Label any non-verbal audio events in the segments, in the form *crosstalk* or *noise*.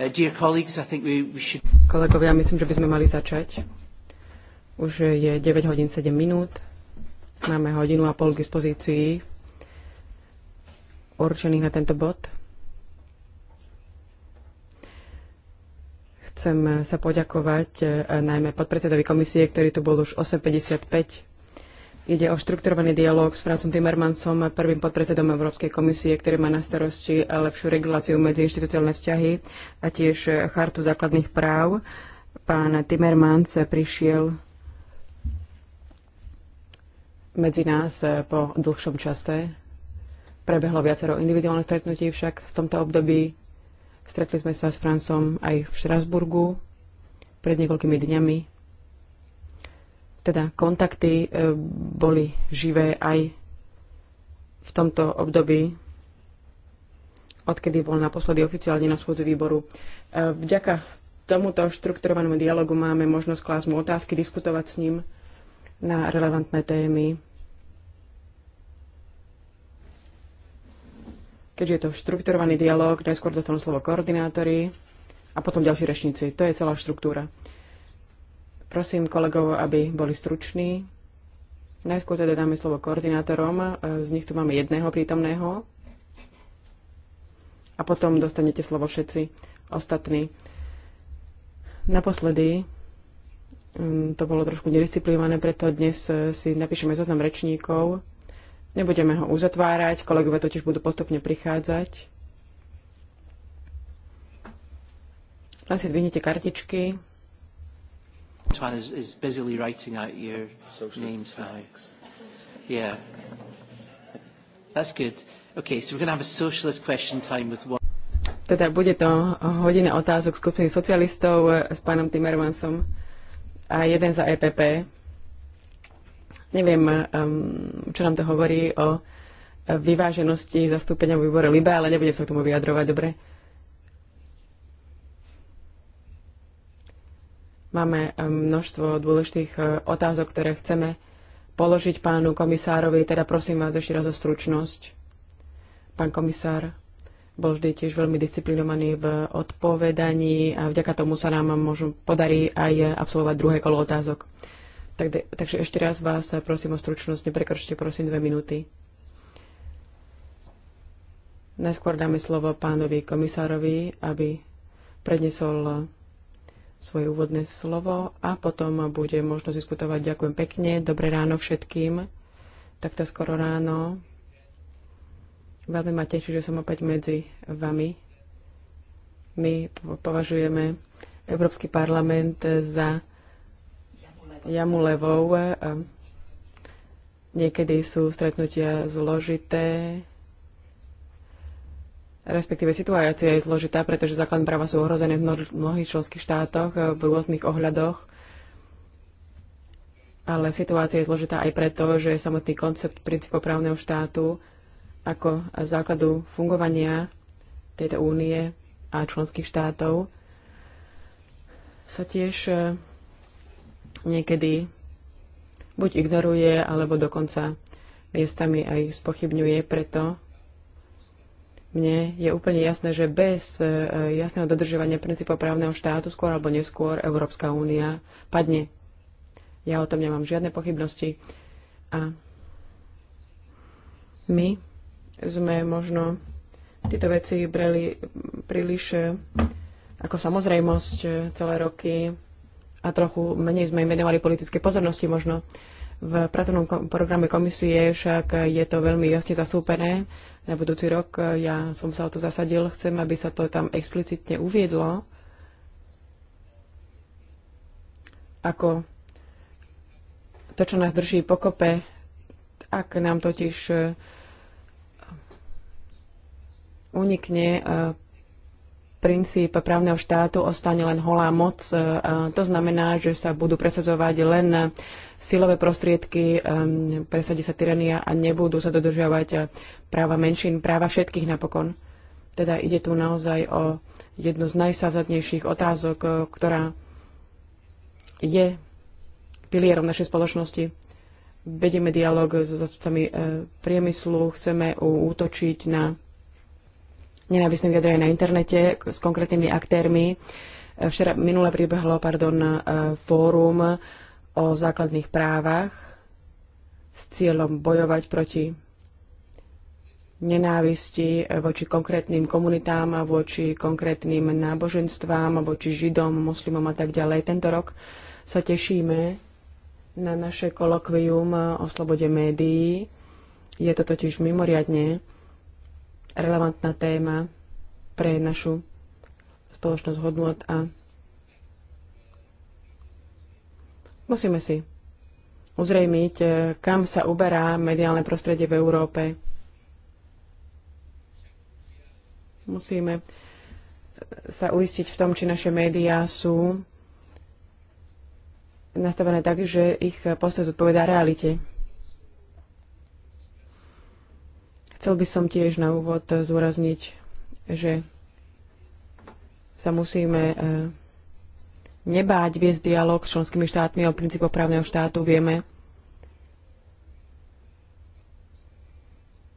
Uh, Kolegovia, myslím, že by sme mali začať. Už je 9 hodín 7 minút. Máme hodinu a pol k dispozícii určených na tento bod. Chcem sa poďakovať eh, najmä podpredsedovi komisie, ktorý tu bol už 8.55 Ide o štrukturovaný dialog s Francom Timmermansom, prvým podpredsedom Európskej komisie, ktorý má na starosti lepšiu reguláciu medzi inštitúciálne vzťahy a tiež chartu základných práv. Pán Timmermans prišiel medzi nás po dlhšom čase. Prebehlo viacero individuálnych stretnutí, však v tomto období stretli sme sa s Francom aj v Štrasburgu pred niekoľkými dňami teda kontakty e, boli živé aj v tomto období, odkedy bol naposledy oficiálne na schôdzi výboru. E, vďaka tomuto štrukturovanému dialogu máme možnosť klásť mu otázky, diskutovať s ním na relevantné témy. Keďže je to štrukturovaný dialog, najskôr dostanú slovo koordinátori a potom ďalší rečníci. To je celá štruktúra. Prosím kolegov, aby boli struční. Najskôr teda dáme slovo koordinátorom. E, z nich tu máme jedného prítomného. A potom dostanete slovo všetci ostatní. Naposledy mm, to bolo trošku nedisciplinované, preto dnes e, si napíšeme zoznam rečníkov. Nebudeme ho uzatvárať, kolegovia totiž budú postupne prichádzať. Len si dvihnite kartičky. Antoine is, is busily writing out your Socialist names tax. now. Yeah. That's good. Okay, so we're going to have a socialist question time with one. Teda bude to hodina otázok skupiny socialistov eh, s pánom Timmermansom a jeden za EPP. Neviem, um, čo nám to hovorí o eh, vyváženosti zastúpenia výbore LIBE, ale nebudem sa k tomu vyjadrovať, dobre? Máme eh, množstvo dôležitých eh, otázok, ktoré chceme položiť pánu komisárovi, teda prosím vás ešte raz o stručnosť. Pán komisár bol vždy tiež veľmi disciplinovaný v odpovedaní a vďaka tomu sa nám možno podarí aj absolvovať druhé kolo otázok. Tak, takže ešte raz vás prosím o stručnosť, neprekročte prosím dve minúty. Najskôr dáme slovo pánovi komisárovi, aby prednesol svoje úvodné slovo a potom bude možnosť diskutovať. Ďakujem pekne, dobré ráno všetkým, takto skoro ráno. Veľmi ma teší, že som opäť medzi vami. My považujeme Európsky parlament za jamulevou. Niekedy sú stretnutia zložité, respektíve situácia je zložitá, pretože základné práva sú ohrozené v mnohých členských štátoch eh, v rôznych ohľadoch. Ale situácia je zložitá aj preto, že samotný koncept princípov právneho štátu ako základu fungovania tejto únie a členských štátov sa tiež eh, niekedy buď ignoruje, alebo dokonca miestami aj spochybňuje, preto mne je úplne jasné, že bez e, jasného dodržovania princípov právneho štátu skôr alebo neskôr Európska únia padne. Ja o tom nemám žiadne pochybnosti. A my sme možno tieto veci brali príliš e, ako samozrejmosť e, celé roky a trochu menej sme im venovali politické pozornosti možno. V pracovnom kom programe komisie však je to veľmi jasne zasúpené na budúci rok. Ja som sa o to zasadil, chcem, aby sa to tam explicitne uviedlo ako to, čo nás drží pokope, ak nám totiž e, unikne e, princíp právneho štátu, ostane len holá moc. E, to znamená, že sa budú presadzovať len silové prostriedky, presadí sa tyrania a nebudú sa dodržiavať eh, práva menšín, práva všetkých napokon. Teda ide tu naozaj o jednu z najsázadnejších otázok, eh, ktorá je pilierom našej spoločnosti. Vedieme dialog so zastupcami eh, priemyslu, chceme útočiť na nenávisné vyjadrenia na internete s konkrétnymi aktérmi. Včera minule pribehlo pardon, fórum o základných právach s cieľom bojovať proti nenávisti voči konkrétnym komunitám a voči konkrétnym náboženstvám, voči židom, moslimom a tak ďalej. Tento rok sa tešíme na naše kolokvium o slobode médií. Je to totiž mimoriadne relevantná téma pre našu spoločnosť hodnot a Musíme si uzrejmiť, e, kam sa uberá mediálne prostredie v Európe. Musíme e, sa uistiť v tom, či naše médiá sú nastavené tak, že ich postoj zodpovedá realite. Chcel by som tiež na úvod zúrazniť, že sa musíme e, nebáť viesť dialog s členskými štátmi o princípoch právneho štátu. Vieme,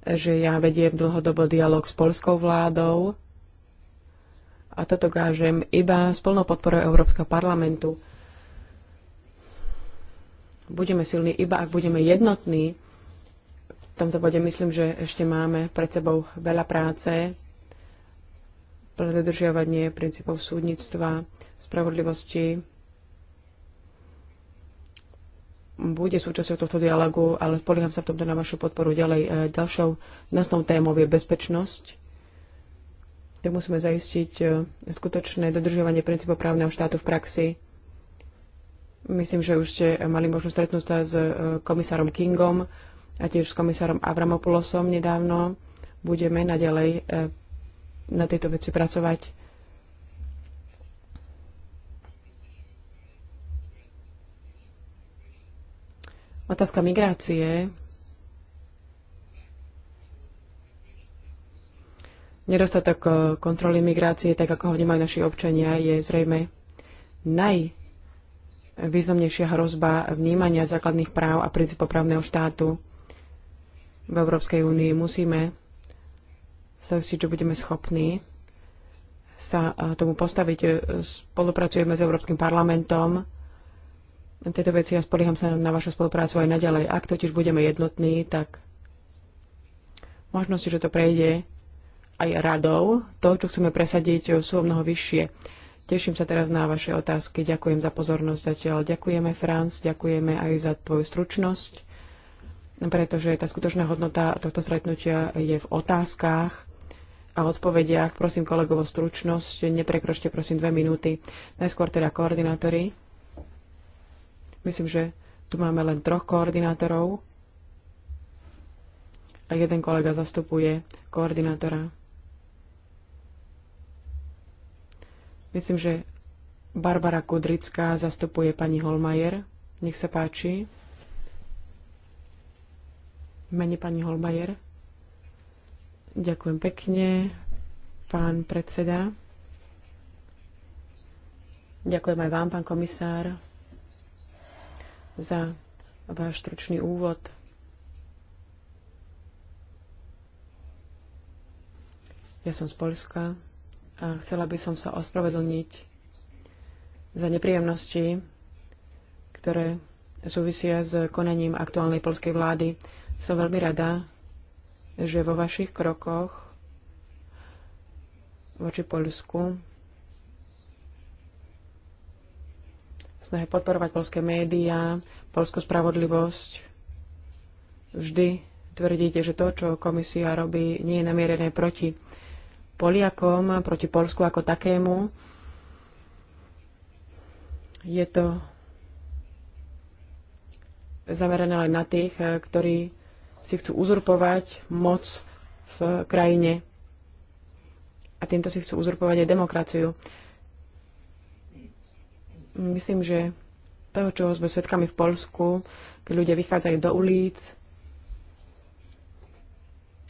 že ja vediem dlhodobo dialog s polskou vládou a toto kážem iba s plnou podporou Európskeho parlamentu. Budeme silní iba, ak budeme jednotní. V tomto bode myslím, že ešte máme pred sebou veľa práce pre dodržiavanie princípov súdnictva, spravodlivosti. Bude súčasťou tohto dialogu, ale spolieham sa v tomto na vašu podporu ďalej. E, ďalšou nosnou témou je bezpečnosť. Tu musíme zaistiť e, skutočné dodržiavanie princípov právneho štátu v praxi. Myslím, že už ste mali možnosť stretnúť sa s e, komisárom Kingom a tiež s komisárom Avramopulosom nedávno. Budeme naďalej na tejto veci pracovať. Otázka migrácie. Nedostatok eh, kontroly migrácie, tak ako ho vnímajú naši občania, je zrejme najvýznamnejšia hrozba vnímania základných práv a princípov právneho štátu v Európskej únii. Musíme si, že budeme schopní sa tomu postaviť. Spolupracujeme s Európskym parlamentom tieto veci a ja spolieham sa na vašu spoluprácu aj naďalej. Ak totiž budeme jednotní, tak možnosti, že to prejde aj radou, to, čo chceme presadiť, sú o mnoho vyššie. Teším sa teraz na vaše otázky. Ďakujem za pozornosť zatiaľ. Ďakujeme, Franz, ďakujeme aj za tvoju stručnosť, pretože tá skutočná hodnota tohto stretnutia je v otázkach, a odpovediach. Prosím kolegovo stručnosť, neprekročte prosím dve minúty. Najskôr teda koordinátori. Myslím, že tu máme len troch koordinátorov a jeden kolega zastupuje koordinátora. Myslím, že Barbara Kudrická zastupuje pani Holmajer. Nech sa páči. Mene pani Holmajer. Ďakujem pekne, pán predseda. Ďakujem aj vám, pán komisár, za váš stručný úvod. Ja som z Polska a chcela by som sa ospravedlniť za nepríjemnosti, ktoré súvisia s konaním aktuálnej polskej vlády. Som veľmi rada, že vo vašich krokoch voči Polsku snahe podporovať polské médiá, polskú spravodlivosť. Vždy tvrdíte, že to, čo komisia robí, nie je namierené proti Poliakom, proti Polsku ako takému. Je to zamerané len na tých, ktorí si chcú uzurpovať moc v krajine. A týmto si chcú uzurpovať aj demokraciu. Myslím, že toho, čo sme svedkami v Polsku, keď ľudia vychádzajú do ulic,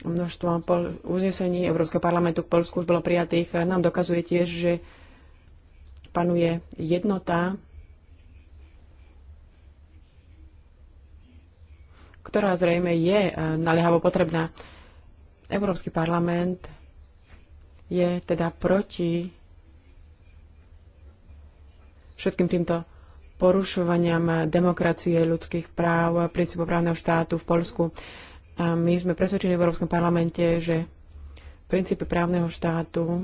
množstvo uznesení Európskeho parlamentu k Polsku už bolo prijatých, nám dokazuje tiež, že panuje jednota ktorá zrejme je e, naliehavo potrebná. Európsky parlament je teda proti všetkým týmto porušovaniam demokracie, ľudských práv, princípov právneho štátu v Polsku. A my sme presvedčení v Európskom parlamente, že princípy právneho štátu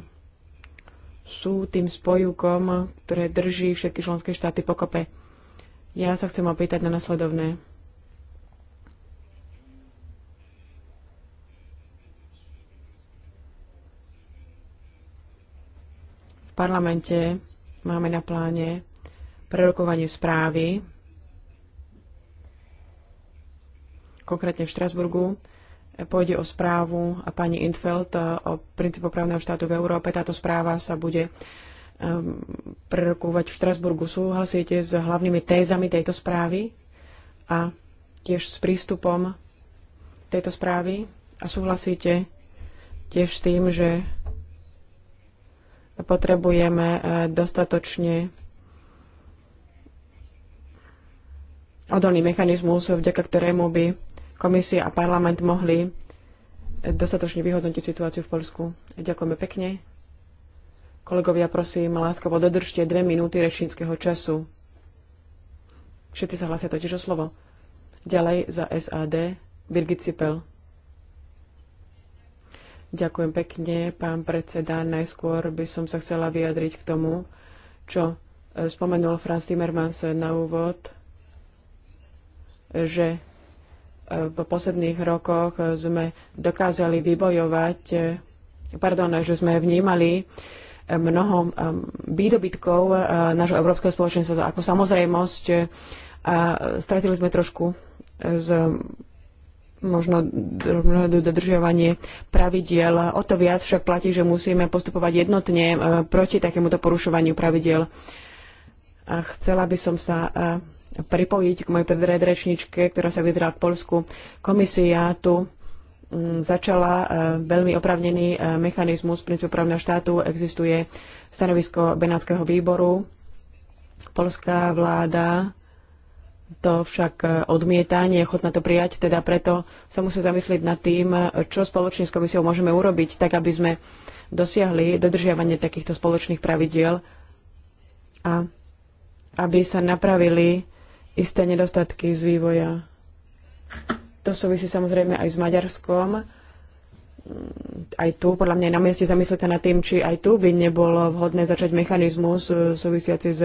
sú tým spojukom, ktoré drží všetky členské štáty pokope. Ja sa chcem opýtať na nasledovné. parlamente máme na pláne prerokovanie správy, konkrétne v Štrasburgu. Pôjde o správu a pani Infeld eh, o princípu právneho štátu v Európe. Táto správa sa bude um, prerokovať v Štrasburgu. Súhlasíte s hlavnými tézami tejto správy a tiež s prístupom tejto správy a súhlasíte tiež s tým, že potrebujeme e, dostatočne odolný mechanizmus, vďaka ktorému by komisia a parlament mohli dostatočne vyhodnotiť situáciu v Polsku. Ďakujeme pekne. Kolegovia, prosím, láskovo dodržte dve minúty rečníckého času. Všetci sa hlasia totiž o slovo. Ďalej za SAD Birgit Cipel. Ďakujem pekne, pán predseda. Najskôr by som sa chcela vyjadriť k tomu, čo e, spomenul Franz Timmermans na úvod, že e, v posledných rokoch sme dokázali vybojovať, e, pardon, že sme vnímali mnoho výdobytkov nášho európskeho spoločenstva ako samozrejmosť a stratili sme trošku z možno dodržiavanie pravidiel. O to viac však platí, že musíme postupovať jednotne e, proti takémuto porušovaniu pravidiel. A chcela by som sa e, pripojiť k mojej predrečničke, ktorá sa vydrala k Polsku. Komisia tu mm, začala e, veľmi opravnený mechanizmus princípu právneho štátu. Existuje stanovisko Benátskeho výboru. Polská vláda to však e, odmieta, nie je ochotná to prijať, teda preto sa musí zamyslieť nad tým, e, čo spoločne s komisiou môžeme urobiť, tak aby sme dosiahli dodržiavanie takýchto spoločných pravidiel a aby sa napravili isté nedostatky z vývoja. To súvisí samozrejme aj s Maďarskom. Mm, aj tu, podľa mňa, je na mieste zamyslieť sa nad tým, či aj tu by nebolo vhodné začať mechanizmus e, súvisiaci s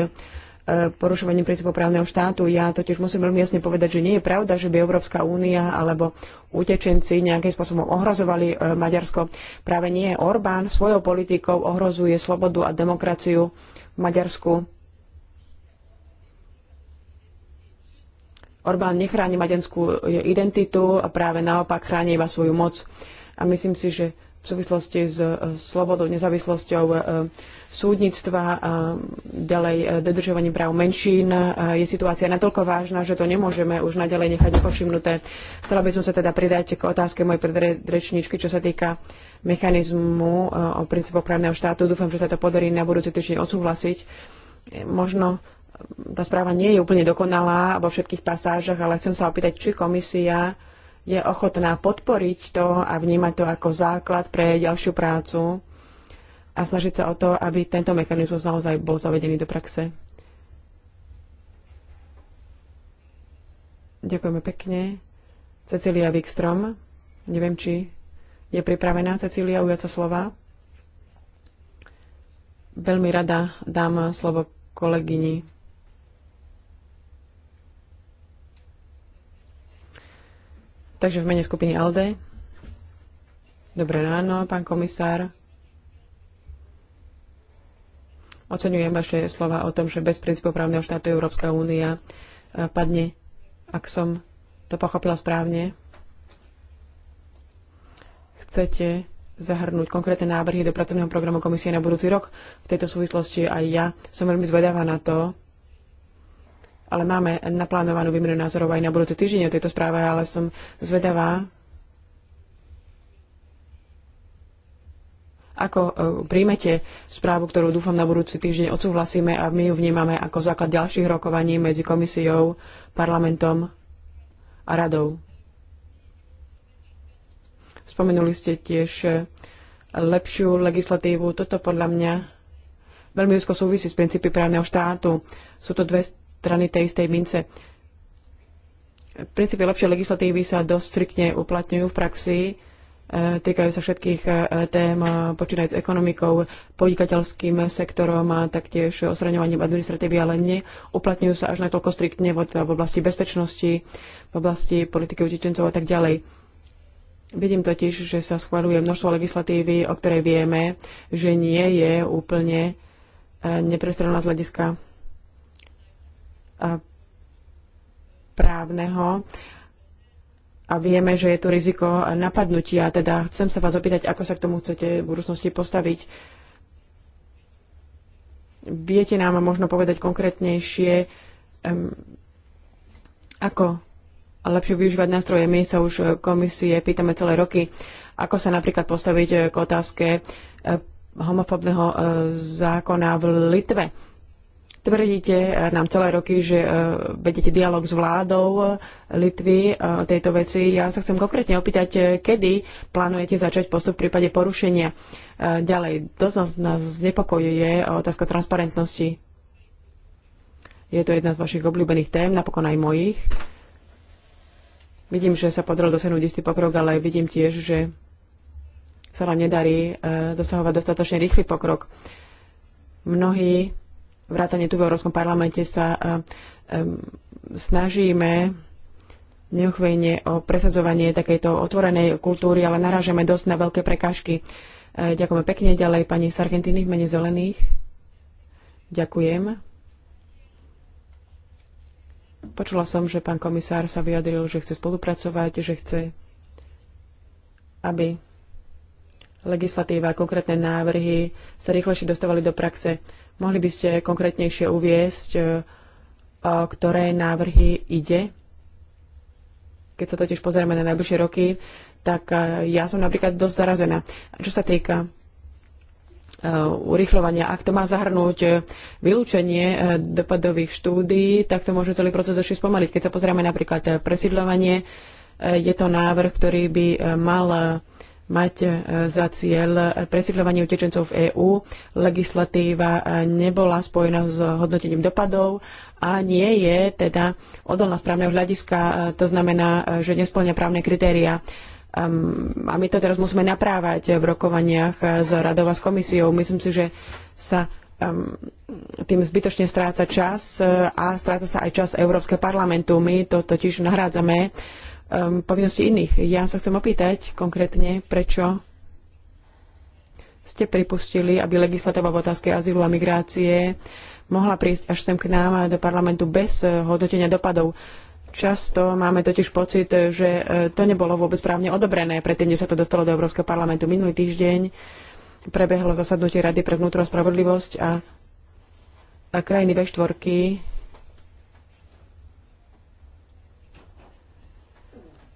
porušovaním princípov právneho štátu. Ja totiž musím veľmi jasne povedať, že nie je pravda, že by Európska únia alebo utečenci nejakým spôsobom ohrozovali e, Maďarsko. Práve nie Orbán svojou politikou ohrozuje slobodu a demokraciu v Maďarsku. Orbán nechráni maďarskú identitu a práve naopak chráni iba svoju moc. A myslím si, že v súvislosti s e, slobodou, nezávislosťou e, súdnictva e, ďalej dodržovaním práv menšín. Je situácia natoľko vážna, že to nemôžeme už naďalej nechať nepovšimnuté. Chcela by som sa teda pridať k otázke mojej predrečničky, čo sa týka mechanizmu o princípoch právneho štátu. Dúfam, že sa to podarí na budúci týždeň odsúhlasiť. Možno tá správa nie je úplne dokonalá vo všetkých pasážach, ale chcem sa opýtať, či komisia je ochotná podporiť to a vnímať to ako základ pre ďalšiu prácu a snažiť sa o to, aby tento mechanizmus naozaj bol zavedený do praxe. Ďakujeme pekne. Cecília Wikstrom. Neviem, či je pripravená Cecília ujaca slova. Veľmi rada dám slovo kolegyni. Takže v mene skupiny ALDE. Dobré ráno, pán komisár. Oceňujem vaše slova o tom, že bez princípov právneho štátu Európska únia eh, padne, ak som to pochopila správne. Chcete zahrnúť konkrétne návrhy do pracovného programu komisie na budúci rok. V tejto súvislosti aj ja som veľmi zvedavá na to, ale máme naplánovanú výmenu názorov aj na budúci týždeň o tejto správe, ale som zvedavá, ako e, príjmete správu, ktorú dúfam na budúci týždeň odsúhlasíme a my ju vnímame ako základ ďalších rokovaní medzi komisiou, parlamentom a radou. Spomenuli ste tiež e, lepšiu legislatívu. Toto podľa mňa veľmi úzko súvisí s princípy právneho štátu. Sú to dve strany tej istej mince. princípe lepšej legislatívy sa dosť striktne uplatňujú v praxi, e, týkajú sa všetkých e, tém, e, počínajúc ekonomikou, podnikateľským sektorom a taktiež osraňovaním administratívy, ale uplatňujú sa až natoľko striktne v oblasti bezpečnosti, v oblasti politiky utečencov a tak ďalej. Vidím totiž, že sa schvaľuje množstvo legislatívy, o ktorej vieme, že nie je úplne neprestrelná z hľadiska právneho a vieme, že je tu riziko napadnutia. Teda chcem sa vás opýtať, ako sa k tomu chcete v budúcnosti postaviť. Viete nám možno povedať konkrétnejšie, um, ako lepšie využívať nástroje. My sa už komisie pýtame celé roky, ako sa napríklad postaviť k otázke eh, homofobného eh, zákona v Litve Tvrdíte eh, nám celé roky, že eh, vedete dialog s vládou eh, Litvy o tejto veci. Ja sa chcem konkrétne opýtať, kedy plánujete začať postup v prípade porušenia. Ďalej, dosť nás, nás znepokojuje otázka transparentnosti. Je to jedna z vašich obľúbených tém, napokon aj mojich. Vidím, že sa podrel dosiahnuť istý pokrok, ale vidím tiež, že sa nám nedarí dosahovať dostatočne rýchly pokrok. Mnohí vrátane tu v Európskom parlamente sa e, e, snažíme neuchvejne o presadzovanie takejto otvorenej kultúry, ale narážame dosť na veľké prekážky. E, ďakujeme pekne ďalej pani z Argentíny v mene zelených. Ďakujem. Počula som, že pán komisár sa vyjadril, že chce spolupracovať, že chce, aby legislatíva, konkrétne návrhy sa rýchlejšie dostávali do praxe. Mohli by ste konkrétnejšie uviesť, e, o ktoré návrhy ide? Keď sa totiž pozrieme na najbližšie roky, tak e, ja som napríklad dosť zarazená. Čo sa týka e, urychľovania. Ak to má zahrnúť vylúčenie dopadových štúdií, tak to môže celý proces ešte spomaliť. Keď sa pozrieme napríklad presídľovanie, je to návrh, ktorý by mal mať e, za cieľ e, precyklovanie utečencov v EÚ. Legislatíva e, nebola spojená s hodnotením dopadov a nie je teda odolná správneho hľadiska. To znamená, že nesplňa právne kritéria. A my to teraz musíme naprávať v rokovaniach s radou a s komisiou. Myslím si, že sa tým zbytočne stráca čas a stráca sa aj čas Európskeho parlamentu. My to totiž nahrádzame um, povinnosti iných. Ja sa chcem opýtať konkrétne, prečo ste pripustili, aby legislatíva v otázke azylu a migrácie mohla prísť až sem k nám do parlamentu bez eh, hodnotenia dopadov. Často máme totiž pocit, že eh, to nebolo vôbec právne odobrené predtým, než sa to dostalo do Európskeho parlamentu. Minulý týždeň prebehlo zasadnutie Rady pre vnútro spravodlivosť a krajiny ve štvorky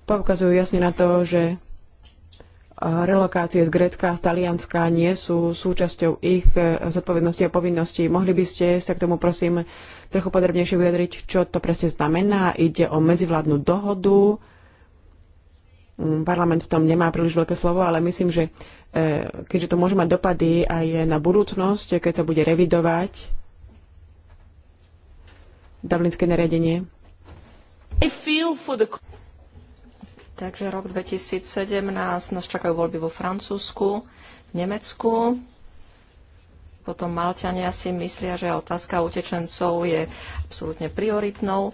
poukazujú jasne na to, že relokácie z Grécka a z Talianska nie sú súčasťou ich e, zodpovednosti a povinností. Mohli by ste sa k tomu, prosím, trochu podrobnejšie vyjadriť, čo to presne znamená. Ide o medzivládnu dohodu. Mm, parlament v tom nemá príliš veľké slovo, ale myslím, že e, keďže to môže mať dopady aj na budúcnosť, keď sa bude revidovať Dublinské nariadenie. Takže rok 2017 nás čakajú voľby vo Francúzsku, v Nemecku. Potom Malťania si myslia, že otázka utečencov je absolútne prioritnou,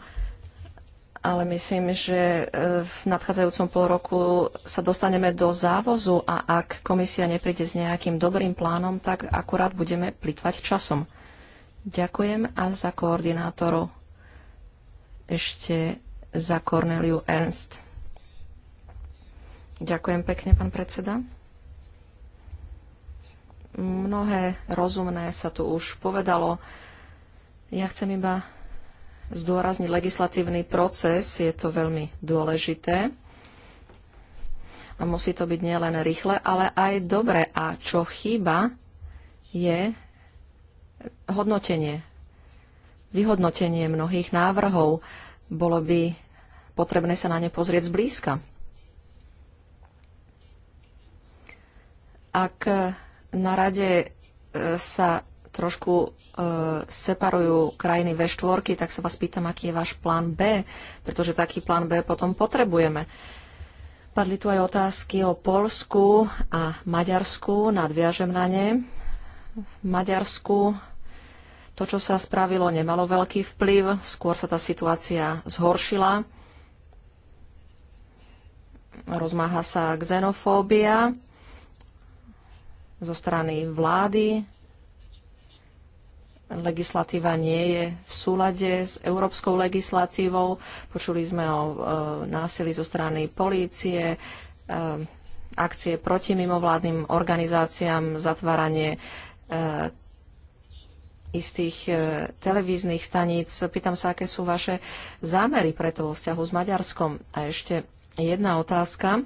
ale myslím, že e, v nadchádzajúcom pol roku sa dostaneme do závozu a ak komisia nepríde s nejakým dobrým plánom, tak akurát budeme plitvať časom. Ďakujem a za koordinátorov ešte za Corneliu Ernst. Ďakujem pekne, pán predseda. Mnohé rozumné sa tu už povedalo. Ja chcem iba zdôrazniť legislatívny proces. Je to veľmi dôležité. A musí to byť nielen rýchle, ale aj dobre. A čo chýba, je hodnotenie. Vyhodnotenie mnohých návrhov. Bolo by potrebné sa na ne pozrieť zblízka. Ak na rade e, sa trošku e, separujú krajiny V4, tak sa vás pýtam, aký je váš plán B, pretože taký plán B potom potrebujeme. Padli tu aj otázky o Polsku a Maďarsku, nadviažem na ne. V Maďarsku to, čo sa spravilo, nemalo veľký vplyv, skôr sa tá situácia zhoršila. Rozmáha sa xenofóbia zo strany vlády. Legislatíva nie je v súlade s európskou legislatívou. Počuli sme o e, násilí zo strany polície, e, akcie proti mimovládnym organizáciám, zatváranie e, istých e, televíznych staníc. Pýtam sa, aké sú vaše zámery preto vo vzťahu s Maďarskom. A ešte jedna otázka.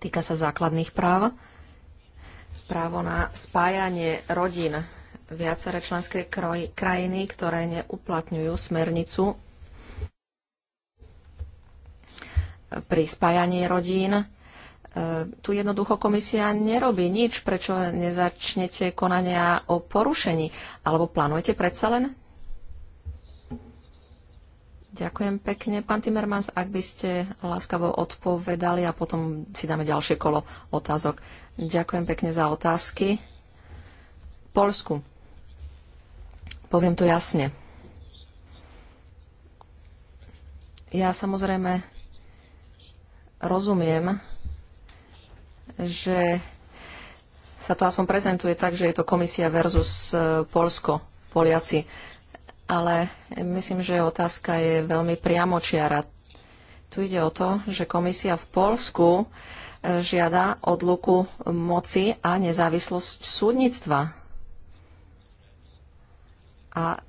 Týka sa základných práv právo na spájanie rodín. Viaceré členské kroj, krajiny, ktoré neuplatňujú smernicu pri spájaní rodín, e, tu jednoducho komisia nerobí nič, prečo nezačnete konania o porušení, alebo plánujete predsa len Ďakujem pekne. Pán Timmermans, ak by ste láskavo odpovedali a potom si dáme ďalšie kolo otázok. Ďakujem pekne za otázky. Polsku. Poviem to jasne. Ja samozrejme rozumiem, že sa to aspoň prezentuje tak, že je to komisia versus e, Polsko, Poliaci. Ale myslím, že otázka je veľmi priamočiara. Tu ide o to, že komisia v Polsku žiada odluku moci a nezávislosť súdnictva. A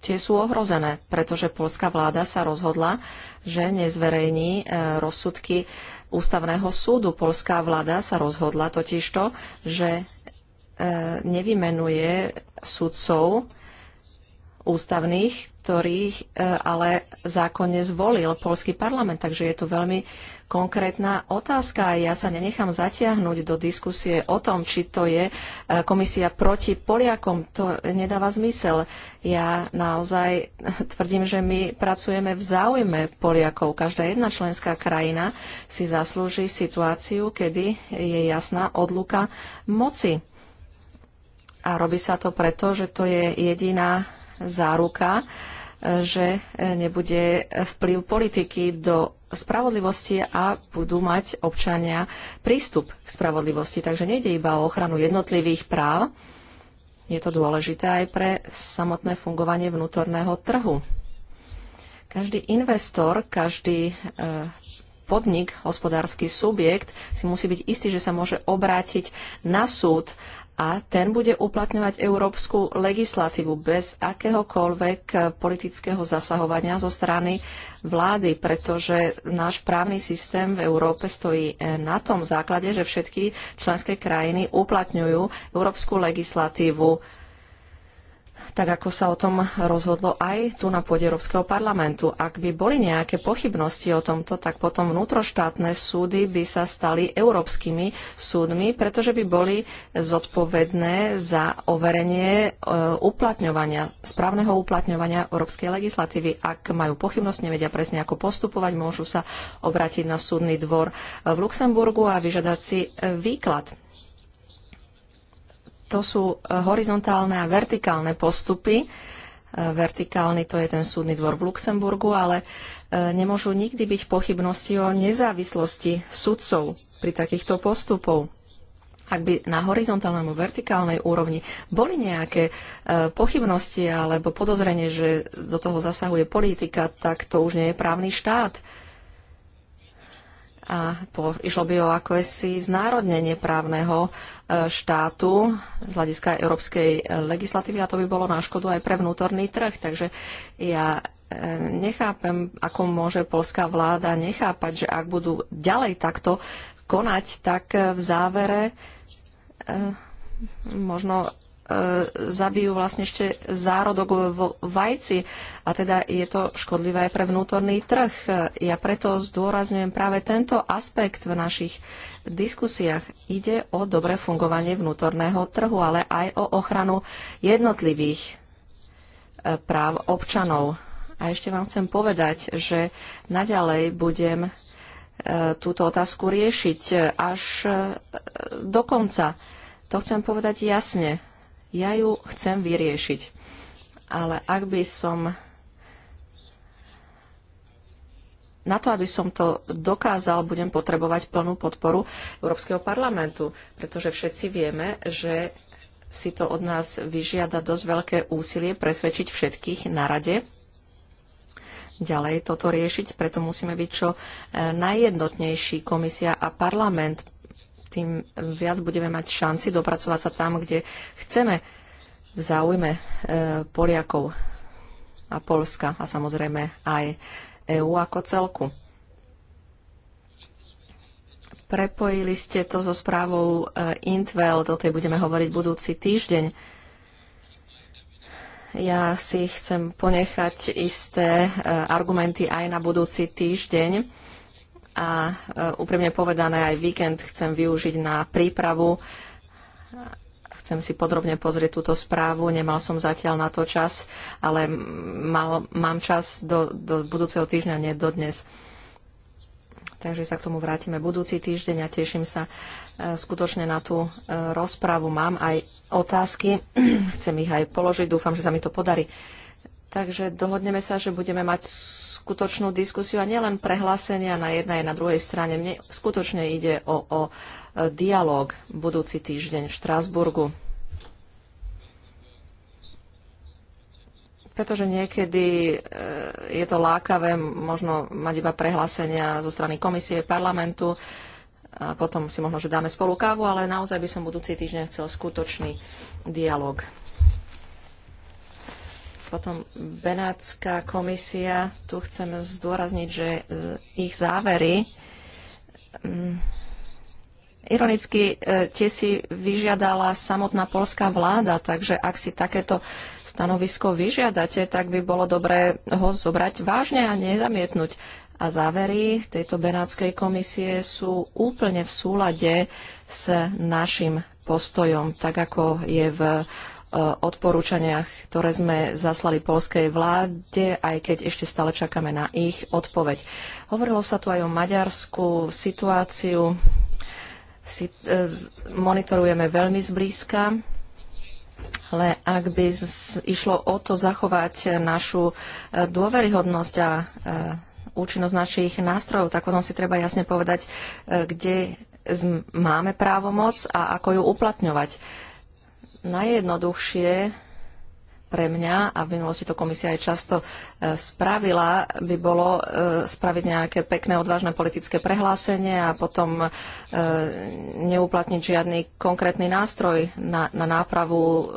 tie sú ohrozené, pretože polská vláda sa rozhodla, že nezverejní e, rozsudky ústavného súdu. Polská vláda sa rozhodla totižto, že e, nevymenuje sudcov ústavných, ktorých e, ale zákonne zvolil polský parlament. Takže je to veľmi konkrétna otázka. Ja sa nenechám zatiahnuť do diskusie o tom, či to je e, komisia proti Poliakom. To nedáva zmysel. Ja naozaj *laughs* tvrdím, že my pracujeme v záujme Poliakov. Každá jedna členská krajina si zaslúži situáciu, kedy je jasná odluka moci. A robí sa to preto, že to je jediná záruka, e, že e, nebude vplyv politiky do spravodlivosti a budú mať občania prístup k spravodlivosti. Takže nejde iba o ochranu jednotlivých práv, je to dôležité aj pre samotné fungovanie vnútorného trhu. Každý investor, každý e, podnik, hospodársky subjekt si musí byť istý, že sa môže obrátiť na súd a ten bude uplatňovať európsku legislatívu bez akéhokoľvek politického zasahovania zo strany vlády, pretože náš právny systém v Európe stojí na tom základe, že všetky členské krajiny uplatňujú európsku legislatívu tak ako sa o tom rozhodlo aj tu na pôde Európskeho parlamentu. Ak by boli nejaké pochybnosti o tomto, tak potom vnútroštátne súdy by sa stali európskymi súdmi, pretože by boli zodpovedné za overenie e, uplatňovania, správneho uplatňovania európskej legislatívy. Ak majú pochybnosť, nevedia presne ako postupovať, môžu sa obrátiť na súdny dvor v Luxemburgu a vyžiadať si e, výklad to sú e, horizontálne a vertikálne postupy. E, vertikálny to je ten súdny dvor v Luxemburgu, ale e, nemôžu nikdy byť pochybnosti o nezávislosti sudcov pri takýchto postupov. Ak by na horizontálnom, vertikálnej úrovni boli nejaké pochybnosti alebo podozrenie, že do toho zasahuje politika, tak to už nie je právny štát a po, išlo by o akési znárodnenie právneho e, štátu z hľadiska európskej e, legislatívy a to by bolo na škodu aj pre vnútorný trh. Takže ja e, nechápem, ako môže polská vláda nechápať, že ak budú ďalej takto konať, tak v závere možno E, zabijú vlastne ešte zárodok v vajci a teda je to škodlivé aj pre vnútorný trh. Ja preto zdôrazňujem práve tento aspekt v našich diskusiách. Ide o dobre fungovanie vnútorného trhu, ale aj o ochranu jednotlivých e, práv občanov. A ešte vám chcem povedať, že naďalej budem e, túto otázku riešiť až do konca. To chcem povedať jasne ja ju chcem vyriešiť. Ale ak by som na to, aby som to dokázal, budem potrebovať plnú podporu Európskeho parlamentu, pretože všetci vieme, že si to od nás vyžiada dosť veľké úsilie presvedčiť všetkých na rade ďalej toto riešiť, preto musíme byť čo e, najjednotnejší komisia a parlament tým viac budeme mať šanci dopracovať sa tam, kde chceme v záujme e, Poliakov a Polska a samozrejme aj EÚ ako celku. Prepojili ste to so správou e, Intvel, o tej budeme hovoriť budúci týždeň. Ja si chcem ponechať isté e, argumenty aj na budúci týždeň a e, úprimne povedané aj víkend chcem využiť na prípravu. Chcem si podrobne pozrieť túto správu, nemal som zatiaľ na to čas, ale mal, mám čas do, do budúceho týždňa, nie do dnes. Takže sa k tomu vrátime budúci týždeň a teším sa e, skutočne na tú e, rozprávu. Mám aj otázky, *clears throat* chcem ich aj položiť, dúfam, že sa mi to podarí. Takže dohodneme sa, že budeme mať skutočnú diskusiu a nielen prehlásenia na jednej a na druhej strane. Mne skutočne ide o, o e, dialog budúci týždeň v Štrásburgu. Pretože niekedy e, je to lákavé možno mať iba prehlásenia zo strany komisie, parlamentu a potom si možno, že dáme spolu kávu, ale naozaj by som budúci týždeň chcel skutočný dialog. Potom Benátska komisia, tu chcem zdôrazniť, že e, ich závery mm, Ironicky e, tie si vyžiadala samotná polská vláda, takže ak si takéto stanovisko vyžiadate, tak by bolo dobré ho zobrať vážne a nezamietnúť. A závery tejto Benátskej komisie sú úplne v súlade s našim postojom, tak ako je v Eh, odporúčaniach, ktoré sme zaslali polskej vláde, aj keď ešte stále čakáme na ich odpoveď. Hovorilo sa tu aj o maďarskú situáciu. Si, e, monitorujeme veľmi zblízka, ale ak by z, išlo o to zachovať našu e, dôveryhodnosť a e, účinnosť našich nástrojov, tak potom si treba jasne povedať, kde máme právomoc a ako ju uplatňovať najjednoduchšie pre mňa, a v minulosti to komisia aj často e, spravila, by bolo e, spraviť nejaké pekné, odvážne politické prehlásenie a potom e, neuplatniť žiadny konkrétny nástroj na, na nápravu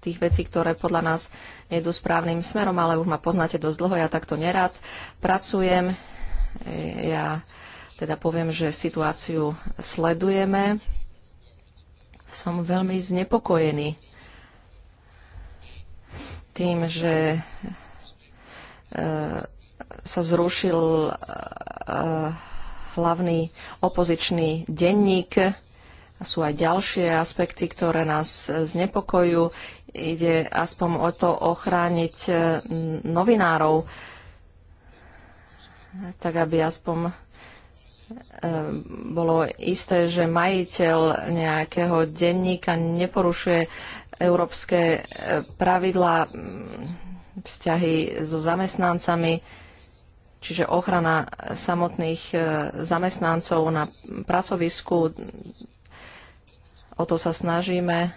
tých vecí, ktoré podľa nás idú správnym smerom, ale už ma poznáte dosť dlho, ja takto nerad pracujem. Ja teda poviem, že situáciu sledujeme som veľmi znepokojený tým, že e, sa zrušil e, hlavný opozičný denník. Sú aj ďalšie aspekty, ktoré nás znepokojujú. Ide aspoň o to ochrániť e, novinárov, tak aby aspoň Ehm, bolo isté, že majiteľ nejakého denníka neporušuje európske e, pravidlá, mm, vzťahy so zamestnancami, čiže ochrana samotných e, zamestnancov na pracovisku. O to sa snažíme.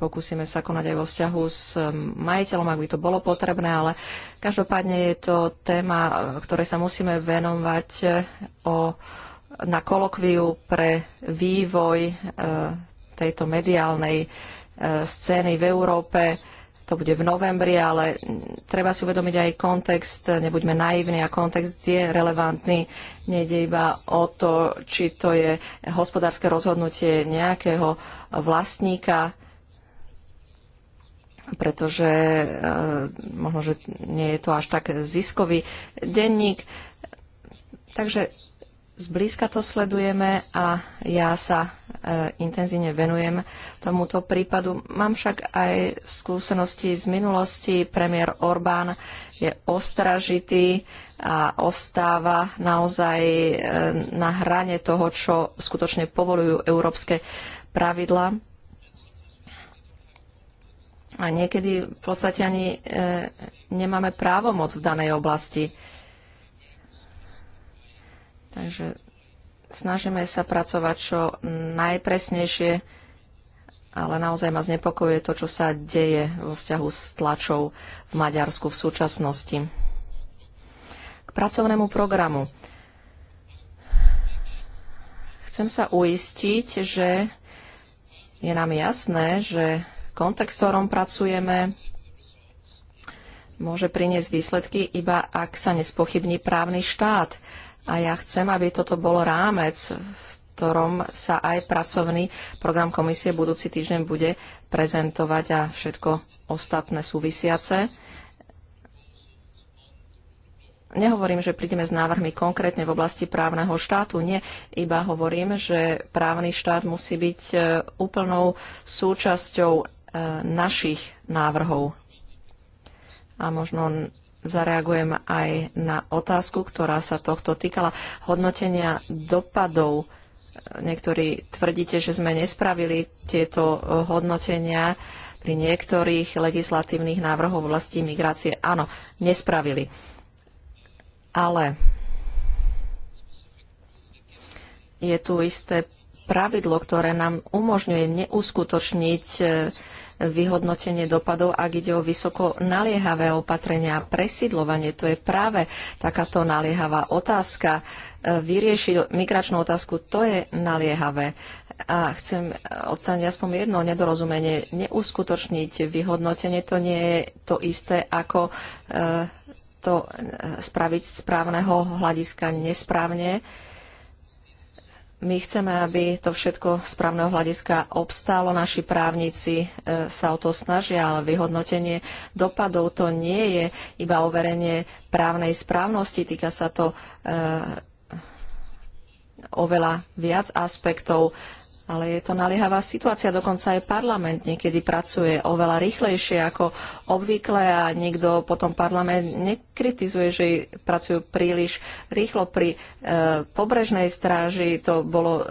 Pokúsime sa konať aj vo vzťahu s majiteľom, ak by to bolo potrebné, ale každopádne je to téma, e, ktorej sa musíme venovať e, o, na kolokviu pre vývoj e, tejto mediálnej e, scény v Európe to bude v novembri, ale treba si uvedomiť aj kontext, nebuďme naivní a kontext je relevantný. Nejde iba o to, či to je hospodárske rozhodnutie nejakého vlastníka pretože eh, možno, že nie je to až tak ziskový denník. Takže zblízka to sledujeme a ja sa e, intenzívne venujem tomuto prípadu. Mám však aj skúsenosti z minulosti. Premiér Orbán je ostražitý a ostáva naozaj e, na hrane toho, čo skutočne povolujú európske pravidla. A niekedy v podstate ani e, nemáme právomoc v danej oblasti. Takže snažíme sa pracovať čo najpresnejšie, ale naozaj ma znepokojuje to, čo sa deje vo vzťahu s tlačou v Maďarsku v súčasnosti. K pracovnému programu. Chcem sa uistiť, že je nám jasné, že kontext, v ktorom pracujeme, môže priniesť výsledky iba ak sa nespochybní právny štát. A ja chcem, aby toto bol rámec, v ktorom sa aj pracovný program komisie budúci týždeň bude prezentovať a všetko ostatné súvisiace. Nehovorím, že prídeme s návrhmi konkrétne v oblasti právneho štátu, nie, iba hovorím, že právny štát musí byť e, úplnou súčasťou našich návrhov. A možno zareagujem aj na otázku, ktorá sa tohto týkala. Hodnotenia dopadov. Niektorí tvrdíte, že sme nespravili tieto e, hodnotenia pri niektorých legislatívnych návrhoch v vlasti migrácie. Áno, nespravili. Ale je tu isté pravidlo, ktoré nám umožňuje neuskutočniť e, vyhodnotenie dopadov, ak ide o vysoko naliehavé opatrenia a presidlovanie. To je práve takáto naliehavá otázka. E, vyriešiť migračnú otázku, to je naliehavé. A chcem odstaniť aspoň jedno nedorozumenie. Neuskutočniť vyhodnotenie, to nie je to isté ako e, to e, spraviť správneho hľadiska nesprávne my chceme, aby to všetko z právneho hľadiska obstálo. Naši právnici e, sa o to snažia, ale vyhodnotenie dopadov to nie je iba overenie právnej správnosti. Týka sa to e, oveľa viac aspektov ale je to naliehavá situácia. Dokonca aj parlament niekedy pracuje oveľa rýchlejšie ako obvykle a niekto potom parlament nekritizuje, že pracujú príliš rýchlo. Pri e, pobrežnej stráži to bolo e, e,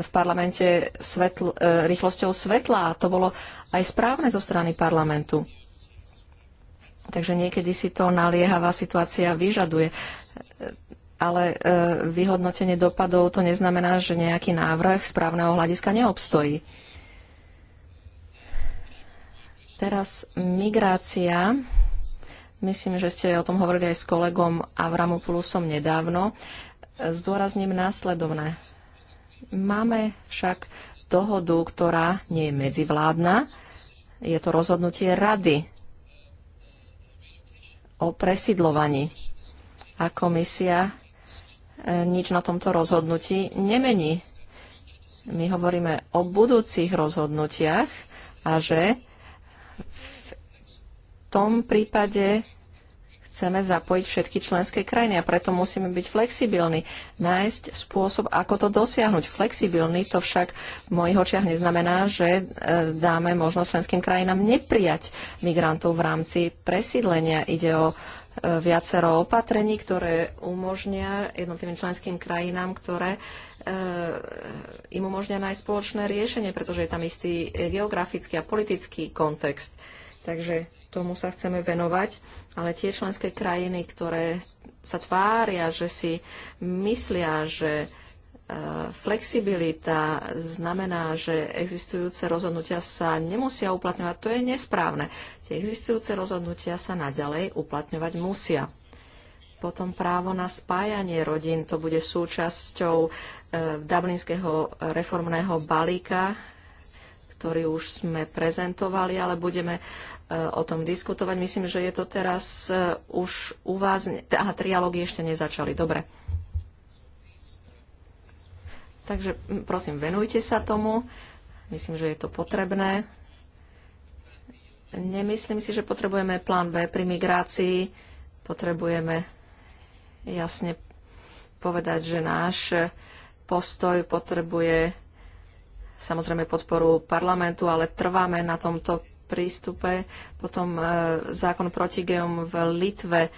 v parlamente svetl, e, rýchlosťou svetla a to bolo aj správne zo strany parlamentu. Takže niekedy si to naliehavá situácia vyžaduje ale e, vyhodnotenie dopadov to neznamená, že nejaký návrh správneho hľadiska neobstojí. Teraz migrácia. Myslím, že ste o tom hovorili aj s kolegom Avramopulusom nedávno. Zdôrazním následovné. Máme však dohodu, ktorá nie je medzivládna. Je to rozhodnutie rady o presidlovaní. A komisia E, nič na tomto rozhodnutí nemení. My hovoríme o budúcich rozhodnutiach a že v tom prípade chceme zapojiť všetky členské krajiny a preto musíme byť flexibilní, nájsť spôsob, ako to dosiahnuť. Flexibilný to však v mojich očiach neznamená, že e, dáme možnosť členským krajinám neprijať migrantov v rámci presídlenia. Ide o E, viacero opatrení, ktoré umožnia jednotlivým členským krajinám, ktoré e, im umožnia nájsť spoločné riešenie, pretože je tam istý geografický a politický kontext. Takže tomu sa chceme venovať, ale tie členské krajiny, ktoré sa tvária, že si myslia, že flexibilita znamená, že existujúce rozhodnutia sa nemusia uplatňovať. To je nesprávne. Tie existujúce rozhodnutia sa naďalej uplatňovať musia. Potom právo na spájanie rodín, to bude súčasťou e, Dublinského reformného balíka, ktorý už sme prezentovali, ale budeme e, o tom diskutovať. Myslím, že je to teraz e, už u vás. Aha, trialógy ešte nezačali. Dobre. Takže prosím, venujte sa tomu. Myslím, že je to potrebné. Nemyslím si, že potrebujeme plán B pri migrácii. Potrebujeme jasne povedať, že náš postoj potrebuje samozrejme podporu parlamentu, ale trváme na tomto prístupe. Potom e, zákon proti geom v Litve.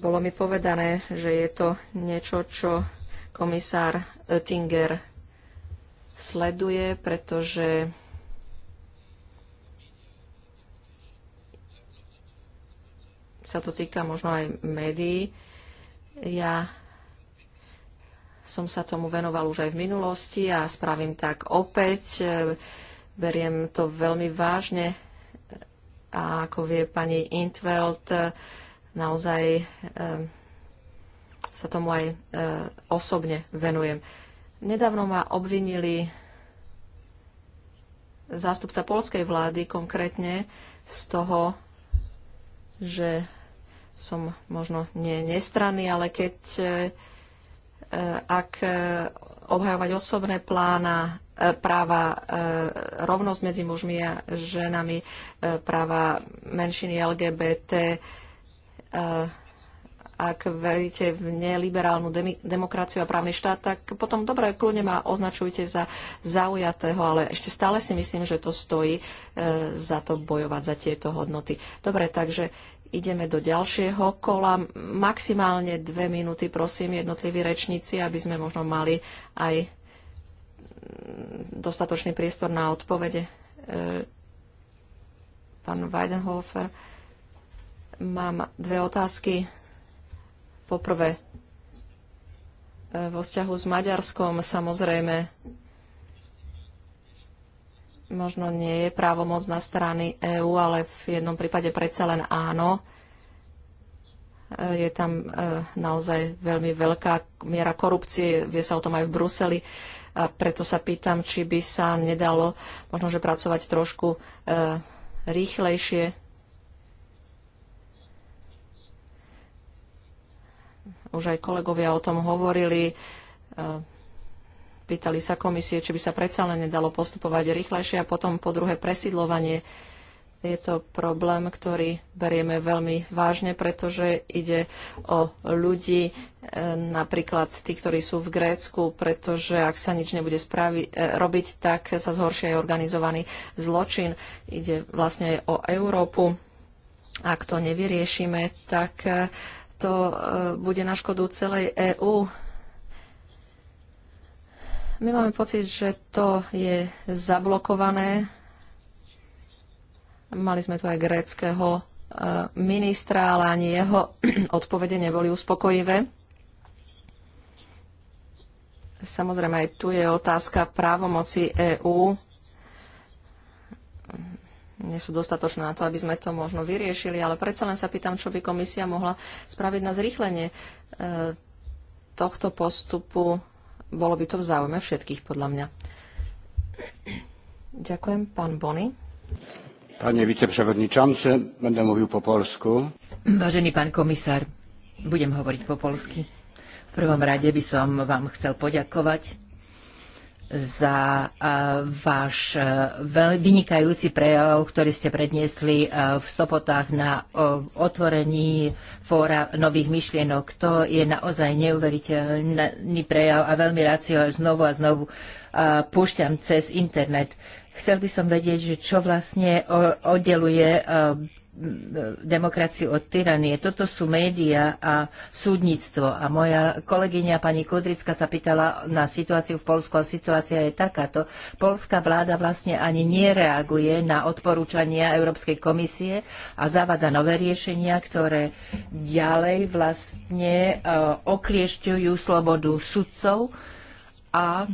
Bolo mi povedané, že je to niečo, čo komisár Oettinger sleduje, pretože sa to týka možno aj médií. Ja som sa tomu venoval už aj v minulosti a spravím tak opäť. Beriem to veľmi vážne a ako vie pani Intveld, naozaj eh, sa tomu aj e, osobne venujem. Nedávno ma obvinili zástupca polskej vlády konkrétne z toho, že som možno nie nestranný, ale keď e, e ak e, obhajovať osobné plána, e, práva, rovnosť medzi mužmi a ženami, práva menšiny LGBT, ak veríte v neliberálnu demokraciu a právny štát, tak potom dobre, kľudne ma označujte za zaujatého, ale ešte stále si myslím, že to stojí e, za to bojovať za tieto hodnoty. Dobre, takže ideme do ďalšieho kola. Maximálne dve minúty, prosím, jednotliví rečníci, aby sme možno mali aj dostatočný priestor na odpovede. E, pán Weidenhofer, mám dve otázky Poprvé, e, vo vzťahu s Maďarskom samozrejme možno nie je právomoc na strany EÚ, ale v jednom prípade predsa len áno. E, je tam e, naozaj veľmi veľká miera korupcie, vie sa o tom aj v Bruseli. A preto sa pýtam, či by sa nedalo možno, že pracovať trošku rýchlejšie Už aj kolegovia o tom hovorili. E, pýtali sa komisie, či by sa predsa len nedalo postupovať rýchlejšie a potom po druhé presidlovanie. Je to problém, ktorý berieme veľmi vážne, pretože ide o ľudí, e, napríklad tí, ktorí sú v Grécku, pretože ak sa nič nebude spravi- e, robiť, tak sa zhoršia aj organizovaný zločin. Ide vlastne aj o Európu. Ak to nevyriešime, tak to e, bude na škodu celej EÚ. My máme pocit, že to je zablokované. Mali sme tu aj gréckého e, ministra, ale ani jeho *clears throat* odpovede neboli uspokojivé. Samozrejme, aj tu je otázka právomoci EÚ nie sú dostatočné na to, aby sme to možno vyriešili, ale predsa len sa pýtam, čo by komisia mohla spraviť na zrýchlenie e, tohto postupu. Bolo by to v záujme všetkých, podľa mňa. Ďakujem, pán Bony. Pane wiceprzewodniczący, będę mówił po polsku. Vážený pán komisár, budem hovoriť po polsky. V prvom rade by som vám chcel poďakovať za váš e, veľmi vynikajúci prejav, ktorý ste predniesli e, v Sopotách na otvorení fóra nových myšlienok. To je naozaj neuveriteľný prejav a veľmi rád si ho znovu a znovu e, púšťam cez internet. Chcel by som vedieť, že čo vlastne oddeluje demokraciu od tyranie. Toto sú média a súdnictvo. A moja kolegyňa pani Kudrická sa pýtala na situáciu v Polsku a situácia je takáto. Polská vláda vlastne ani nereaguje na odporúčania Európskej komisie a zavádza nové riešenia, ktoré ďalej vlastne e, okliešťujú slobodu sudcov a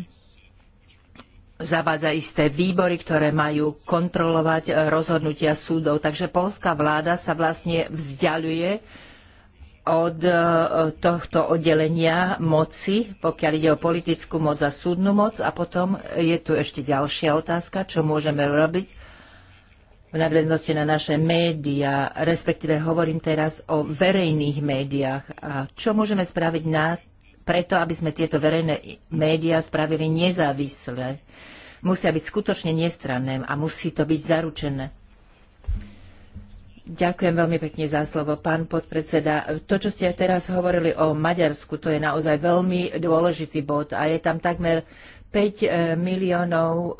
zavádza isté výbory, ktoré majú kontrolovať e, rozhodnutia súdov. Takže polská vláda sa vlastne vzdialuje od e, tohto oddelenia moci, pokiaľ ide o politickú moc a súdnu moc. A potom je tu ešte ďalšia otázka, čo môžeme robiť v nadväznosti na naše médiá, respektíve hovorím teraz o verejných médiách. A čo môžeme spraviť na preto, aby sme tieto verejné médiá spravili nezávislé. Musia byť skutočne nestranné a musí to byť zaručené. Ďakujem veľmi pekne za slovo, pán podpredseda. To, čo ste teraz hovorili o Maďarsku, to je naozaj veľmi dôležitý bod a je tam takmer 5 eh, miliónov eh,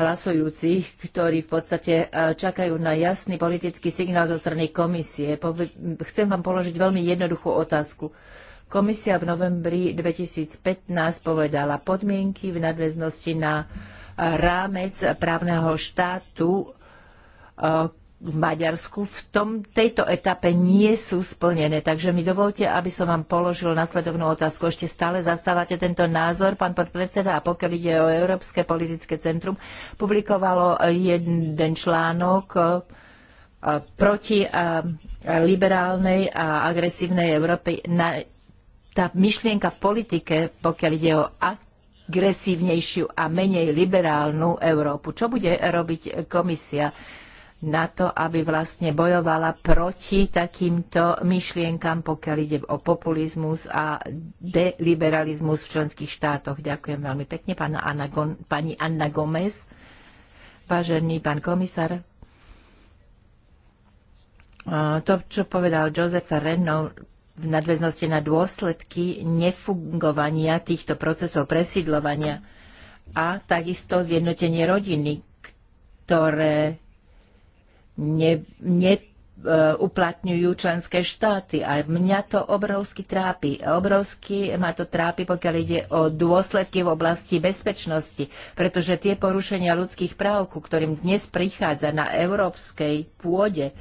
hlasujúcich, ktorí v podstate eh, čakajú na jasný politický signál zo strany komisie. Chcem vám položiť veľmi jednoduchú otázku. Komisia v novembri 2015 povedala podmienky v nadväznosti na e, rámec právneho štátu e, v Maďarsku v tom, tejto etape nie sú splnené. Takže mi dovolte, aby som vám položil nasledovnú otázku. Ešte stále zastávate tento názor, pán podpredseda, a pokiaľ ide o Európske politické centrum, publikovalo jeden článok e, proti liberálnej a agresívnej Európe na tá myšlienka v politike, pokiaľ ide o agresívnejšiu a menej liberálnu Európu. Čo bude robiť komisia na to, aby vlastne bojovala proti takýmto myšlienkam, pokiaľ ide o populizmus a deliberalizmus v členských štátoch? Ďakujem veľmi pekne, pána Anna, pani Anna Gomez. Vážený pán komisár, to, čo povedal Joseph Renault, v nadväznosti na dôsledky nefungovania týchto procesov presídlovania a takisto zjednotenie rodiny, ktoré neuplatňujú ne, e, uplatňujú členské štáty. A mňa to obrovsky trápi. Obrovsky ma to trápi, pokiaľ ide o dôsledky v oblasti bezpečnosti, pretože tie porušenia ľudských práv, ku ktorým dnes prichádza na európskej pôde,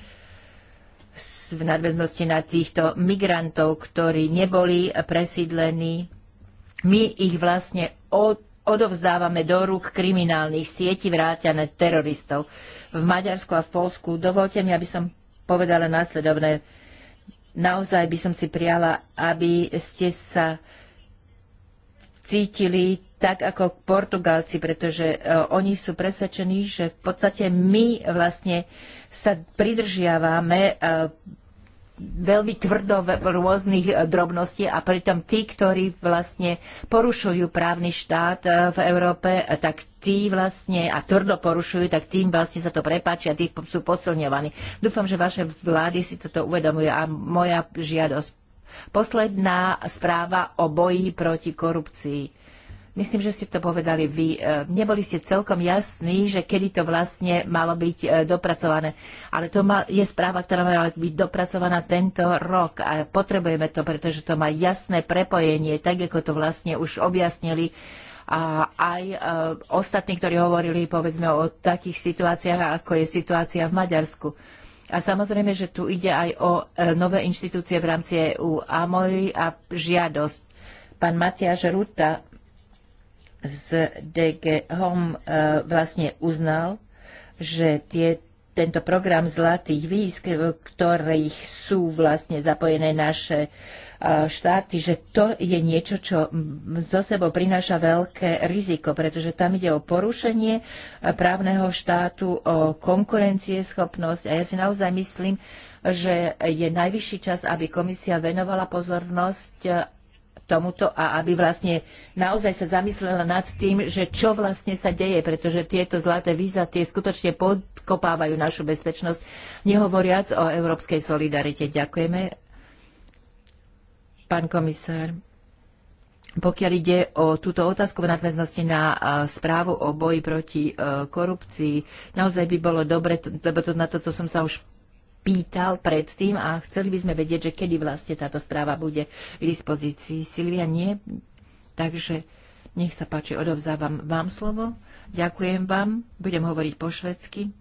v nadväznosti na týchto migrantov, ktorí neboli presídlení. My ich vlastne odovzdávame do rúk kriminálnych sietí vráťané teroristov. V Maďarsku a v Polsku dovolte mi, aby som povedala následovné. Naozaj by som si priala, aby ste sa cítili tak ako Portugalci, pretože e, oni sú presvedčení, že v podstate my vlastne sa pridržiavame e, veľmi tvrdo v rôznych e, drobností a pritom tí, ktorí vlastne porušujú právny štát v Európe, tak tí vlastne a tvrdo porušujú, tak tým vlastne sa to prepáči a tí sú podsilňovaní. Dúfam, že vaše vlády si toto uvedomujú a moja žiadosť. Posledná správa o boji proti korupcii Myslím, že ste to povedali vy. E, neboli ste celkom jasní, že kedy to vlastne malo byť e, dopracované. Ale to je správa, ktorá mala byť dopracovaná tento rok. A potrebujeme to, pretože to má jasné prepojenie, tak ako to vlastne už objasnili a aj e, ostatní, ktorí hovorili povedzme o takých situáciách, ako je situácia v Maďarsku. A samozrejme, že tu ide aj o nové inštitúcie v rámci EU a môj a žiadosť. Pán Matiáš Ruta z DG Home e, vlastne uznal, že tie, tento program zlatých výsk, e, v ktorých sú vlastne zapojené naše e, štáty, že to je niečo, čo zo sebou prináša veľké riziko, pretože tam ide o porušenie právneho štátu, o konkurencieschopnosť a ja si naozaj myslím, že je najvyšší čas, aby komisia venovala pozornosť tomuto a aby vlastne naozaj sa zamyslela nad tým, že čo vlastne sa deje, pretože tieto zlaté víza tie skutočne podkopávajú našu bezpečnosť, nehovoriac o európskej solidarite. Ďakujeme. Pán komisár, pokiaľ ide o túto otázku v nadväznosti na správu o boji proti e, korupcii, naozaj by bolo dobre, lebo to, na toto som sa už pýtal predtým a chceli by sme vedieť, že kedy vlastne táto správa bude k dispozícii. Silvia, nie? Takže nech sa páči, odovzávam vám slovo. Ďakujem vám. Budem hovoriť po švedsky.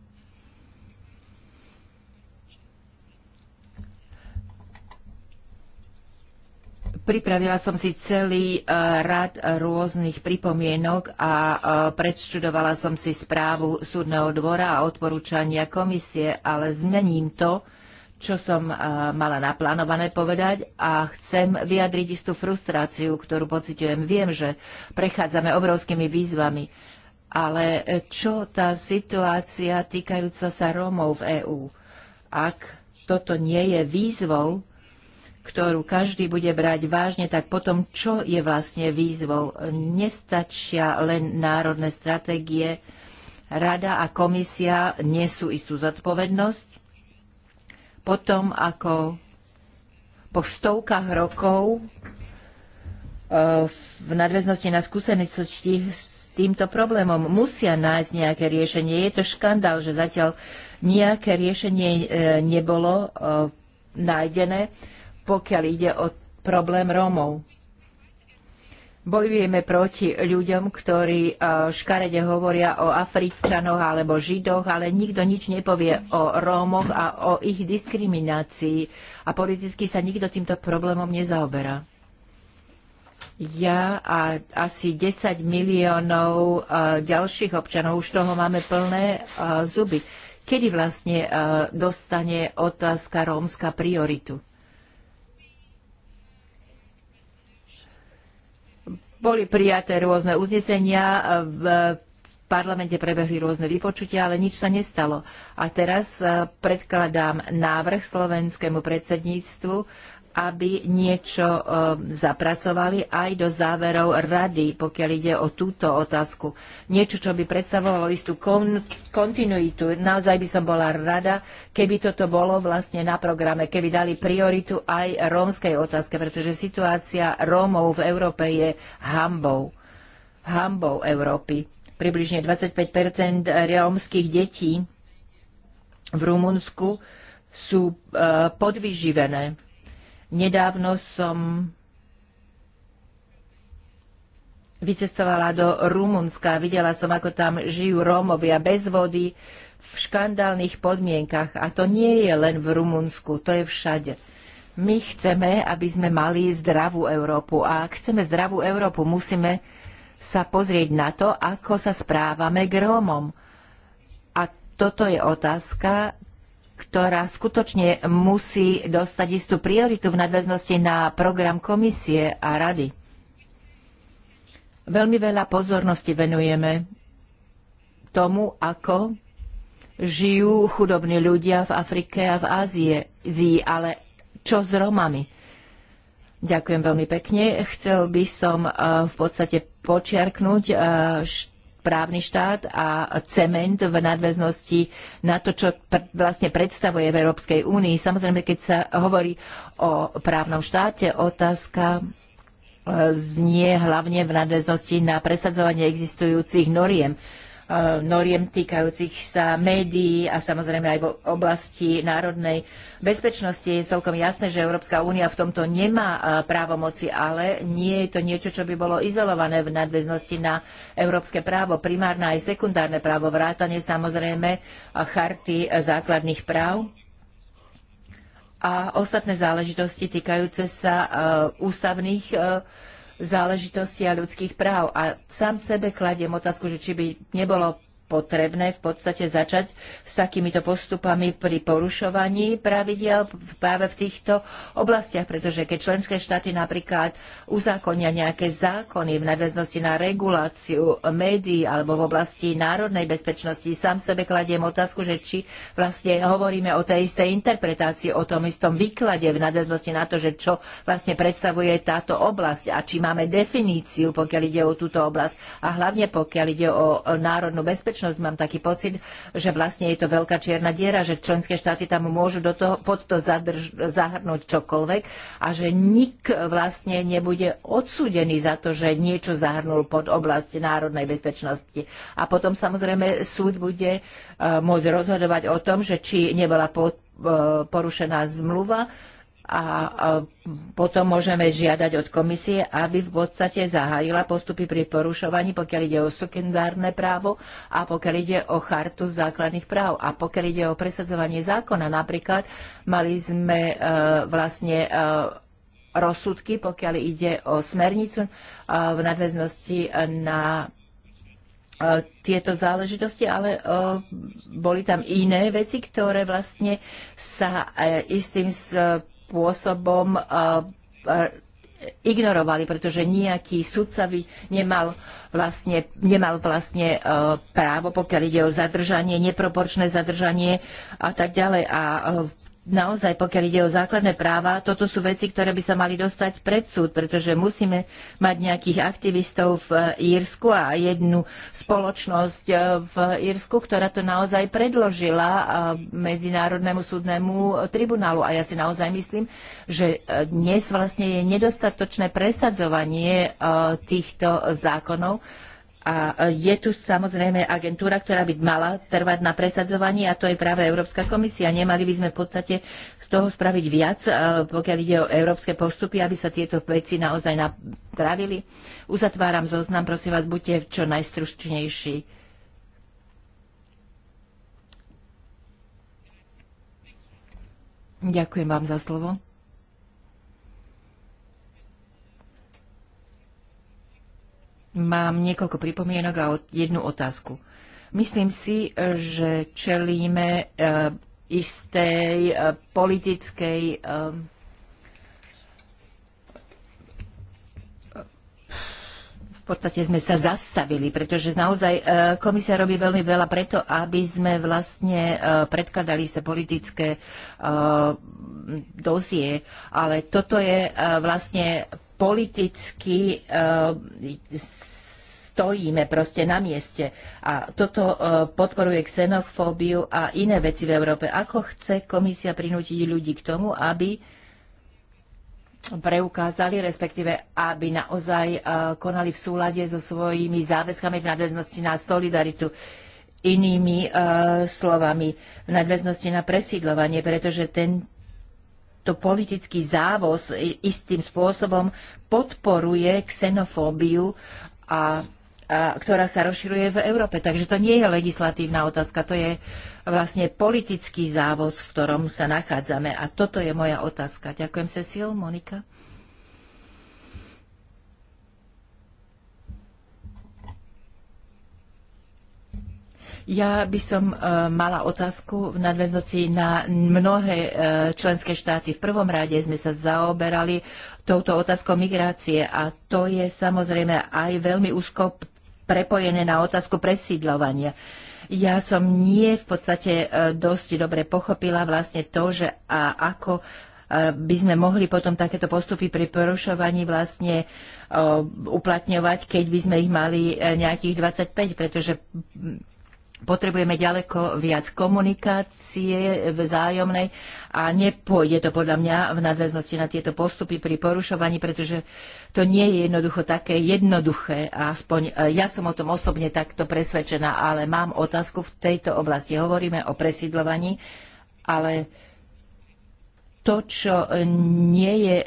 Pripravila som si celý e, rad rôznych pripomienok a e, predštudovala som si správu súdneho dvora a odporúčania komisie, ale zmením to, čo som e, mala naplánované povedať a chcem vyjadriť istú frustráciu, ktorú pociťujem. Viem, že prechádzame obrovskými výzvami, ale čo tá situácia týkajúca sa Rómov v EÚ? Ak toto nie je výzvou, ktorú každý bude brať vážne, tak potom čo je vlastne výzvou? Nestačia len národné stratégie, rada a komisia nesú istú zodpovednosť. Potom, ako po stovkách rokov e, v nadväznosti na skúsenosti s týmto problémom musia nájsť nejaké riešenie. Je to škandál, že zatiaľ nejaké riešenie e, nebolo e, nájdené pokiaľ ide o problém Rómov. Bojujeme proti ľuďom, ktorí e, škarede hovoria o Afričanoch alebo Židoch, ale nikto nič nepovie o Rómoch a o ich diskriminácii. A politicky sa nikto týmto problémom nezaoberá. Ja a asi 10 miliónov e, ďalších občanov, už toho máme plné e, zuby. Kedy vlastne dostane otázka rómska prioritu? Boli prijaté rôzne uznesenia, e, v parlamente prebehli rôzne vypočutia, ale nič sa nestalo. A teraz e, predkladám návrh slovenskému predsedníctvu, aby niečo eh, zapracovali aj do záverov rady, pokiaľ ide o túto otázku. Niečo, čo by predstavovalo istú kon- kontinuitu. Naozaj by som bola rada, keby toto bolo vlastne na programe, keby dali prioritu aj rómskej otázke, pretože situácia Rómov v Európe je hambou. Hambou Európy. Približne 25 rómskych detí v Rumunsku sú eh, podvyživené Nedávno som vycestovala do Rumunska. a Videla som, ako tam žijú Rómovia bez vody, v škandálnych podmienkach. A to nie je len v Rumunsku, to je všade. My chceme, aby sme mali zdravú Európu. A ak chceme zdravú Európu, musíme sa pozrieť na to, ako sa správame k Rómom. A toto je otázka, ktorá skutočne musí dostať istú prioritu v nadväznosti na program komisie a rady. Veľmi veľa pozornosti venujeme tomu, ako žijú chudobní ľudia v Afrike a v Ázie, Zí, ale čo s Romami? Ďakujem veľmi pekne. Chcel by som eh, v podstate počiarknúť eh, právny štát a cement v nadväznosti na to, čo pr- vlastne predstavuje v Európskej únii. Samozrejme, keď sa hovorí o právnom štáte, otázka e, znie hlavne v nadväznosti na presadzovanie existujúcich noriem E, noriem týkajúcich sa médií a samozrejme aj v oblasti národnej bezpečnosti. Je celkom jasné, že Európska únia v tomto nemá e, právomoci, ale nie je to niečo, čo by bolo izolované v nadväznosti na európske právo, primárne aj sekundárne právo, vrátanie samozrejme charty základných práv a ostatné záležitosti týkajúce sa e, ústavných záležitosti a ľudských práv. A sám sebe kladiem otázku, že či by nebolo potrebné v podstate začať s takýmito postupami pri porušovaní pravidel práve v týchto oblastiach, pretože keď členské štáty napríklad uzákonia nejaké zákony v nadväznosti na reguláciu médií alebo v oblasti národnej bezpečnosti, sám sebe kladiem otázku, že či vlastne hovoríme o tej istej interpretácii, o tom istom výklade v nadväznosti na to, že čo vlastne predstavuje táto oblasť a či máme definíciu, pokiaľ ide o túto oblasť a hlavne pokiaľ ide o národnú bezpečnosť skutočnosť Mám taký pocit, že vlastne je to veľká čierna diera, že členské štáty tam môžu do toho, pod to zadrž, zahrnúť čokoľvek a že nik vlastne nebude odsúdený za to, že niečo zahrnul pod oblasť národnej bezpečnosti. A potom samozrejme súd bude eh, môcť rozhodovať o tom, že či nebola eh, porušená zmluva, a potom môžeme žiadať od komisie, aby v podstate zahájila postupy pri porušovaní, pokiaľ ide o sekundárne právo a pokiaľ ide o chartu základných práv a pokiaľ ide o presadzovanie zákona. Napríklad mali sme e, vlastne e, rozsudky, pokiaľ ide o smernicu e, v nadväznosti na tieto záležitosti, ale boli tam iné veci, ktoré vlastne sa istým spôsobom eh, ignorovali, pretože nejaký sudca by nemal vlastne, nemal vlastne eh, právo, pokiaľ ide o zadržanie, neproporčné zadržanie a tak ďalej. A eh, naozaj, pokiaľ ide o základné práva, toto sú veci, ktoré by sa mali dostať pred súd, pretože musíme mať nejakých aktivistov v Írsku a jednu spoločnosť e, v Írsku, ktorá to naozaj predložila e, Medzinárodnému súdnemu tribunálu. A ja si naozaj myslím, že e, dnes vlastne je nedostatočné presadzovanie týchto zákonov, a je tu samozrejme agentúra, ktorá by mala trvať na presadzovaní a to je práve Európska komisia. Nemali by sme v podstate z toho spraviť viac, e, pokiaľ ide o európske postupy, aby sa tieto veci naozaj napravili. Uzatváram zoznam, prosím vás, buďte čo najstručnejší. Ďakujem vám za slovo. Mám niekoľko pripomienok a jednu otázku. Myslím si, že čelíme e, istej e, politickej e, V podstate sme sa zastavili, pretože naozaj komisia robí veľmi veľa preto, aby sme vlastne predkladali sa politické dosie, ale toto je vlastne politicky eh, stojíme proste na mieste. A toto eh, podporuje xenofóbiu a iné veci v Európe. Ako chce komisia prinútiť ľudí k tomu, aby preukázali, respektíve aby naozaj eh, konali v súlade so svojimi záväzkami v nadväznosti na solidaritu inými uh, slovami v nadväznosti na presídlovanie, pretože ten takýto politický závoz istým spôsobom podporuje xenofóbiu a a, ktorá sa rozširuje v Európe. Takže to nie je legislatívna otázka, to je vlastne politický závoz, v ktorom sa nachádzame. A toto je moja otázka. Ďakujem, Cecil, Monika. Ja by som e, mala otázku v nadväznosti na mnohé e, členské štáty. V prvom rade sme sa zaoberali touto otázkou migrácie a to je samozrejme aj veľmi úzko prepojené na otázku presídľovania. Ja som nie v podstate e, dosť dobre pochopila vlastne to, že a ako by sme mohli potom takéto postupy pri porušovaní vlastne uplatňovať, keď by sme ich mali nejakých 25, pretože Potrebujeme ďaleko viac komunikácie vzájomnej a nepôjde to podľa mňa v nadväznosti na tieto postupy pri porušovaní, pretože to nie je jednoducho také jednoduché. Aspoň e, ja som o tom osobne takto presvedčená, ale mám otázku v tejto oblasti. Hovoríme o presídlovaní, ale to, čo nie je e,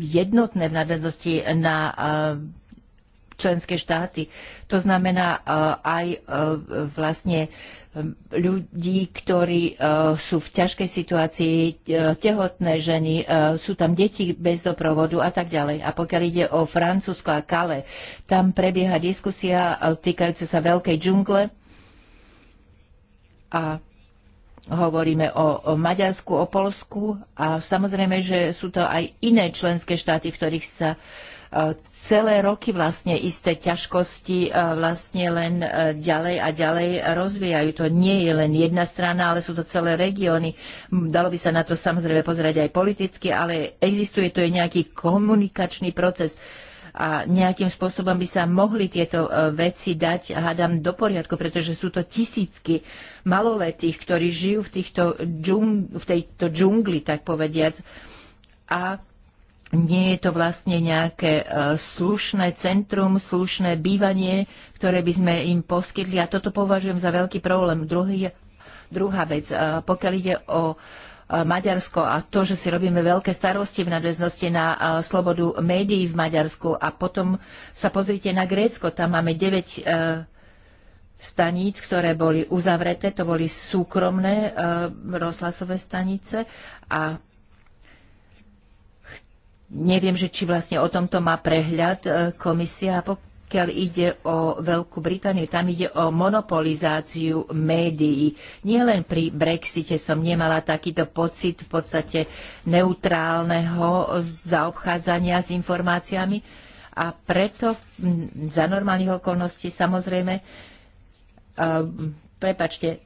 jednotné v nadväznosti na e, členské štáty. To znamená e, aj e, vlastne e, ľudí, ktorí sú v ťažkej situácii, tehotné ženy, sú tam deti bez doprovodu a tak ďalej. A pokiaľ ide o Francúzsko a Kale, tam prebieha diskusia týkajúce sa veľkej džungle a hovoríme o, o Maďarsku, o Polsku a samozrejme, že sú to aj iné členské štáty, v ktorých sa uh, celé roky vlastne isté ťažkosti e, vlastne len e, ďalej a ďalej rozvíjajú. To nie je len jedna strana, ale sú to celé regióny. Dalo by sa na to samozrejme pozerať aj politicky, ale existuje to aj nejaký komunikačný proces a nejakým spôsobom by sa mohli tieto e, veci dať, hádam, do poriadku, pretože sú to tisícky maloletých, ktorí žijú v, týchto džung, v tejto džungli, tak povediac. A nie je to vlastne nejaké e, slušné centrum, slušné bývanie, ktoré by sme im poskytli. A toto považujem za veľký problém. Druhý, druhá vec, e, pokiaľ ide o e, Maďarsko a to, že si robíme veľké starosti v nadväznosti na slobodu médií v Maďarsku a potom sa pozrite na Grécko, tam máme 9 staníc, ktoré boli uzavreté, to boli súkromné rozhlasové stanice a Neviem, že či vlastne o tomto má prehľad e, komisia, pokiaľ ide o Veľkú Britániu, tam ide o monopolizáciu médií. Nielen pri Brexite som nemala takýto pocit v podstate neutrálneho zaobchádzania s informáciami a preto za normálnych okolností samozrejme, e, prepačte,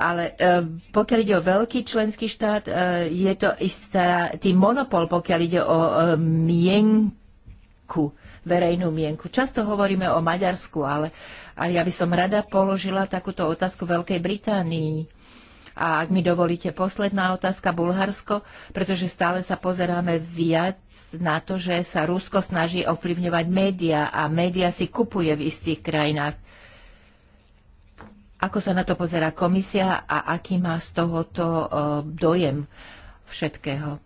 ale e, pokiaľ ide o veľký členský štát, e, je to istá, tý monopol, pokiaľ ide o e, mienku, verejnú mienku. Často hovoríme o Maďarsku, ale a ja by som rada položila takúto otázku Veľkej Británii. A ak mi dovolíte, posledná otázka, Bulharsko, pretože stále sa pozeráme viac na to, že sa Rusko snaží ovplyvňovať médiá a médiá si kupuje v istých krajinách. Ako sa na to pozerá komisia a aký má z tohoto e, dojem všetkého?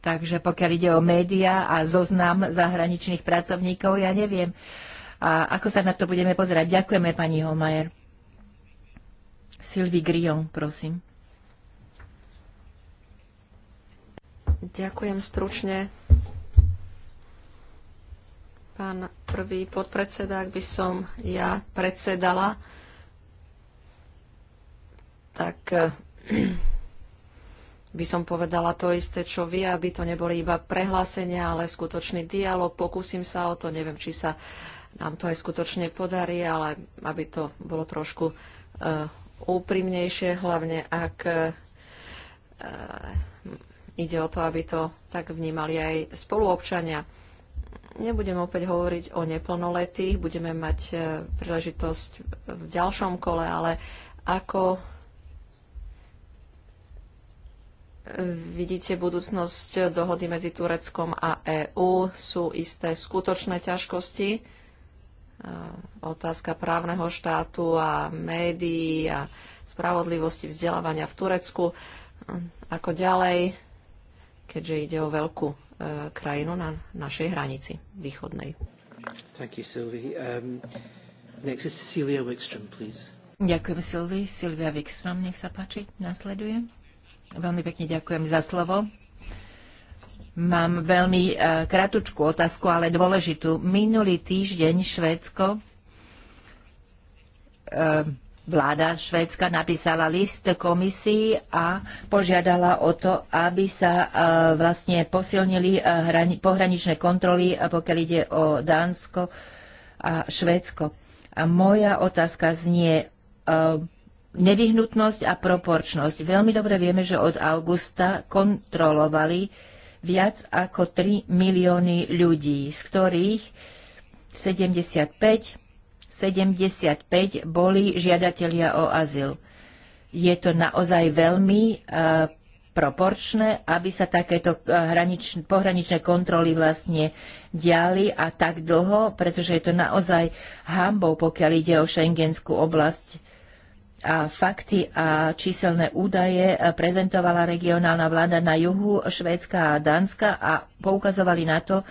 Takže pokiaľ ide o médiá a zoznam zahraničných pracovníkov, ja neviem, a ako sa na to budeme pozerať. Ďakujeme, pani Homajer. Sylvie Grion, prosím. Ďakujem stručne. Pán prvý podpredseda, ak by som ja predsedala, tak eh, *clears throat* by som povedala to isté, čo vy, aby to neboli iba prehlásenia, ale skutočný dialog. Pokúsim sa o to, neviem, či sa nám to aj skutočne podarí, ale aby to bolo trošku uh, úprimnejšie, hlavne ak uh, ide o to, aby to tak vnímali aj spoluobčania. Nebudem opäť hovoriť o neplnoletých, budeme mať e, príležitosť v ďalšom kole, ale ako e, vidíte budúcnosť dohody medzi Tureckom a EÚ? Sú isté skutočné ťažkosti? E, otázka právneho štátu a médií a spravodlivosti vzdelávania v Turecku. Ako ďalej, keďže ide o veľkú E, krajinu na našej hranici východnej. Thank you, Sylvie. Um, next is Cecilia Wickstrom, please. Ďakujem, Sylvie. Silvia Wickstrom, nech sa páči, nasleduje. Veľmi pekne ďakujem za slovo. Mám veľmi uh, e, kratučkú otázku, ale dôležitú. Minulý týždeň Švédsko uh, Vláda Švédska napísala list komisii a požiadala o to, aby sa e, vlastne posilnili e, pohraničné kontroly, pokiaľ ide o Dánsko a Švédsko. A moja otázka znie e, nevyhnutnosť a proporčnosť. Veľmi dobre vieme, že od augusta kontrolovali viac ako 3 milióny ľudí, z ktorých 75 75 boli žiadatelia o azyl. Je to naozaj veľmi e, proporčné, aby sa takéto e, pohraničné kontroly vlastne diali a tak dlho, pretože je to naozaj hambou, pokiaľ ide o šengenskú oblasť. A fakty a číselné údaje e, prezentovala regionálna vláda na juhu Švédska a Dánska a poukazovali na to,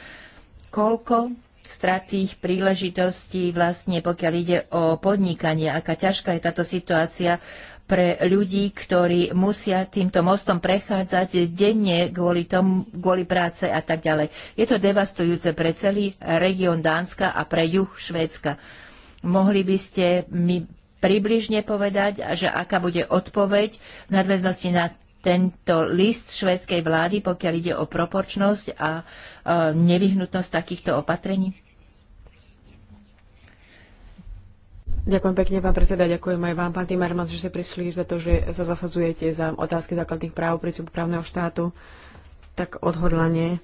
koľko stratých príležitostí vlastne pokiaľ ide o podnikanie, aká ťažká je táto situácia pre ľudí, ktorí musia týmto mostom prechádzať denne kvôli, tomu, kvôli práce a tak ďalej. Je to devastujúce pre celý región Dánska a pre juh Švédska. Mohli by ste mi približne povedať, že aká bude odpoveď v nadväznosti na tento list švédskej vlády, pokiaľ ide o proporčnosť a e, nevyhnutnosť takýchto opatrení? Ďakujem pekne, pán predseda, ďakujem aj vám, pán Timerman, že ste prišli, za to, že sa zasadzujete za otázky základných práv, princípu právneho štátu, tak odhodlanie.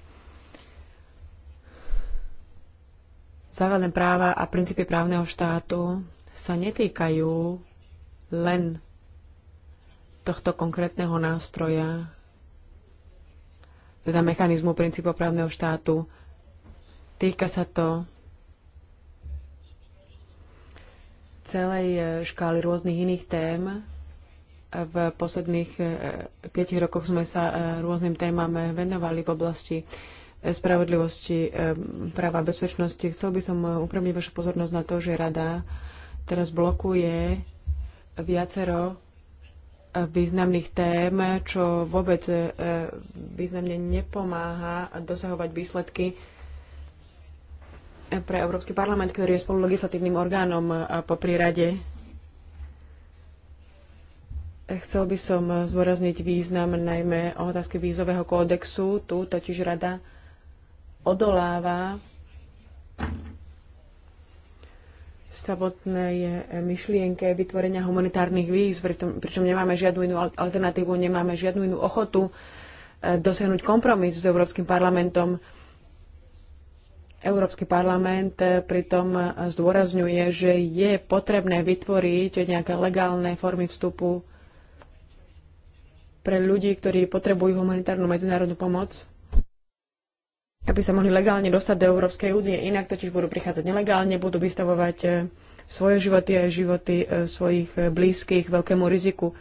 Základné práva a princípy právneho štátu sa netýkajú len tohto konkrétneho nástroja, teda mechanizmu princípov právneho štátu. Týka sa to celej e, škály rôznych iných tém. V posledných 5 e, rokoch sme sa e, rôznym témam venovali v oblasti spravodlivosti, práva a bezpečnosti. Chcel by som upriamiť vašu pozornosť na to, že rada teraz blokuje viacero významných tém, čo vôbec významne nepomáha dosahovať výsledky pre Európsky parlament, ktorý je spolulegislatívnym orgánom po prírade. Chcel by som zvorazniť význam najmä o otázky vízového kódexu. Tu totiž rada odoláva samotnej eh, myšlienke vytvorenia humanitárnych víz, pričom nemáme žiadnu inú alternatívu, nemáme žiadnu inú ochotu eh, dosiahnuť kompromis s Európskym parlamentom Európsky parlament eh, pritom eh, zdôrazňuje, že je potrebné vytvoriť nejaké legálne formy vstupu pre ľudí, ktorí potrebujú humanitárnu medzinárodnú pomoc, aby sa mohli legálne dostať do Európskej únie. Inak totiž budú prichádzať nelegálne, budú vystavovať eh, svoje životy a životy svojich blízkych veľkému riziku.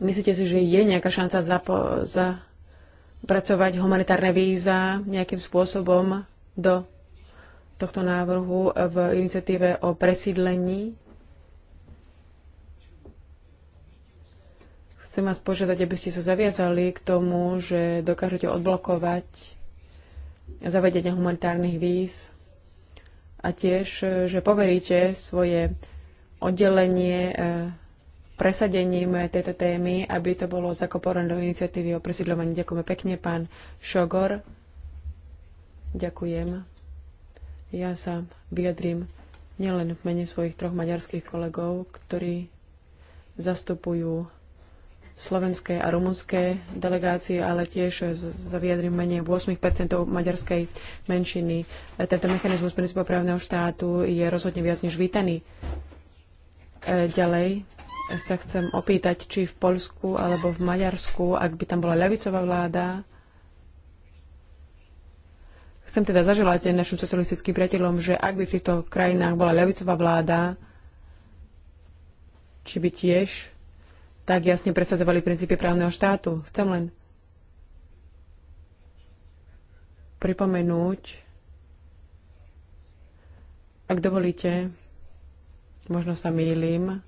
Myslíte si, že je nejaká šanca zapo- za pracovať humanitárne víza nejakým spôsobom do tohto návrhu v iniciatíve o presídlení. Chcem vás požiadať, aby ste sa zaviazali k tomu, že dokážete odblokovať zavedenie humanitárnych víz a tiež, že poveríte svoje oddelenie eh, presadením tejto témy, aby to bolo zakoporené do iniciatívy o presídľovaní. Ďakujeme pekne, pán Šogor. Ďakujem. Ja sa vyjadrím nielen v mene svojich troch maďarských kolegov, ktorí zastupujú slovenské a rumunské delegácie, ale tiež za vyjadrím menej 8 maďarskej menšiny. Tento mechanizmus princípa právneho štátu je rozhodne viac než vítaný. E, ďalej, sa chcem opýtať, či v Polsku alebo v Maďarsku, ak by tam bola ľavicová vláda, Chcem teda zaželať našim socialistickým priateľom, že ak by v týchto krajinách bola ľavicová vláda, či by tiež tak jasne presadzovali princípy právneho štátu. Chcem len pripomenúť, ak dovolíte, možno sa mýlim,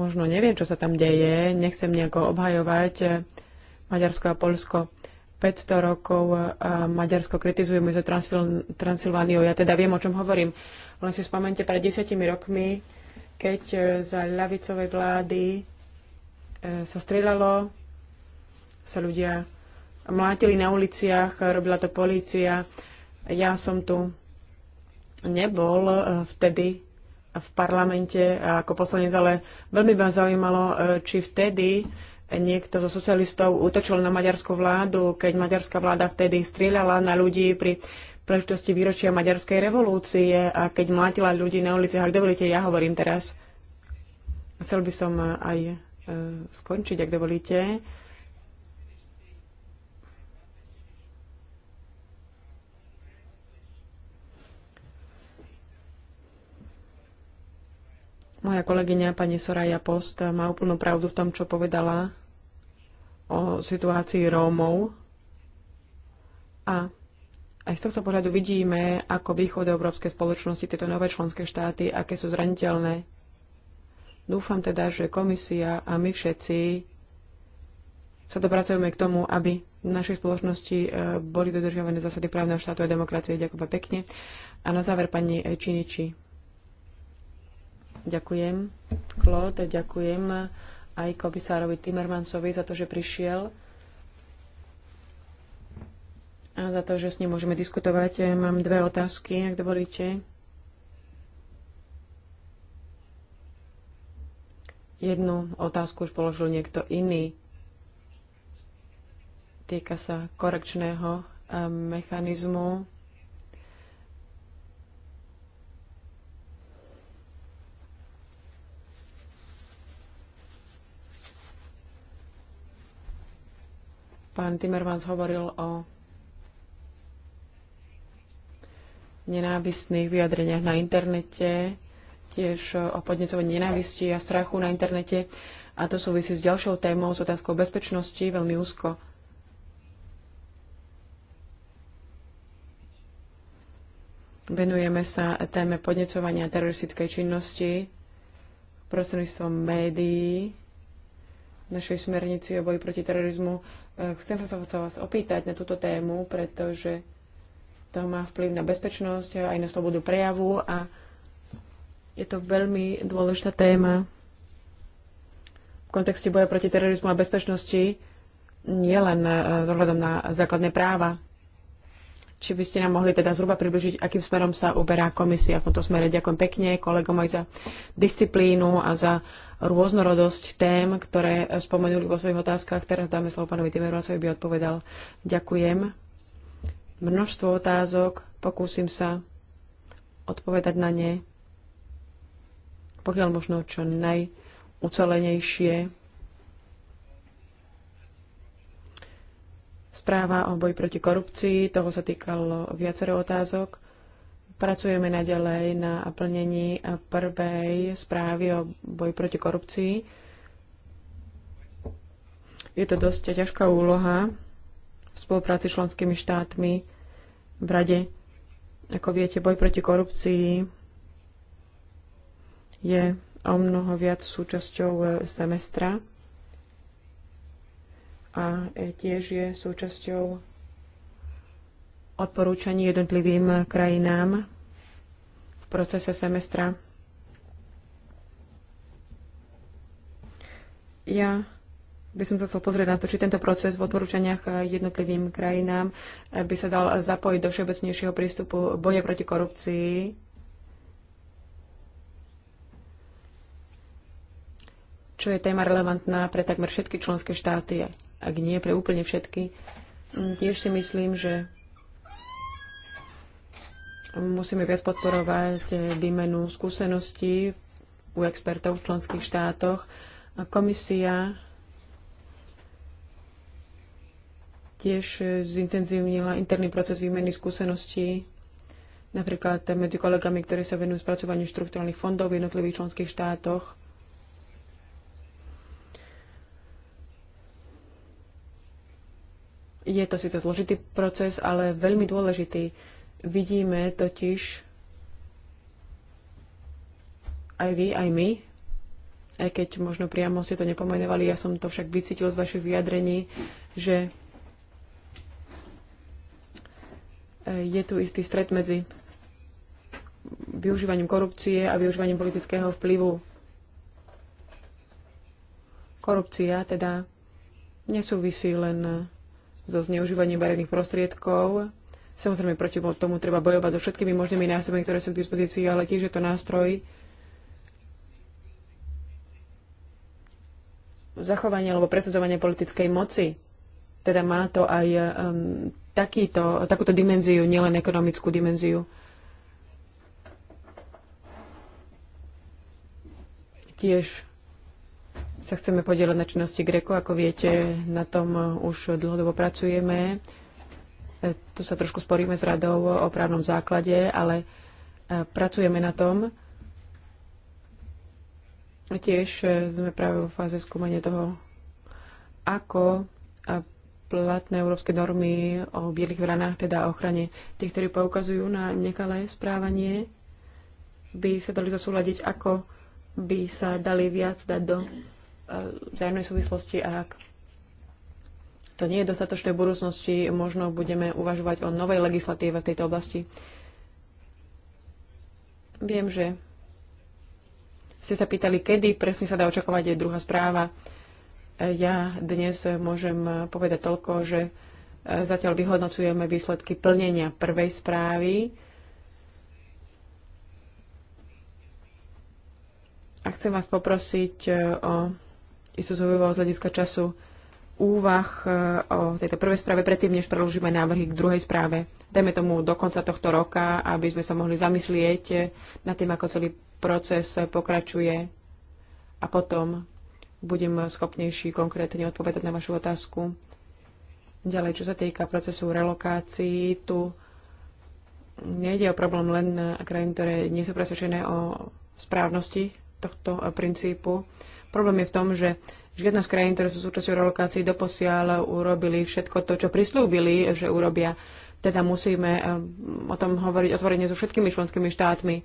Možno neviem, čo sa tam deje, nechcem nejako obhajovať eh, Maďarsko a Polsko. 500 rokov a eh, Maďarsko kritizujeme za Transil- Transilvániu. Ja teda viem, o čom hovorím. Len si spomente pred desiatimi rokmi, keď eh, za ľavicovej vlády sa strieľalo, sa ľudia mlátili na uliciach, robila to polícia. Ja som tu nebol vtedy v parlamente ako poslanec, ale veľmi ma zaujímalo, e, či vtedy niekto zo socialistov útočil na maďarskú vládu, keď maďarská vláda vtedy strieľala na ľudí pri príležitosti výročia maďarskej revolúcie a keď mlátila ľudí na ulici. Ak dovolíte, ja hovorím teraz. Chcel by som aj e, skončiť, ak dovolíte. Moja kolegyňa pani Soraya Post má úplnú pravdu v tom, čo povedala o situácii Rómov. A aj z tohto pohľadu vidíme, ako európske spoločnosti, tieto nové členské štáty, aké sú zraniteľné. Dúfam teda, že komisia a my všetci sa dopracujeme k tomu, aby v našej spoločnosti e, boli dodržiavané zásady právneho štátu a demokracie. Ďakujem pekne. A na záver pani Činiči. Ďakujem, Claude, ďakujem aj komisárovi Timmermansovi za to, že prišiel a za to, že s ním môžeme diskutovať. Mám dve otázky, ak dovolíte. Jednu otázku už položil niekto iný. Týka sa korekčného eh, mechanizmu Pán Timmermans hovoril o nenávistných vyjadreniach na internete, tiež o podnetovaní nenávisti a strachu na internete. A to súvisí s ďalšou témou, s otázkou bezpečnosti, veľmi úzko. Venujeme sa téme podnecovania teroristickej činnosti prostredníctvom médií, v našej smernici o boji proti terorizmu Eh, chcem sa, sa vás opýtať na túto tému, pretože to má vplyv na bezpečnosť, aj na slobodu prejavu a je to veľmi dôležitá téma v kontexte boja proti terorizmu a bezpečnosti nielen z eh, ohľadom na základné práva. Či by ste nám mohli teda zhruba približiť, akým smerom sa uberá komisia v tomto smere. Ďakujem pekne kolegom aj za disciplínu a za rôznorodosť tém, ktoré spomenuli vo svojich otázkach. Teraz dáme slovo pánovi Timmermansovi, by odpovedal. Ďakujem. Množstvo otázok, pokúsim sa odpovedať na ne pokiaľ možno čo najucelenejšie. Správa o boji proti korupcii, toho sa týkalo viacero otázok. Pracujeme naďalej na plnení prvej správy o boji proti korupcii. Je to dosť ťažká úloha v spolupráci s členskými štátmi v Rade. Ako viete, boj proti korupcii je o mnoho viac súčasťou semestra a e, tiež je súčasťou odporúčaní jednotlivým krajinám v procese semestra. Ja by som sa chcel pozrieť na to, či tento proces v odporúčaniach jednotlivým krajinám e, by sa dal zapojiť do všeobecnejšieho prístupu boje proti korupcii. čo je téma relevantná pre takmer všetky členské štáty ak nie pre úplne všetky. Mm, tiež si myslím, že musíme viac podporovať eh, výmenu skúseností u expertov v členských štátoch. A komisia tiež eh, zintenzívnila interný proces výmeny skúseností napríklad eh, medzi kolegami, ktorí sa venujú spracovaniu štruktúrnych fondov v jednotlivých členských štátoch Je to síce zložitý proces, ale veľmi dôležitý. Vidíme totiž aj vy, aj my, aj keď možno priamo ste to nepomenovali, ja som to však vycítil z vašich vyjadrení, že e, je tu istý stred medzi využívaním korupcie a využívaním politického vplyvu. Korupcia teda nesúvisí len so zneužívaním verejných prostriedkov. Samozrejme, proti tomu treba bojovať so všetkými možnými nástrojmi, ktoré sú k dispozícii, ale tiež je to nástroj zachovania alebo presadzovania politickej moci. Teda má to aj um, takýto, takúto dimenziu, nielen ekonomickú dimenziu. Tiež sa chceme podielať na činnosti Greko. Ako viete, na tom eh, už dlhodobo pracujeme. Eh, tu sa trošku sporíme s radou o právnom základe, ale eh, pracujeme na tom. A tiež sme práve vo fáze skúmania toho, ako platné európske normy o bielých vranách, teda o ochrane tých, ktorí poukazujú na nekalé správanie, by sa dali zasúľadiť, ako by sa dali viac dať do vzájomnej súvislosti a ak to nie je dostatočné v budúcnosti, možno budeme uvažovať o novej legislatíve v tejto oblasti. Viem, že ste sa pýtali, kedy presne sa dá očakávať aj druhá správa. Ja dnes môžem povedať toľko, že zatiaľ vyhodnocujeme výsledky plnenia prvej správy. A chcem vás poprosiť eh, o istú zaujímavosť z hľadiska času úvah e, o tejto prvej správe predtým, než preložíme návrhy k druhej správe. Dajme tomu do konca tohto roka, aby sme sa mohli zamyslieť nad tým, ako celý proces pokračuje a potom budem schopnejší konkrétne odpovedať na vašu otázku. Ďalej, čo sa týka procesu relokácií, tu nejde o problém len krajín, ktoré nie sú presvedčené o správnosti tohto e, princípu. Problém je v tom, že žiadna z krajín, ktoré sú súčasťou relokácií, doposiaľ urobili všetko to, čo prislúbili, že urobia. Teda musíme eh, o tom hovoriť otvorene so všetkými členskými štátmi.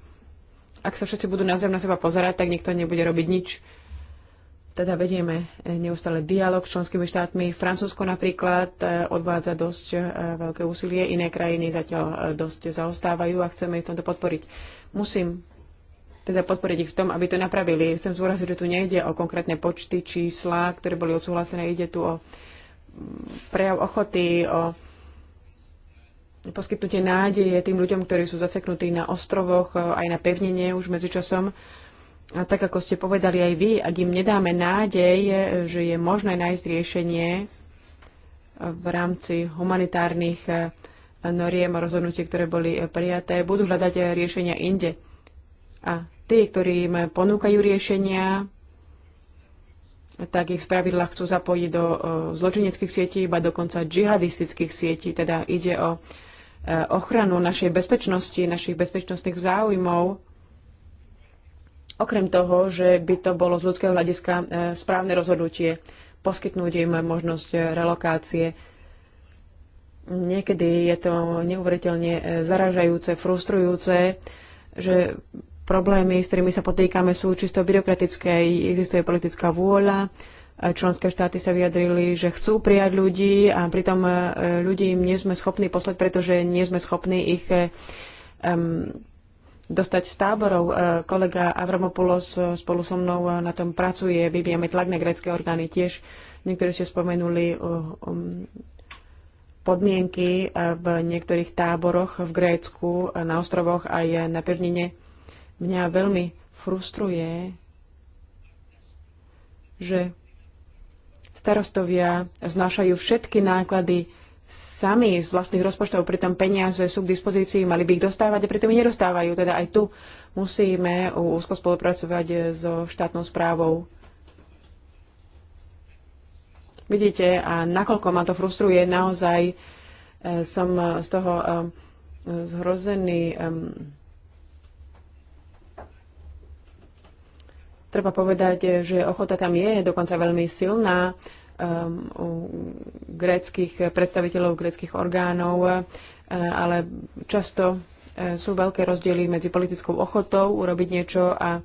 Ak sa všetci budú navzájom na seba pozerať, tak nikto nebude robiť nič. Teda vedieme eh, neustále dialog s členskými štátmi. Francúzsko napríklad eh, odvádza dosť veľké úsilie, iné krajiny zatiaľ dosť zaostávajú a chceme ich v tomto podporiť. Musím teda podporiť ich v tom, aby to napravili. Chcem zúraziť, že tu nejde o konkrétne počty, čísla, ktoré boli odsúhlasené. Ide tu o mm, prejav ochoty, o poskytnutie nádeje tým ľuďom, ktorí sú zaseknutí na ostrovoch, e, aj na pevnenie už medzičasom. A tak, ako ste povedali aj vy, ak im nedáme nádej, e, že je možné nájsť riešenie e, v rámci humanitárnych noriem a rozhodnutí, ktoré boli prijaté, budú hľadať riešenia inde. A tí, ktorí im ponúkajú riešenia, tak ich spravidla chcú zapojiť do e, zločineckých sietí, iba dokonca džihadistických sietí. Teda ide o e, ochranu našej bezpečnosti, našich bezpečnostných záujmov. Okrem toho, že by to bolo z ľudského hľadiska e, správne rozhodnutie poskytnúť im možnosť relokácie. Niekedy je to neuveriteľne zaražajúce, frustrujúce, že Problémy, s ktorými sa potýkame, sú čisto byrokratické. Existuje politická vôľa. Členské štáty sa vyjadrili, že chcú prijať ľudí a pritom e, ľudí im nie sme schopní poslať, pretože nie sme schopní ich um, dostať z táborov. E, kolega Avramopoulos spolu so mnou na tom pracuje, vyvíjame tlak na grecké orgány tiež. Niektorí ste spomenuli um, podmienky v niektorých táboroch v Grécku, na ostrovoch aj na pevnine. Mňa veľmi frustruje, že starostovia znášajú všetky náklady sami z vlastných rozpočtov, pritom peniaze sú k dispozícii, mali by ich dostávať a pritom ich nedostávajú. Teda aj tu musíme úzko spolupracovať so štátnou správou. Vidíte, a nakoľko ma to frustruje, naozaj eh, som z toho eh, zhrozený. Treba povedať, že ochota tam je dokonca veľmi silná um, u gréckých predstaviteľov, gréckých orgánov, uh, ale často uh, sú veľké rozdiely medzi politickou ochotou urobiť niečo a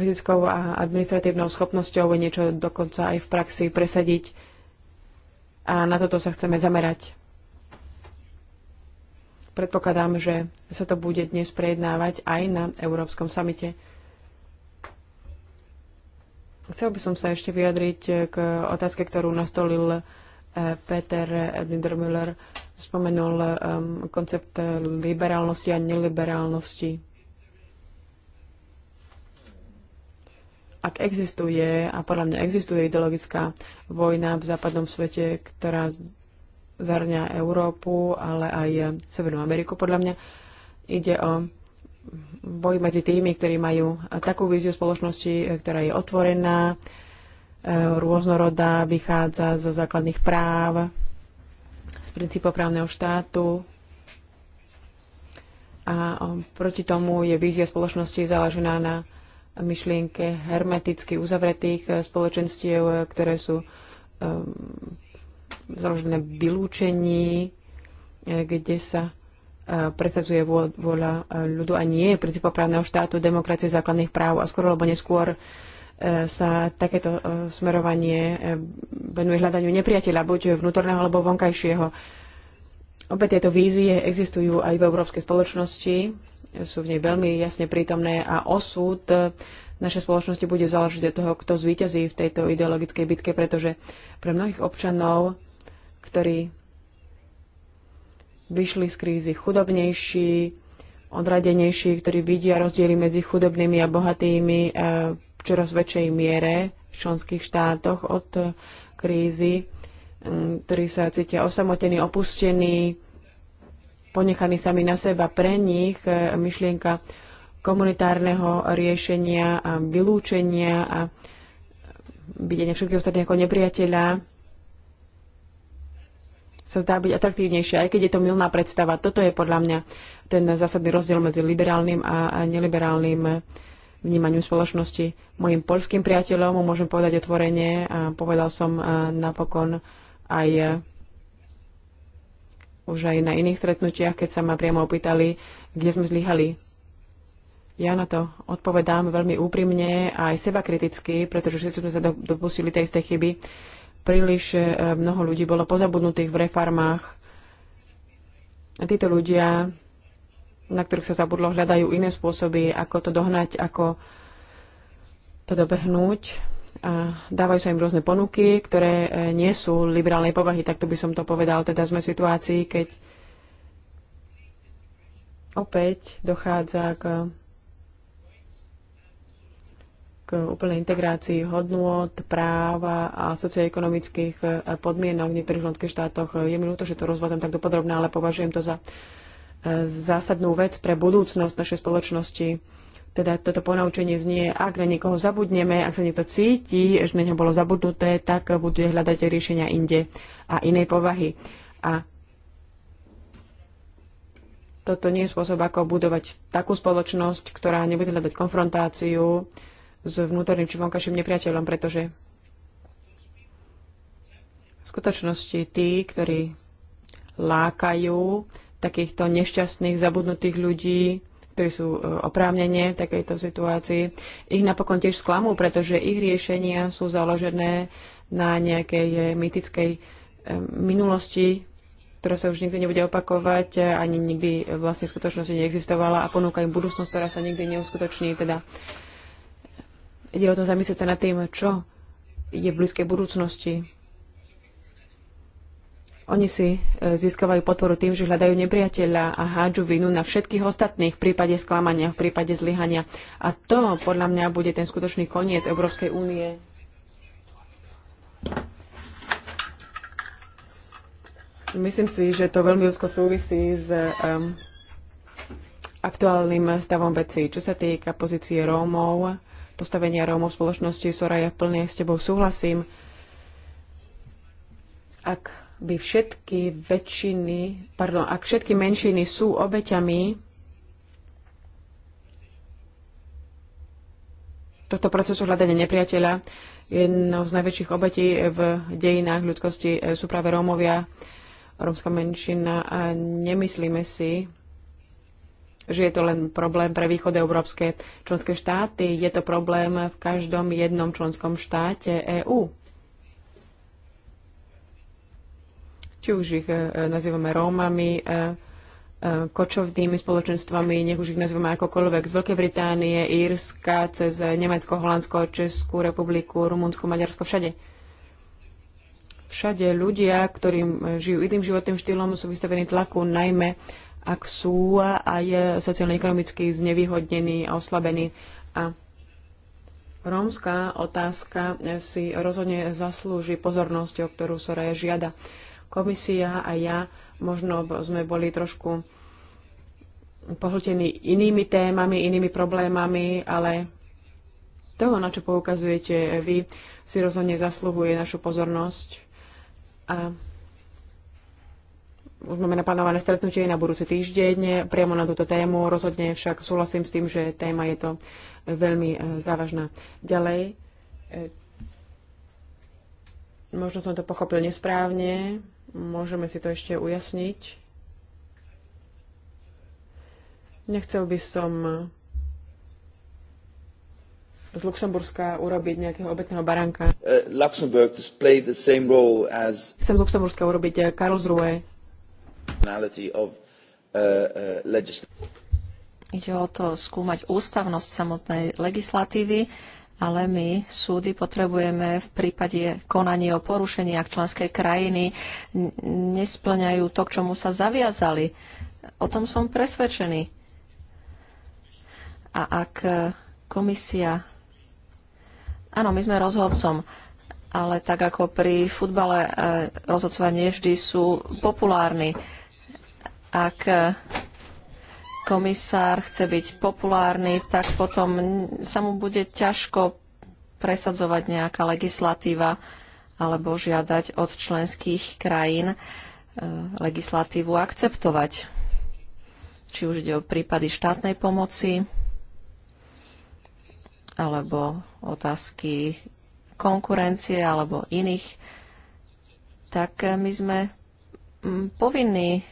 fyzickou a administratívnou schopnosťou niečo dokonca aj v praxi presadiť. A na toto sa chceme zamerať. Predpokladám, že sa to bude dnes prejednávať aj na Európskom samite. Chcel by som sa ešte vyjadriť eh, k otázke, ktorú nastolil eh, Peter Dindermüller. Spomenul ehm, koncept eh, liberálnosti a neliberálnosti. Ak existuje, a podľa mňa existuje ideologická vojna v západnom svete, ktorá zahrňa Európu, ale aj Severnú Ameriku, podľa mňa ide o boj medzi tými, ktorí majú takú víziu spoločnosti, e, ktorá je otvorená, e, rôznorodá, vychádza zo základných práv, z princípov právneho štátu. A e, proti tomu je vízia spoločnosti založená na myšlienke hermeticky uzavretých spoločenstiev, ktoré sú založené vylúčení, kde sa Eh, presadzuje vôľa eh, ľudu a nie je princípov právneho štátu, demokracie základných práv a skôr alebo neskôr eh, sa takéto smerovanie venuje hľadaniu nepriateľa, buď vnútorného alebo vonkajšieho. Obe tieto vízie existujú aj v európskej spoločnosti, sú v nej veľmi jasne prítomné a osud našej spoločnosti bude záležiť od toho, kto zvíťazí v tejto ideologickej bitke, pretože pre mnohých občanov, ktorí vyšli z krízy chudobnejší, odradenejší, ktorí vidia rozdiely medzi chudobnými a bohatými e, v čoraz väčšej miere v členských štátoch od e, krízy, ktorí sa cítia osamotení, opustení, ponechaní sami na seba. Pre nich e, myšlienka komunitárneho riešenia a vylúčenia a videnia všetkých ostatných ako nepriateľa sa zdá byť atraktívnejšia, aj keď je to milná predstava. Toto je podľa mňa ten zásadný rozdiel medzi liberálnym a neliberálnym vnímaním spoločnosti. Mojim polským priateľom môžem povedať otvorenie, a povedal som napokon aj už aj na iných stretnutiach, keď sa ma priamo opýtali, kde sme zlyhali. Ja na to odpovedám veľmi úprimne a aj seba kriticky, pretože všetci sme sa dopustili tej istej chyby príliš e, mnoho ľudí bolo pozabudnutých v reformách. A títo ľudia, na ktorých sa zabudlo, hľadajú iné spôsoby, ako to dohnať, ako to dobehnúť. A dávajú sa im rôzne ponuky, ktoré e, nie sú liberálnej povahy, takto by som to povedal. Teda sme v situácii, keď opäť dochádza k k úplnej integrácii hodnôt, práva a socioekonomických podmienok v niektorých členských štátoch. Je mi ľúto, že to rozvádzam takto podrobne, ale považujem to za e, zásadnú vec pre budúcnosť našej spoločnosti. Teda toto ponaučenie znie, ak na niekoho zabudneme, ak sa niekto cíti, že na neho bolo zabudnuté, tak bude hľadať riešenia inde a inej povahy. A toto nie je spôsob, ako budovať takú spoločnosť, ktorá nebude hľadať konfrontáciu, s vnútorným či vonkajším nepriateľom, pretože v skutočnosti tí, ktorí lákajú takýchto nešťastných, zabudnutých ľudí, ktorí sú e, oprávnenie v takejto situácii, ich napokon tiež sklamú, pretože ich riešenia sú založené na nejakej e, mytickej e, minulosti, ktorá sa už nikdy nebude opakovať, ani nikdy vlastne v skutočnosti neexistovala a ponúka im budúcnosť, ktorá sa nikdy neuskutoční. Teda Ide o to zamyslieť sa nad tým, čo je v blízkej budúcnosti. Oni si e, získavajú podporu tým, že hľadajú nepriateľa a hádžu vinu na všetkých ostatných v prípade sklamania, v prípade zlyhania. A to podľa mňa bude ten skutočný koniec Európskej únie. Myslím si, že to veľmi úzko súvisí s um, aktuálnym stavom veci. Čo sa týka pozície Rómov, postavenia Rómov v spoločnosti. Sora, ja plne s tebou súhlasím. Ak by všetky väčšiny, pardon, ak všetky menšiny sú obeťami tohto procesu hľadania nepriateľa, jednou z najväčších obetí v dejinách ľudskosti sú práve Rómovia, rómska menšina a nemyslíme si, že je to len problém pre európske členské štáty. Je to problém v každom jednom členskom štáte EÚ. Či už ich e, nazývame Rómami, e, e, kočovnými spoločenstvami, nech už ich nazveme akokoľvek, z Veľkej Británie, Írska, cez Nemecko, Holandsko, Českú republiku, Rumunsko, Maďarsko, všade. Všade ľudia, ktorým žijú iným životným štýlom, sú vystavení tlaku najmä ak sú aj sociálne-ekonomicky znevýhodnení a oslabení. A rómska otázka si rozhodne zaslúži pozornosť, o ktorú sa žiada. Komisia a ja možno sme boli trošku pohltení inými témami, inými problémami, ale toho, na čo poukazujete vy, si rozhodne zasluhuje našu pozornosť. A už máme naplánované stretnutie na budúci týždeň priamo na túto tému. Rozhodne však súhlasím s tým, že téma je to e, veľmi e, závažná. Ďalej, e, možno som to pochopil nesprávne, môžeme si to ešte ujasniť. Nechcel by som z Luxemburska urobiť nejakého obetného baranka. Uh, Luxemburg Chcem Luxemburska urobiť Karlsruhe Uh, uh, Ide o to skúmať ústavnosť samotnej legislatívy, ale my súdy potrebujeme v prípade konania o porušení, ak členské krajiny nesplňajú to, k čomu sa zaviazali. O tom som presvedčený. A ak eh, komisia... Áno, my sme rozhodcom ale tak ako pri futbale e, rozhodcovia vždy sú populárni. Ak e, komisár chce byť populárny, tak potom sa mu bude ťažko presadzovať nejaká legislatíva alebo žiadať od členských krajín e, legislatívu akceptovať. Či už ide o prípady štátnej pomoci, alebo otázky konkurencie alebo iných, tak my sme mm, povinní e,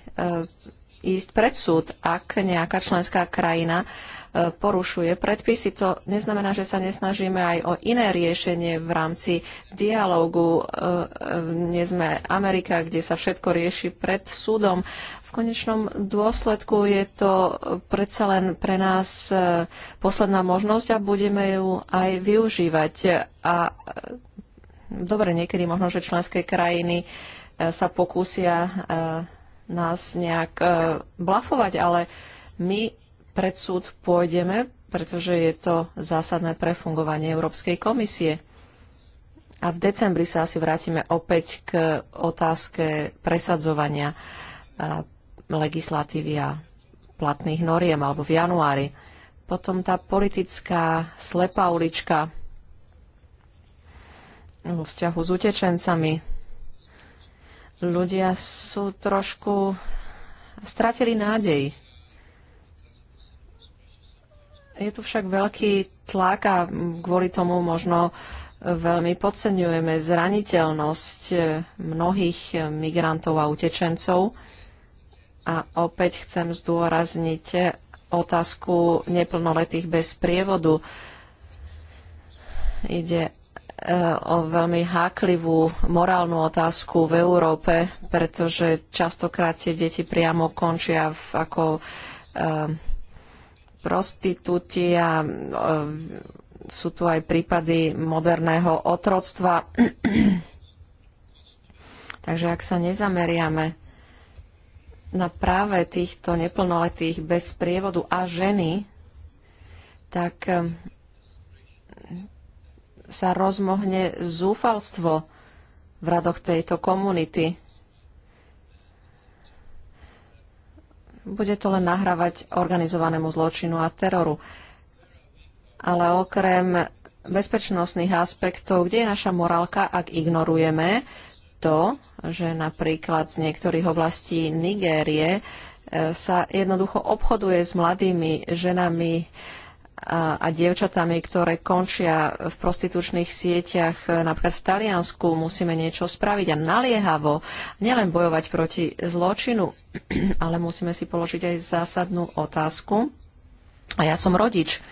ísť pred súd, ak nejaká členská krajina porušuje predpisy. To neznamená, že sa nesnažíme aj o iné riešenie v rámci dialógu. E, nie sme Amerika, kde sa všetko rieši pred súdom. V konečnom dôsledku je to predsa len pre nás e, posledná možnosť a budeme ju aj využívať. A e, dobre, niekedy možno, že členské krajiny sa pokúsia nás nejak blafovať, ale my pred súd pôjdeme, pretože je to zásadné pre fungovanie Európskej komisie. A v decembri sa asi vrátime opäť k otázke presadzovania legislatívy a platných noriem, alebo v januári. Potom tá politická slepá ulička vo vzťahu s utečencami. Ľudia sú trošku stratili nádej je tu však veľký tlak a kvôli tomu možno veľmi podceňujeme zraniteľnosť eh, mnohých migrantov a utečencov. A opäť chcem zdôrazniť eh, otázku neplnoletých bez prievodu. Ide eh, o veľmi háklivú morálnu otázku v Európe, pretože častokrát tie deti priamo končia v, ako prostitúti a e, sú tu aj prípady moderného otroctva. *clears throat* Takže ak sa nezameriame na práve týchto neplnoletých bez prievodu a ženy, tak e, sa rozmohne zúfalstvo v radoch tejto komunity. bude to len nahrávať organizovanému zločinu a teroru. Ale okrem bezpečnostných aspektov, kde je naša morálka, ak ignorujeme to, že napríklad z niektorých oblastí Nigérie e, sa jednoducho obchoduje s mladými ženami, a, a dievčatami, ktoré končia v prostitučných sieťach e, napríklad v Taliansku, musíme niečo spraviť a naliehavo nielen bojovať proti zločinu, *clears throat* ale musíme si položiť aj zásadnú otázku. A ja som rodič.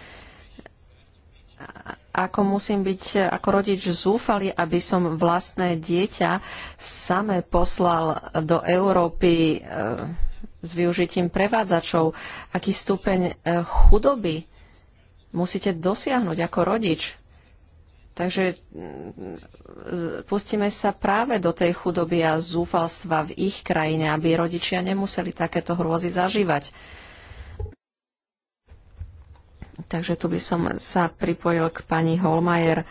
Ako musím byť ako rodič zúfali, aby som vlastné dieťa same poslal do Európy e, s využitím prevádzačov, aký stupeň e, chudoby musíte dosiahnuť ako rodič. Takže pustíme sa práve do tej chudoby a zúfalstva v ich krajine, aby rodičia nemuseli takéto hrôzy zažívať. Takže tu by som sa pripojil k pani Holmajer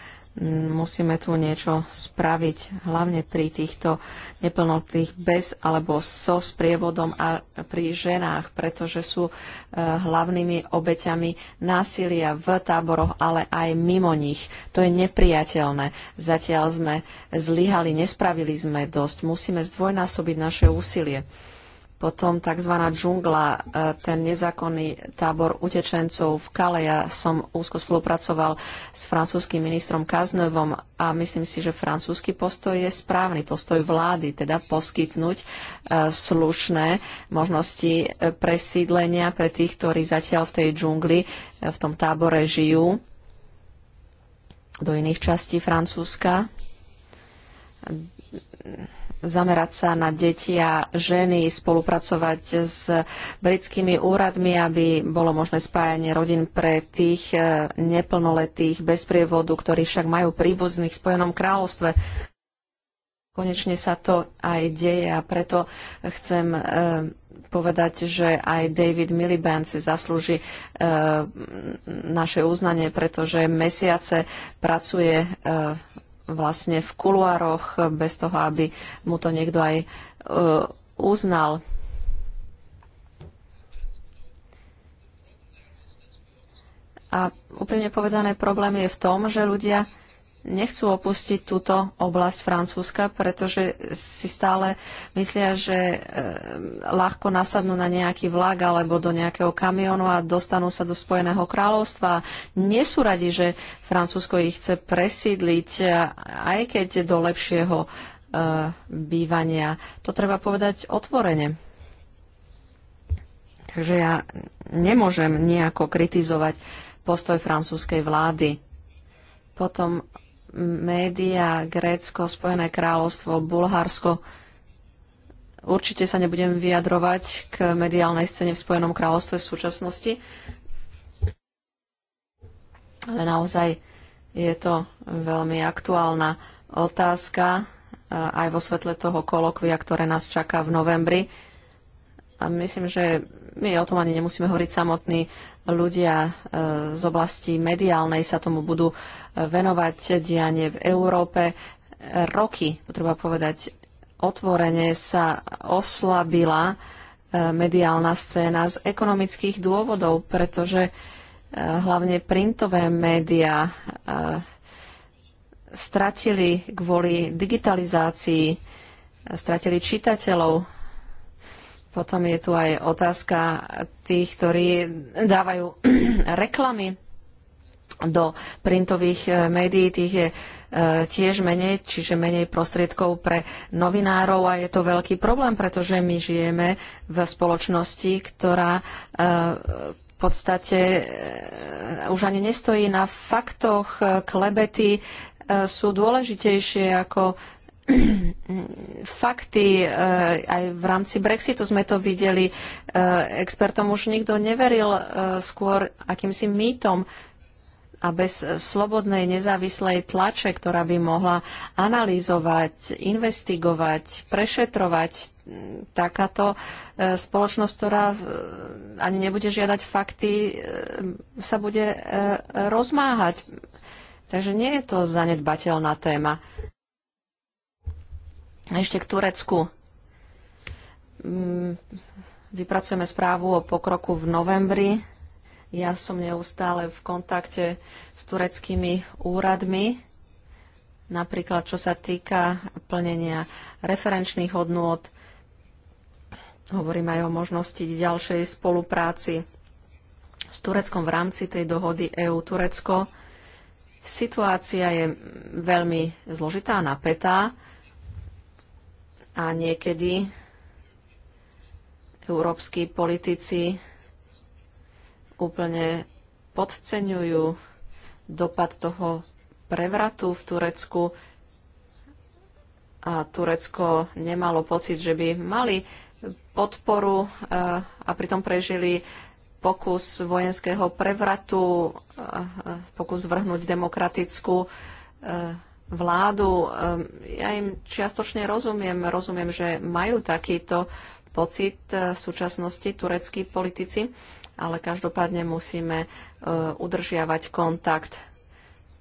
musíme tu niečo spraviť, hlavne pri týchto neplnotých bez alebo so sprievodom a pri ženách, pretože sú eh, hlavnými obeťami násilia v táboroch, ale aj mimo nich. To je nepriateľné. Zatiaľ sme zlyhali, nespravili sme dosť. Musíme zdvojnásobiť naše úsilie. Potom tzv. džungla, e, ten nezákonný tábor utečencov v Kale. Ja som úzko spolupracoval s francúzským ministrom Kaznevom a myslím si, že francúzsky postoj je správny, postoj vlády, teda poskytnúť e, slušné možnosti e, presídlenia pre tých, ktorí zatiaľ v tej džungli, v tom tábore žijú do iných častí Francúzska zamerať sa na deti a ženy, spolupracovať s britskými úradmi, aby bolo možné spájanie rodín pre tých e, neplnoletých bez prievodu, ktorí však majú príbuzných v Spojenom kráľovstve. Konečne sa to aj deje a preto chcem e, povedať, že aj David Miliband si zaslúži e, naše uznanie, pretože mesiace pracuje e, vlastne v kuluároch, bez toho, aby mu to niekto aj e, uznal. A úprimne povedané, problém je v tom, že ľudia nechcú opustiť túto oblasť Francúzska, pretože si stále myslia, že eh, ľahko nasadnú na nejaký vlak alebo do nejakého kamionu a dostanú sa do Spojeného kráľovstva. Nie sú radi, že Francúzsko ich chce presídliť, eh, aj keď do lepšieho eh, bývania. To treba povedať otvorene. Takže ja nemôžem nejako kritizovať postoj francúzskej vlády. Potom médiá, Grécko, Spojené kráľovstvo, Bulharsko. Určite sa nebudem vyjadrovať k mediálnej scéne v Spojenom kráľovstve v súčasnosti, ale naozaj je to veľmi aktuálna otázka e, aj vo svetle toho kolokvia, ktoré nás čaká v novembri. A myslím, že my o tom ani nemusíme hovoriť samotní ľudia e, z oblasti mediálnej sa tomu budú e, venovať dianie v Európe. Roky, to treba povedať, otvorene sa oslabila e, mediálna scéna z ekonomických dôvodov, pretože hlavne printové médiá stratili kvôli digitalizácii, stratili čitateľov potom je tu aj otázka tých, ktorí dávajú *clears throat* reklamy do printových e, médií, tých je e, tiež menej, čiže menej prostriedkov pre novinárov a je to veľký problém, pretože my žijeme v spoločnosti, ktorá e, v podstate už ani nestojí na faktoch, klebety sú dôležitejšie ako fakty, eh, aj v rámci Brexitu sme to videli, eh, expertom už nikto neveril eh, skôr akýmsi mýtom a bez slobodnej nezávislej tlače, ktorá by mohla analýzovať, investigovať, prešetrovať mm, takáto spoločnosť, ktorá ani nebude žiadať fakty, sa bude rozmáhať. Takže nie je to zanedbateľná téma. Ešte k Turecku. Mm, vypracujeme správu o pokroku v novembri. Ja som neustále v kontakte s tureckými úradmi, napríklad čo sa týka plnenia referenčných hodnôt. Hovorím aj o možnosti ďalšej spolupráci s Tureckom v rámci tej dohody EU-Turecko. Situácia je veľmi zložitá, napätá a niekedy európsky politici úplne podceňujú dopad toho prevratu v Turecku a Turecko nemalo pocit, že by mali podporu eh, a pritom prežili pokus vojenského prevratu, eh, pokus vrhnúť demokratickú eh, vládu. Ehm, ja im čiastočne rozumiem, rozumiem, že majú takýto pocit eh, v súčasnosti tureckí politici, ale každopádne musíme eh, udržiavať kontakt,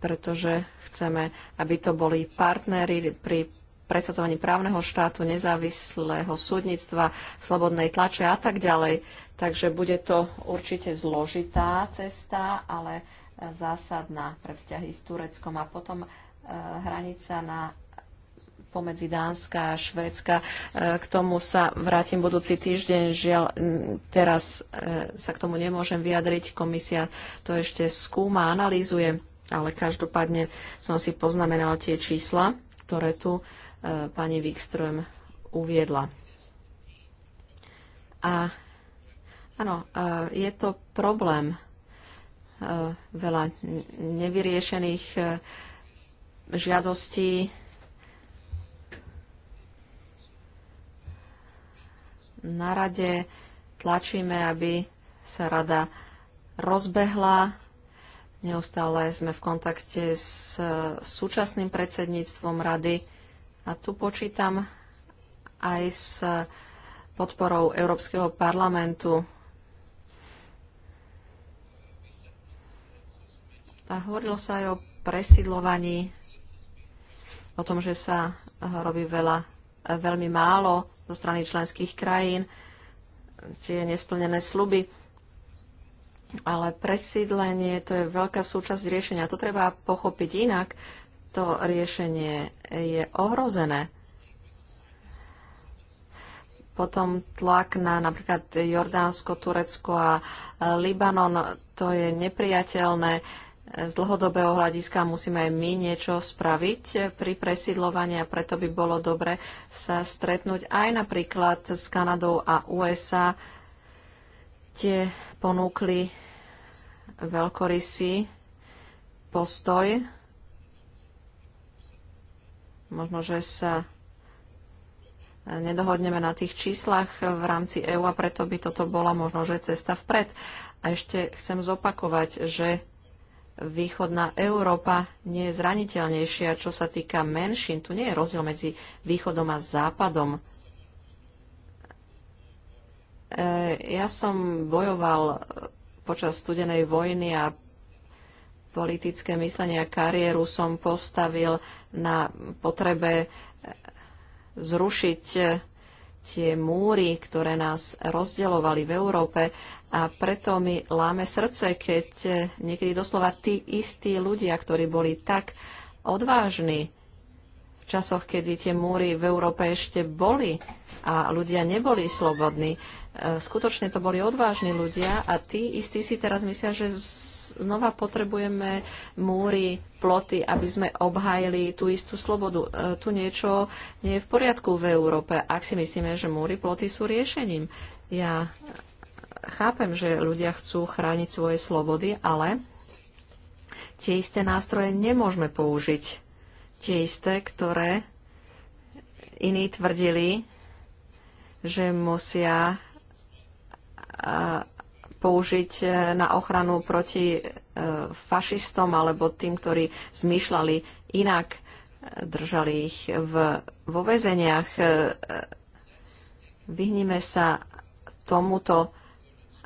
pretože chceme, aby to boli partnery pri presadzovaní právneho štátu, nezávislého súdnictva, slobodnej tlače a tak ďalej. Takže bude to určite zložitá cesta, ale eh, zásadná pre vzťahy s Tureckom. A potom Eh, hranica na pomedzi Dánska a Švédska. Eh, k tomu sa vrátim budúci týždeň. Žiaľ, teraz eh, sa k tomu nemôžem vyjadriť. Komisia to ešte skúma, analýzuje, ale každopádne som si poznamenal tie čísla, ktoré tu pani Wikström uviedla. A áno, je to problém veľa nevyriešených žiadosti na rade tlačíme, aby sa rada rozbehla. Neustále sme v kontakte s súčasným predsedníctvom rady a tu počítam aj s podporou Európskeho parlamentu. A hovorilo sa aj o presidlovaní o tom, že sa eh, robí veľa, eh, veľmi málo zo strany členských krajín, tie nesplnené sluby. Ale presídlenie to je veľká súčasť riešenia. To treba pochopiť inak. To riešenie je ohrozené. Potom tlak na napríklad Jordánsko, Turecko a Libanon, to je nepriateľné z dlhodobého hľadiska musíme aj my niečo spraviť pri presídlovaní a preto by bolo dobre sa stretnúť aj napríklad s Kanadou a USA. Tie ponúkli veľkorysý postoj. Možno, že sa nedohodneme na tých číslach v rámci EÚ a preto by toto bola možno, že cesta vpred. A ešte chcem zopakovať, že východná Európa nie je zraniteľnejšia, čo sa týka menšín. Tu nie je rozdiel medzi východom a západom. E, ja som bojoval počas studenej vojny a politické myslenie a kariéru som postavil na potrebe zrušiť tie múry, ktoré nás rozdeľovali v Európe a preto mi láme srdce, keď eh, niekedy doslova tí istí ľudia, ktorí boli tak odvážni v časoch, kedy tie múry v Európe ešte boli a ľudia neboli slobodní, eh, skutočne to boli odvážni ľudia a tí istí si teraz myslia, že znova potrebujeme múry, ploty, aby sme obhajili tú istú slobodu. E, tu niečo nie je v poriadku v Európe, ak si myslíme, že múry, ploty sú riešením. Ja chápem, že ľudia chcú chrániť svoje slobody, ale tie isté nástroje nemôžeme použiť. Tie isté, ktoré iní tvrdili, že musia použiť e, na ochranu proti e, fašistom alebo tým, ktorí zmýšľali inak, e, držali ich v, vo väzeniach. Vyhnime sa tomuto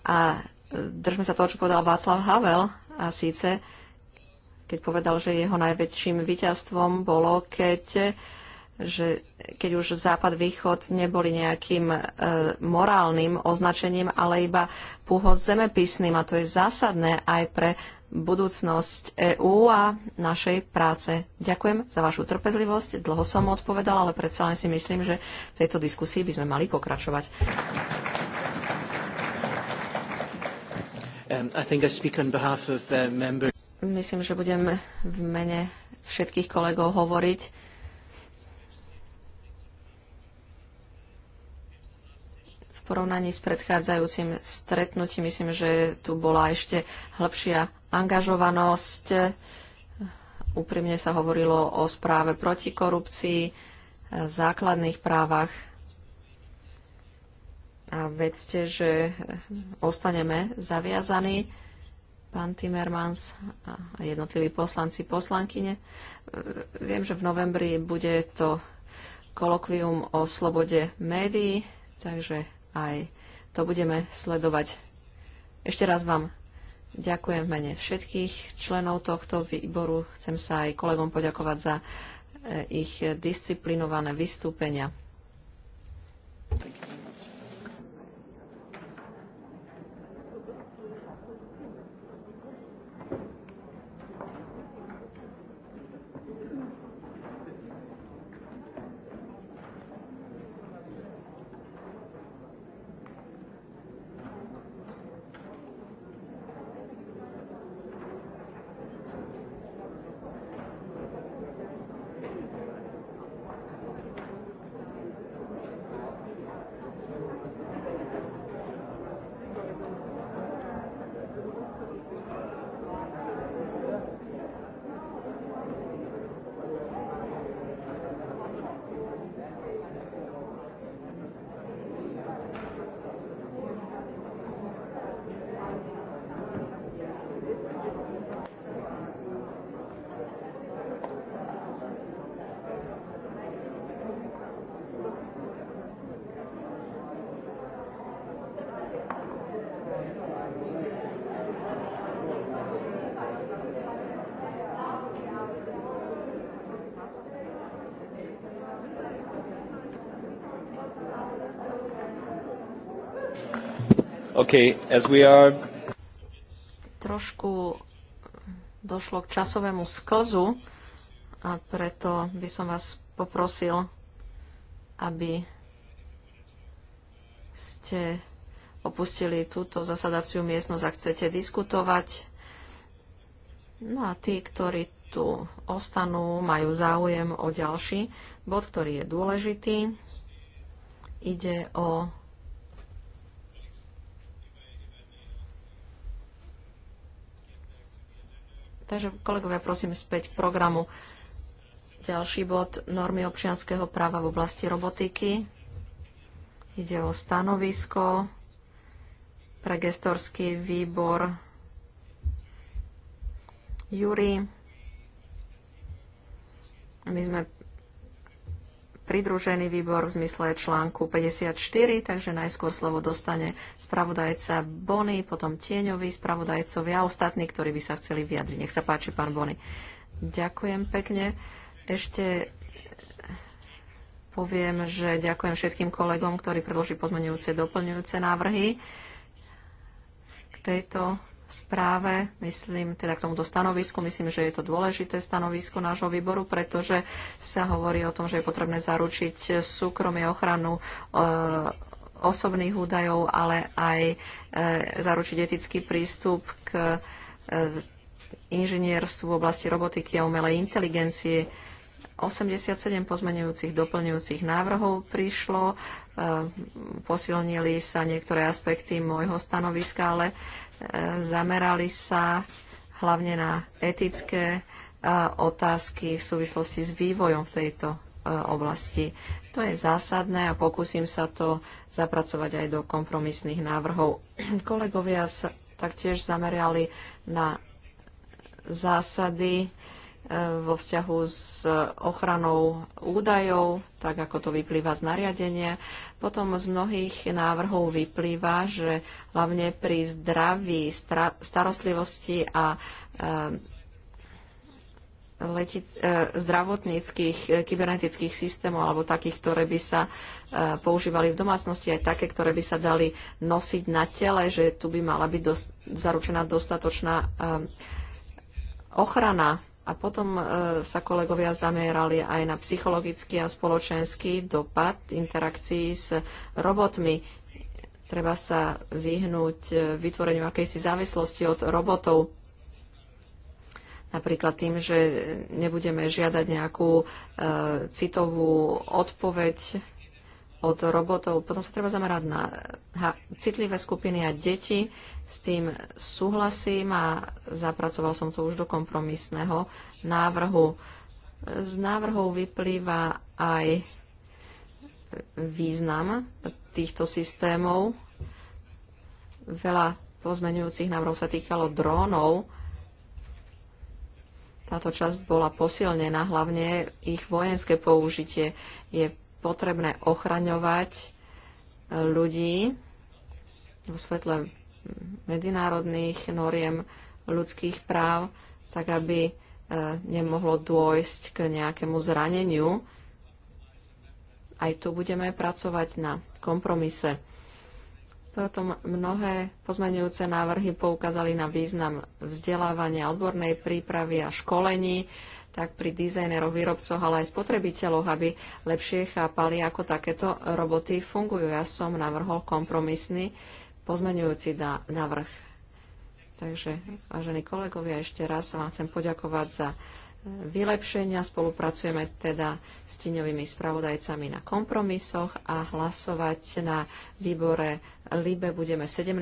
a držme sa toho, čo povedal Václav Havel a síce, keď povedal, že jeho najväčším víťazstvom bolo, keď že keď už západ-východ neboli nejakým e, morálnym označením, ale iba púho zemepisným. A to je zásadné aj pre budúcnosť EÚ a našej práce. Ďakujem za vašu trpezlivosť. Dlho som odpovedala, ale predsa len si myslím, že v tejto diskusii by sme mali pokračovať. Um, I I of, uh, Myslím, že budem v mene všetkých kolegov hovoriť porovnaní s predchádzajúcim stretnutím myslím, že tu bola ešte hĺbšia angažovanosť. Úprimne sa hovorilo o správe proti korupcii, základných právach. A vedzte, že ostaneme zaviazaní pán Timmermans a jednotliví poslanci, poslankyne. Viem, že v novembri bude to kolokvium o slobode médií, takže aj to budeme sledovať. Ešte raz vám ďakujem v mene všetkých členov tohto výboru. Chcem sa aj kolegom poďakovať za e, ich disciplinované vystúpenia. Thank you. Okay, as we are... Trošku došlo k časovému sklzu a preto by som vás poprosil, aby ste opustili túto zasadaciu miestnosť, ak chcete diskutovať. No a tí, ktorí tu ostanú, majú záujem o ďalší bod, ktorý je dôležitý. Ide o Takže, kolegovia, prosím späť k programu. Ďalší bod, normy občianského práva v oblasti robotiky. Ide o stanovisko pre gestorský výbor Júri. My sme pridružený výbor v zmysle článku 54, takže najskôr slovo dostane spravodajca Bony, potom tieňový spravodajcovi a ostatní, ktorí by sa chceli vyjadriť. Nech sa páči, pán Bony. Ďakujem pekne. Ešte poviem, že ďakujem všetkým kolegom, ktorí predložili pozmenujúce, doplňujúce návrhy k tejto správe, myslím, teda k tomuto stanovisku. Myslím, že je to dôležité stanovisko nášho výboru, pretože sa hovorí o tom, že je potrebné zaručiť súkromie ochranu e, osobných údajov, ale aj e, zaručiť etický prístup k e, inžinierstvu v oblasti robotiky a umelej inteligencie. 87 pozmenujúcich doplňujúcich návrhov prišlo, posilnili sa niektoré aspekty môjho stanoviska, ale Zamerali sa hlavne na etické e, otázky v súvislosti s vývojom v tejto e, oblasti. To je zásadné a pokúsim sa to zapracovať aj do kompromisných návrhov. *clears throat* Kolegovia sa taktiež zamerali na zásady vo vzťahu s ochranou údajov, tak ako to vyplýva z nariadenia. Potom z mnohých návrhov vyplýva, že hlavne pri zdraví, starostlivosti a e, letic, e, zdravotníckých e, kybernetických systémov alebo takých, ktoré by sa používali v domácnosti, aj také, ktoré by sa dali nosiť na tele, že tu by mala byť dost, zaručená dostatočná ochrana a potom e, sa kolegovia zamerali aj na psychologický a spoločenský dopad interakcií s robotmi. Treba sa vyhnúť e, vytvoreniu akejsi závislosti od robotov. Napríklad tým, že nebudeme žiadať nejakú e, citovú odpoveď od robotov. Potom sa treba zamerať na citlivé skupiny a deti. S tým súhlasím a zapracoval som to už do kompromisného návrhu. Z návrhov vyplýva aj význam týchto systémov. Veľa pozmenujúcich návrhov sa týkalo drónov. Táto časť bola posilnená, hlavne ich vojenské použitie je potrebné ochraňovať ľudí vo svetle medzinárodných noriem ľudských práv, tak aby e, nemohlo dôjsť k nejakému zraneniu. Aj tu budeme pracovať na kompromise. Preto mnohé pozmeňujúce návrhy poukázali na význam vzdelávania, odbornej prípravy a školení tak pri dizajneroch, výrobcoch, ale aj spotrebiteľoch, aby lepšie chápali, ako takéto roboty fungujú. Ja som navrhol kompromisný pozmenujúci návrh. Takže, vážení kolegovia, ešte raz sa vám chcem poďakovať za vylepšenia. Spolupracujeme teda s tiňovými spravodajcami na kompromisoch a hlasovať na výbore Libe budeme 17.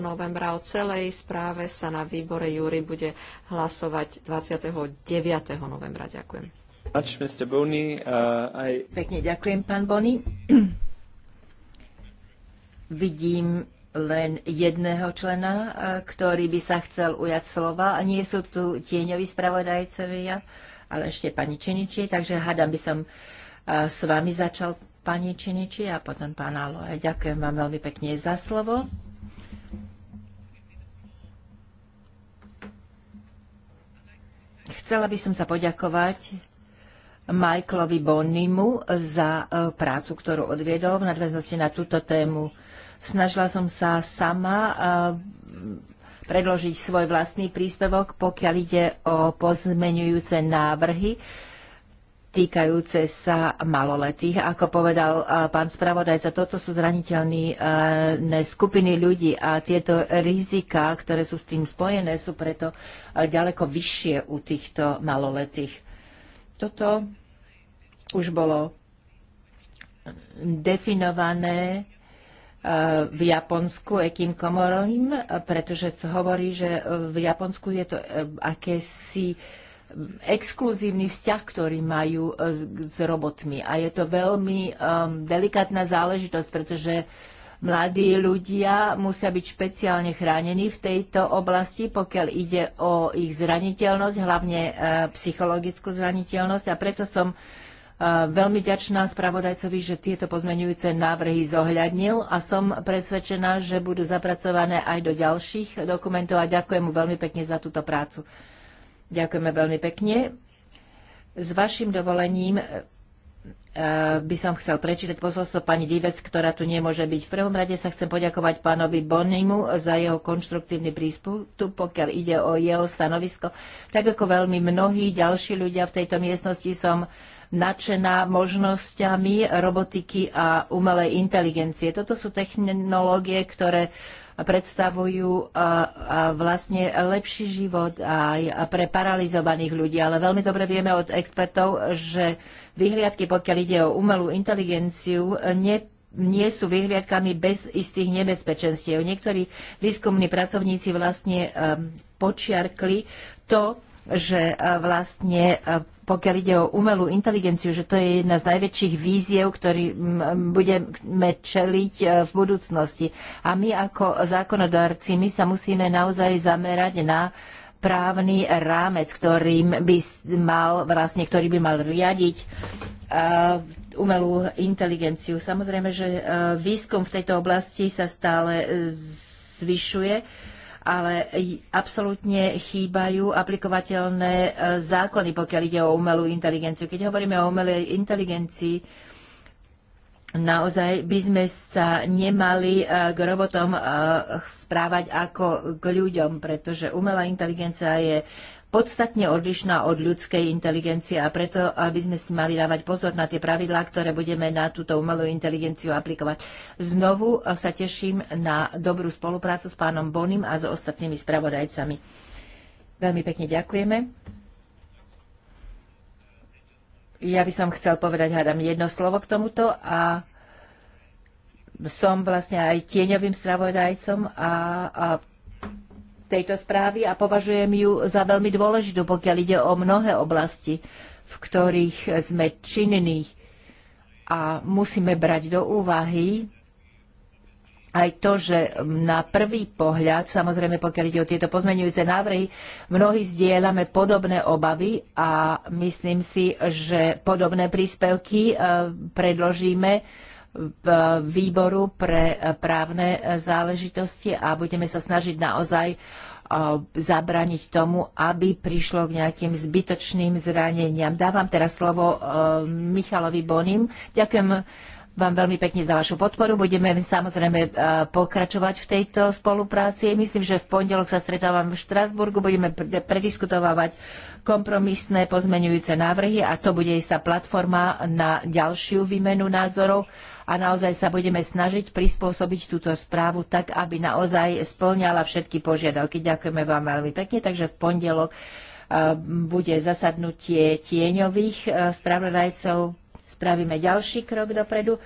novembra. O celej správe sa na výbore Júry bude hlasovať 29. novembra. Ďakujem. Uh, Pekne ďakujem, pán Bony. *clears throat* Vidím len jedného člena, uh, ktorý by sa chcel ujať slova. nie sú tu tieňoví spravodajcovia, ale ešte pani čeničie. takže hádam by som uh, s vami začal, pani Činiči a potom pán Aloe. Ďakujem vám veľmi pekne za slovo. Chcela by som sa poďakovať Michaelovi Bonnimu za e, prácu, ktorú odviedol v nadväznosti na túto tému. Snažila som sa sama e, predložiť svoj vlastný príspevok, pokiaľ ide o pozmenujúce návrhy týkajúce sa maloletých. Ako povedal pán spravodajca, toto sú zraniteľné e, skupiny ľudí a tieto rizika, ktoré sú s tým spojené, sú preto e, ďaleko vyššie u týchto maloletých. Toto už bolo definované e, v Japonsku ekým komorovým, pretože hovorí, že v Japonsku je to akési exkluzívny vzťah, ktorý majú e, s, robotmi. A je to veľmi um, delikátna záležitosť, pretože mladí ľudia musia byť špeciálne chránení v tejto oblasti, pokiaľ ide o ich zraniteľnosť, hlavne uh, psychologickú zraniteľnosť. A preto som uh, veľmi ďačná spravodajcovi, že tieto pozmeňujúce návrhy zohľadnil a som presvedčená, že budú zapracované aj do ďalších dokumentov a ďakujem mu veľmi pekne za túto prácu. Ďakujeme veľmi pekne. S vašim dovolením e, e, by som chcel prečítať posolstvo pani Dives, ktorá tu nemôže byť. V prvom rade sa chcem poďakovať pánovi Bonimu za jeho konštruktívny prístup, pokiaľ ide o jeho stanovisko. Tak ako veľmi mnohí ďalší ľudia v tejto miestnosti som nadšená možnosťami robotiky a umelej inteligencie. Toto sú technológie, ktoré predstavujú vlastne lepší život aj pre paralizovaných ľudí. Ale veľmi dobre vieme od expertov, že vyhliadky, pokiaľ ide o umelú inteligenciu, ne nie sú vyhliadkami bez istých nebezpečenstiev. Niektorí výskumní pracovníci vlastne um, počiarkli to, že e, vlastne e, pokiaľ ide o umelú inteligenciu, že to je jedna z najväčších víziev, ktorý budeme čeliť e, v budúcnosti. A my ako zákonodárci, my sa musíme naozaj zamerať na právny rámec, ktorým by mal, vlastne, ktorý by mal riadiť umelú inteligenciu. Samozrejme, že výskum v tejto oblasti sa stále zvyšuje ale absolútne chýbajú aplikovateľné e, zákony, pokiaľ ide o umelú inteligenciu. Keď hovoríme o umelej inteligencii, naozaj by sme sa nemali e, k robotom e, správať ako k ľuďom, pretože umelá inteligencia je podstatne odlišná od ľudskej inteligencie a preto, aby sme si mali dávať pozor na tie pravidlá, ktoré budeme na túto umelú inteligenciu aplikovať. Znovu sa teším na dobrú spoluprácu s pánom Bonim a s ostatnými spravodajcami. Veľmi pekne ďakujeme. Ja by som chcel povedať, hádam, jedno slovo k tomuto a som vlastne aj tieňovým spravodajcom a, a tejto správy a považujem ju za veľmi dôležitú, pokiaľ ide o mnohé oblasti, v ktorých sme činní a musíme brať do úvahy aj to, že na prvý pohľad, samozrejme pokiaľ ide o tieto pozmeňujúce návrhy, mnohí zdieľame podobné obavy a myslím si, že podobné príspevky eh, predložíme výboru pre právne záležitosti a budeme sa snažiť naozaj zabraniť tomu, aby prišlo k nejakým zbytočným zraneniam. Dávam teraz slovo Michalovi Bonim. Ďakujem vám veľmi pekne za vašu podporu. Budeme samozrejme e, pokračovať v tejto spolupráci. Myslím, že v pondelok sa stretávame v Štrasburgu, budeme prediskutovať kompromisné pozmenujúce návrhy a to bude istá platforma na ďalšiu výmenu názorov a naozaj sa budeme snažiť prispôsobiť túto správu tak, aby naozaj splňala všetky požiadavky. Ďakujeme vám veľmi pekne, takže v pondelok e, bude zasadnutie tieňových e, spravodajcov spravíme ďalší krok dopredu.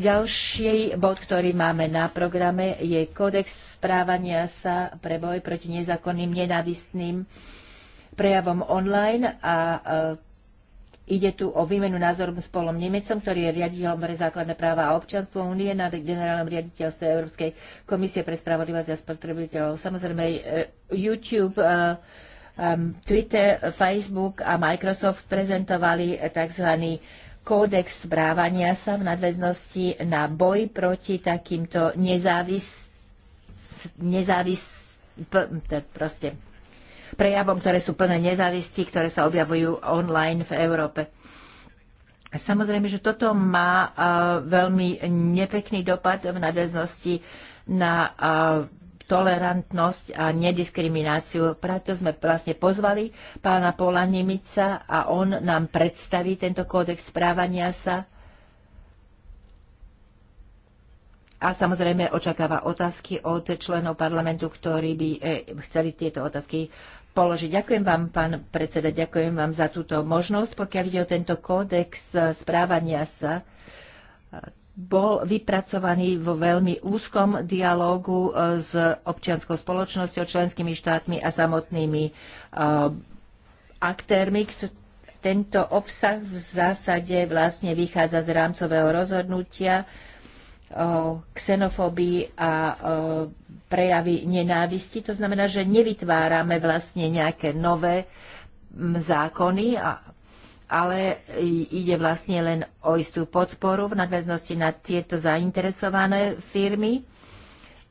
Ďalší bod, ktorý máme na programe, je kódex správania sa pre boj proti nezákonným nenávistným prejavom online a e, Ide tu o výmenu názorom s Polom Nemecom, ktorý je riaditeľom pre základné práva a občanstvo únie na generálnom riaditeľstve Európskej komisie pre spravodlivosť a spotrebiteľov. Samozrejme e, YouTube, e, Twitter, Facebook a Microsoft prezentovali tzv kódex správania sa v nadväznosti na boj proti takýmto nezávis, nezávis proste prejavom, ktoré sú plné nezávisti, ktoré sa objavujú online v Európe. Samozrejme, že toto má uh, veľmi nepekný dopad v nadväznosti na uh, tolerantnosť a nediskrimináciu. Preto sme vlastne pozvali pána Pola Nemica a on nám predstaví tento kódex správania sa. A samozrejme očakáva otázky od členov parlamentu, ktorí by e, chceli tieto otázky položiť. Ďakujem vám, pán predseda, ďakujem vám za túto možnosť. Pokiaľ ide o tento kódex e, správania sa, bol vypracovaný vo veľmi úzkom dialógu e, s občianskou spoločnosťou, členskými štátmi a samotnými e, aktérmi. Tento obsah v zásade vlastne vychádza z rámcového rozhodnutia e, ksenofóbii xenofóbii a prejavy nenávisti. To znamená, že nevytvárame vlastne nejaké nové zákony a ale ide vlastne len o istú podporu v nadväznosti na tieto zainteresované firmy.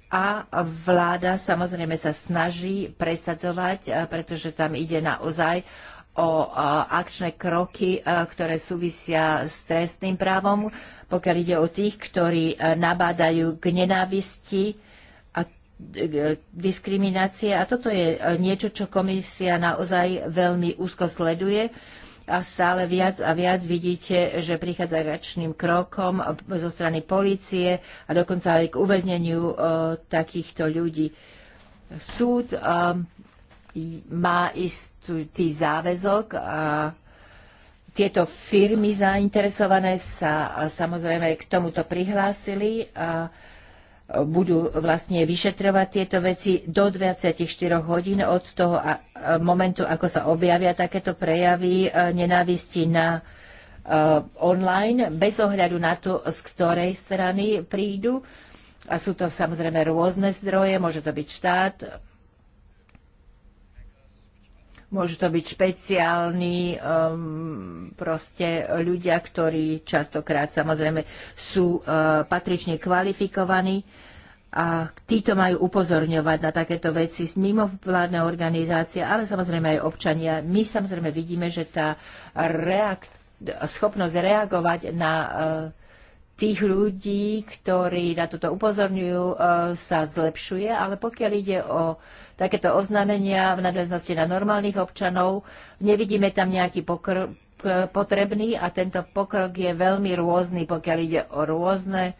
A vláda samozrejme sa snaží presadzovať, eh, pretože tam ide naozaj o eh, akčné kroky, eh, ktoré súvisia s trestným právom, pokiaľ ide o tých, ktorí nabádajú k nenávisti a diskriminácie. A toto je niečo, čo komisia naozaj veľmi úzko sleduje a stále viac a viac vidíte, že prichádza k akčným krokom zo strany policie a dokonca aj k uväzneniu e, takýchto ľudí. Súd e, má istý záväzok a tieto firmy zainteresované sa samozrejme k tomuto prihlásili a budú vlastne vyšetrovať tieto veci do 24 hodín od toho momentu, ako sa objavia takéto prejavy e, nenávisti na e, online, bez ohľadu na to, z ktorej strany prídu. A sú to samozrejme rôzne zdroje, môže to byť štát, Môžu to byť špeciálni um, proste ľudia, ktorí častokrát samozrejme sú uh, patrične kvalifikovaní a títo majú upozorňovať na takéto veci mimovládne organizácie, ale samozrejme aj občania. My samozrejme vidíme, že tá reak- schopnosť reagovať na uh, tých ľudí, ktorí na toto upozorňujú, e, sa zlepšuje, ale pokiaľ ide o takéto oznámenia v nadväznosti na normálnych občanov, nevidíme tam nejaký pokrok e, potrebný a tento pokrok je veľmi rôzny, pokiaľ ide o rôzne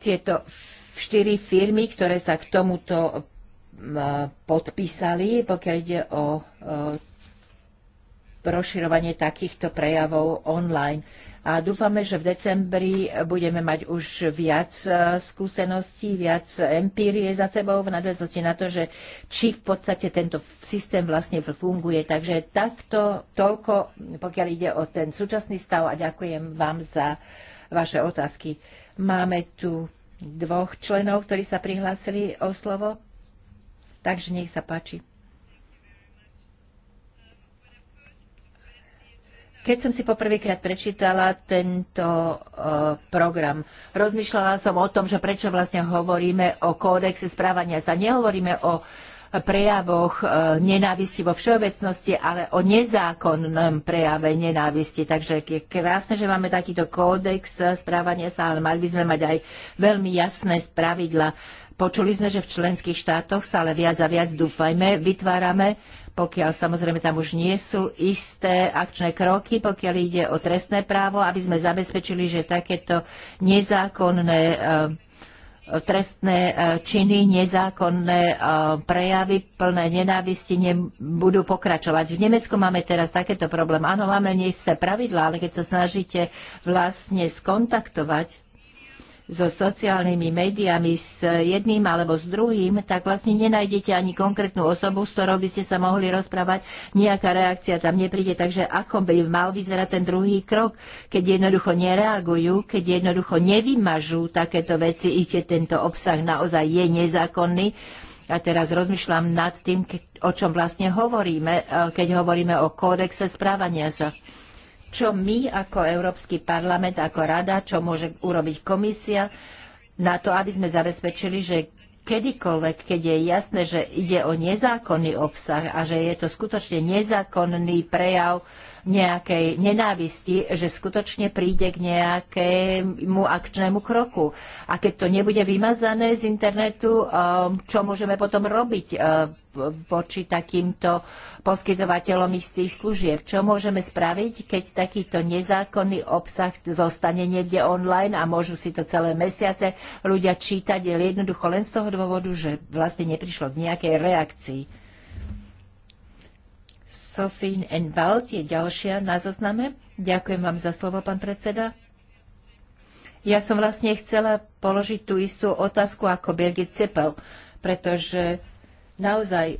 tieto štyri firmy, ktoré sa k tomuto e, podpísali, pokiaľ ide o rozširovanie takýchto prejavov online a dúfame, že v decembri budeme mať už viac e, skúseností, viac empírie za sebou v nadväznosti na to, že či v podstate tento systém vlastne funguje. Takže takto toľko, pokiaľ ide o ten súčasný stav a ďakujem vám za vaše otázky. Máme tu dvoch členov, ktorí sa prihlásili o slovo. Takže nech sa páči. Keď som si poprvýkrát prečítala tento uh, program, rozmýšľala som o tom, že prečo vlastne hovoríme o kódexe správania sa. Nehovoríme o prejavoch uh, nenávisti vo všeobecnosti, ale o nezákonnom prejave nenávisti. Takže je krásne, že máme takýto kódex správania sa, ale mali by sme mať aj veľmi jasné pravidla Počuli sme, že v členských štátoch sa ale viac a viac dúfajme, vytvárame, pokiaľ samozrejme tam už nie sú isté akčné kroky, pokiaľ ide o trestné právo, aby sme zabezpečili, že takéto nezákonné eh, trestné eh, činy, nezákonné eh, prejavy plné nenávisti nebudú pokračovať. V Nemecku máme teraz takéto problém. Áno, máme neisté pravidlá, ale keď sa snažíte vlastne skontaktovať so sociálnymi médiami s jedným alebo s druhým, tak vlastne nenájdete ani konkrétnu osobu, s ktorou by ste sa mohli rozprávať. Nejaká reakcia tam nepríde, takže ako by mal vyzerať ten druhý krok, keď jednoducho nereagujú, keď jednoducho nevymažú takéto veci, i keď tento obsah naozaj je nezákonný. A teraz rozmýšľam nad tým, o čom vlastne hovoríme, e, keď hovoríme o kódexe správania sa čo my ako Európsky parlament, ako rada, čo môže urobiť komisia na to, aby sme zabezpečili, že kedykoľvek, keď je jasné, že ide o nezákonný obsah a že je to skutočne nezákonný prejav nejakej nenávisti, že skutočne príde k nejakému akčnému kroku. A keď to nebude vymazané z internetu, um, čo môžeme potom robiť um, voči takýmto poskytovateľom istých služieb. Čo môžeme spraviť, keď takýto nezákonný obsah zostane niekde online a môžu si to celé mesiace ľudia čítať jednoducho len z toho dôvodu, že vlastne neprišlo k nejakej reakcii. Sofín Enwald je ďalšia na zozname. Ďakujem vám za slovo, pán predseda. Ja som vlastne chcela položiť tú istú otázku ako Birgit Cepel, pretože naozaj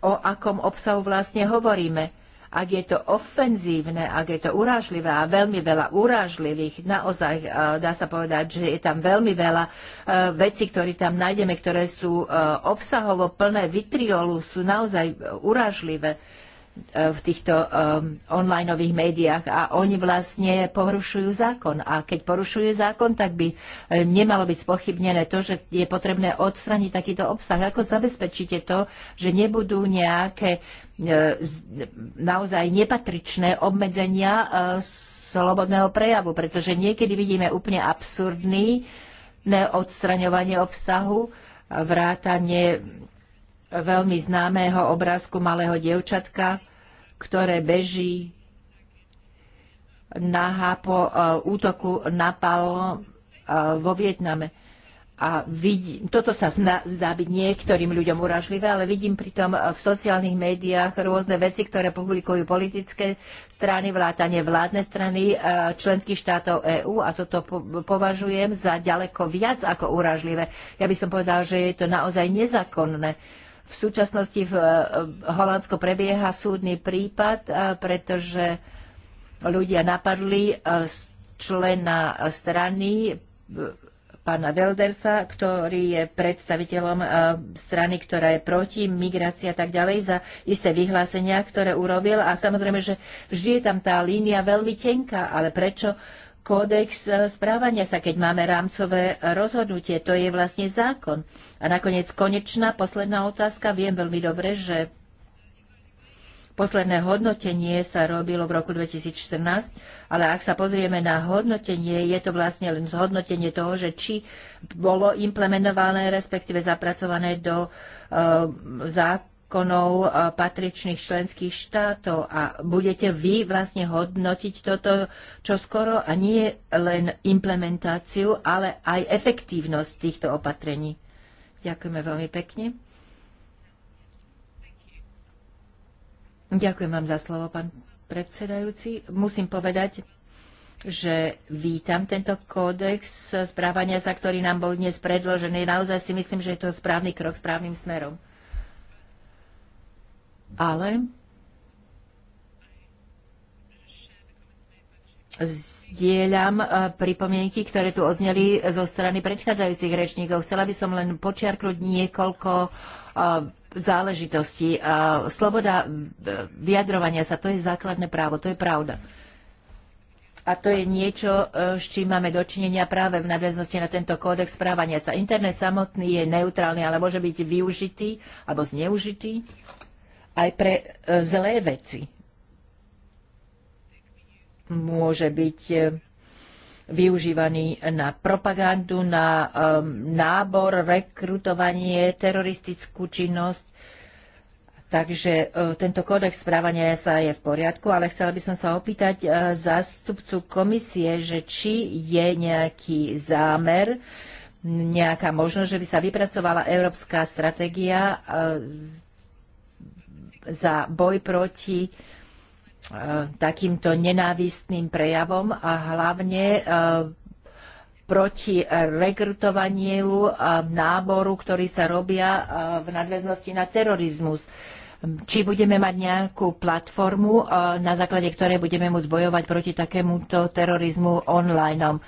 o akom obsahu vlastne hovoríme. Ak je to ofenzívne, ak je to urážlivé a veľmi veľa urážlivých, naozaj e, dá sa povedať, že je tam veľmi veľa e, vecí, ktoré tam nájdeme, ktoré sú e, obsahovo plné vitriolu, sú naozaj urážlivé E, v týchto e, onlineových médiách a oni vlastne porušujú zákon. A keď porušuje zákon, tak by e, nemalo byť spochybnené to, že je potrebné odstraniť takýto obsah. Ako zabezpečíte to, že nebudú nejaké naozaj nepatričné obmedzenia slobodného prejavu, pretože niekedy vidíme úplne absurdný neodstraňovanie obsahu, vrátanie veľmi známého obrázku malého dievčatka, ktoré beží na po e, útoku na Palo e, vo Vietname. A vidím, toto sa zna, zdá byť niektorým ľuďom uražlivé, ale vidím pritom e, v sociálnych médiách rôzne veci, ktoré publikujú politické strany, vlátanie vládne strany členských štátov EÚ a toto považujem za ďaleko viac ako uražlivé. Ja by som povedal, že je to naozaj nezákonné v súčasnosti v eh, Holandsku prebieha súdny prípad, eh, pretože ľudia napadli eh, člena strany pána Veldersa, ktorý je predstaviteľom strany, ktorá je proti migrácii a tak ďalej, za isté vyhlásenia, ktoré urobil. A samozrejme, že vždy je tam tá línia veľmi tenká, ale prečo kódex e, správania sa, keď máme rámcové rozhodnutie. To je vlastne zákon. A nakoniec konečná, posledná otázka. Viem veľmi dobre, že posledné hodnotenie sa robilo v roku 2014, ale ak sa pozrieme na hodnotenie, je to vlastne len zhodnotenie toho, že či bolo implementované, respektíve zapracované do uh, zákonov eh, patričných členských štátov a budete vy vlastne hodnotiť toto čo skoro a nie len implementáciu, ale aj efektívnosť týchto opatrení. Ďakujeme veľmi pekne. Ďakujem vám za slovo, pán predsedajúci. Musím povedať, že vítam tento kódex správania, za ktorý nám bol dnes predložený. Naozaj si myslím, že je to správny krok správnym smerom ale zdieľam e, pripomienky, ktoré tu ozneli zo strany predchádzajúcich rečníkov. Chcela by som len počiarknúť niekoľko e, záležitostí. E, sloboda vyjadrovania sa, to je základné právo, to je pravda. A to je niečo, s čím máme dočinenia práve v nadväznosti na tento kódex správania sa. Internet samotný je neutrálny, ale môže byť využitý alebo zneužitý aj pre e, zlé veci. Môže byť e, využívaný na propagandu, na e, nábor, rekrutovanie, teroristickú činnosť. Takže tento kódex správania sa je v poriadku, ale chcela by som sa opýtať zástupcu komisie, že či je nejaký zámer, nejaká možnosť, že by sa vypracovala európska stratégia za boj proti e, takýmto nenávistným prejavom a hlavne e, proti rekrutovaniu a e, náboru, ktorý sa robia v nadväznosti na terorizmus či budeme mať nejakú platformu, na základe ktorej budeme môcť bojovať proti takémuto terorizmu online.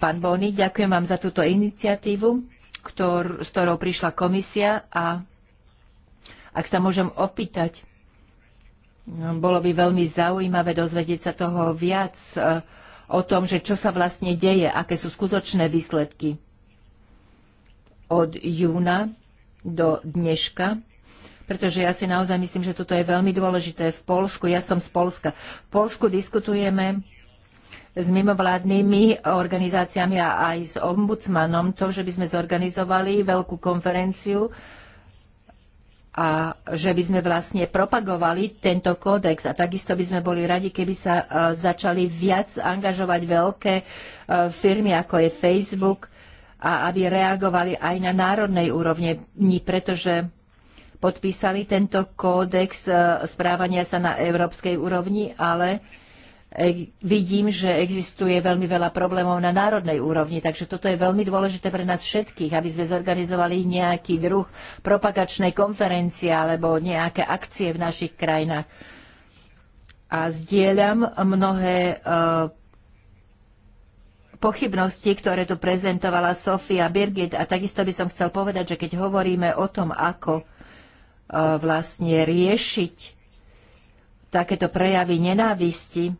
Pán Bony, ďakujem vám za túto iniciatívu, ktor, s ktorou prišla komisia a ak sa môžem opýtať, no, bolo by veľmi zaujímavé dozvedieť sa toho viac eh, o tom, že čo sa vlastne deje, aké sú skutočné výsledky od júna do dneška pretože ja si naozaj myslím, že toto je veľmi dôležité v Polsku. Ja som z Polska. V Polsku diskutujeme s mimovládnymi organizáciami a aj s ombudsmanom to, že by sme zorganizovali veľkú konferenciu a že by sme vlastne propagovali tento kódex a takisto by sme boli radi, keby sa e, začali viac angažovať veľké e, firmy, ako je Facebook, a aby reagovali aj na národnej úrovni, pretože podpísali tento kódex e, správania sa na európskej úrovni, ale E, vidím, že existuje veľmi veľa problémov na národnej úrovni, takže toto je veľmi dôležité pre nás všetkých, aby sme zorganizovali nejaký druh propagačnej konferencie alebo nejaké akcie v našich krajinách. A zdieľam mnohé e, pochybnosti, ktoré tu prezentovala Sofia Birgit. A takisto by som chcel povedať, že keď hovoríme o tom, ako e, vlastne riešiť takéto prejavy nenávisti,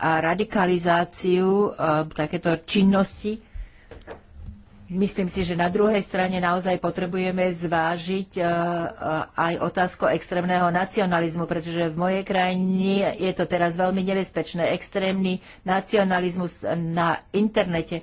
a radikalizáciu eh, takéto činnosti. Myslím si, že na druhej strane naozaj potrebujeme zvážiť eh, eh, aj otázku extrémneho nacionalizmu, pretože v mojej krajine je to teraz veľmi nebezpečné. Extrémny nacionalizmus na internete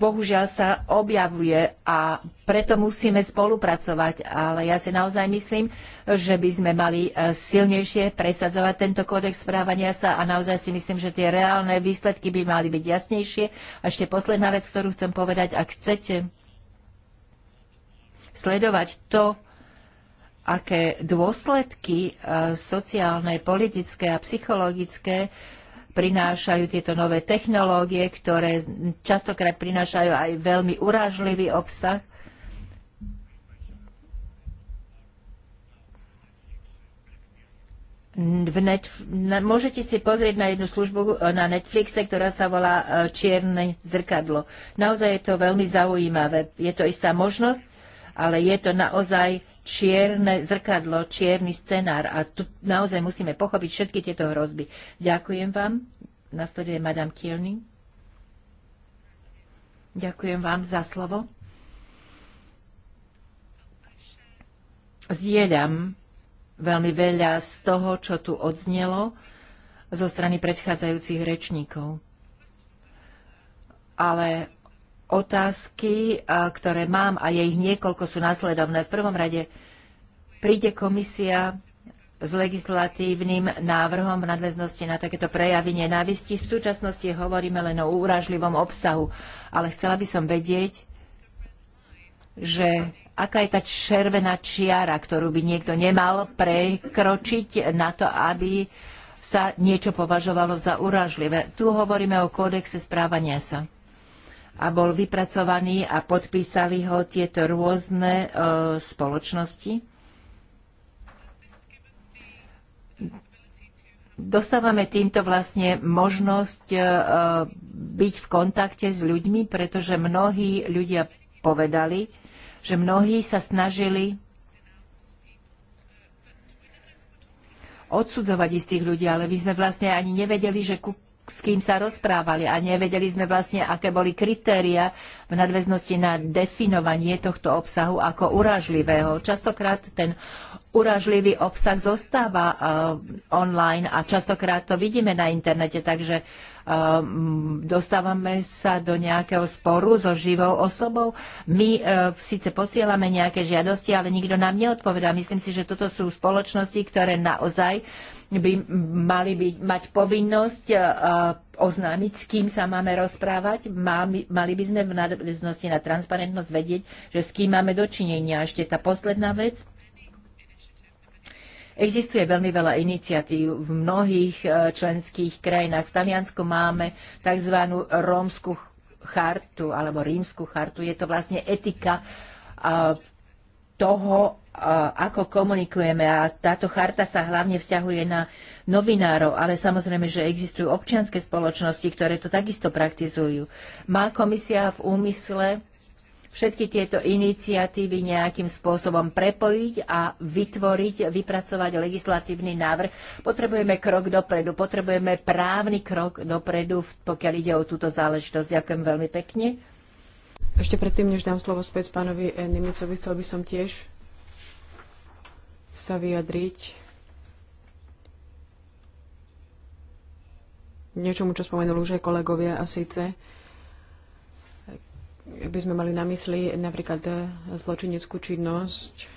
bohužiaľ sa objavuje a preto musíme spolupracovať. Ale ja si naozaj myslím, že by sme mali e, silnejšie presadzovať tento kódex správania sa a naozaj si myslím, že tie reálne výsledky by mali byť jasnejšie. A ešte posledná vec, ktorú chcem povedať, ak chcete sledovať to, aké dôsledky e, sociálne, politické a psychologické prinášajú tieto nové technológie, ktoré častokrát prinášajú aj veľmi urážlivý obsah. V môžete si pozrieť na jednu službu eh, na Netflixe, ktorá sa volá eh, Čierne zrkadlo. Naozaj je to veľmi zaujímavé. Je to istá možnosť, ale je to naozaj čierne zrkadlo, čierny scenár a tu naozaj musíme pochopiť všetky tieto hrozby. Ďakujem vám. Nasleduje Madame Kielny. Ďakujem vám za slovo. Zdieľam veľmi veľa z toho, čo tu odznelo zo strany predchádzajúcich rečníkov. Ale otázky, ktoré mám, a je ich niekoľko, sú následovné. V prvom rade, príde komisia s legislatívnym návrhom v nadväznosti na takéto prejavy nenávisti. V súčasnosti hovoríme len o úražlivom obsahu, ale chcela by som vedieť, že aká je tá červená čiara, ktorú by niekto nemal prekročiť na to, aby sa niečo považovalo za úražlivé. Tu hovoríme o kódexe správania sa. A bol vypracovaný a podpísali ho tieto rôzne e, spoločnosti dostávame týmto vlastne možnosť e, byť v kontakte s ľuďmi, pretože mnohí ľudia povedali, že mnohí sa snažili odsudzovať istých ľudí, ale my sme vlastne ani nevedeli, že ku s kým sa rozprávali a nevedeli sme vlastne, aké boli kritéria v nadväznosti na definovanie tohto obsahu ako urážlivého. Častokrát ten urážlivý obsah zostáva uh, online a častokrát to vidíme na internete, takže eh, dostávame sa do nejakého sporu so živou osobou. My e, síce posielame nejaké žiadosti, ale nikto nám neodpovedá. Myslím si, že toto sú spoločnosti, ktoré naozaj e, by mali by, mať povinnosť e, oznámiť, s kým sa máme rozprávať. Mali by sme v nadväznosti na transparentnosť vedieť, že s kým máme dočinenia. A ešte tá posledná vec. Existuje veľmi veľa iniciatív v mnohých e, členských krajinách. V Taliansku máme tzv. rómskú chartu alebo rímskú chartu. Je to vlastne etika toho, ako komunikujeme a táto charta sa hlavne vzťahuje na novinárov, ale samozrejme, že existujú občianske spoločnosti, ktoré to takisto praktizujú. Má komisia v úmysle všetky tieto iniciatívy nejakým spôsobom prepojiť a vytvoriť, vypracovať legislatívny návrh. Potrebujeme krok dopredu, potrebujeme právny krok dopredu, pokiaľ ide o túto záležitosť. Ďakujem veľmi pekne. Ešte predtým, než dám slovo späť pánovi eh, Nemicovi, chcel by som tiež sa vyjadriť niečomu, čo spomenul už aj kolegovia a síce eh, by sme mali na mysli napríklad eh, zločineckú činnosť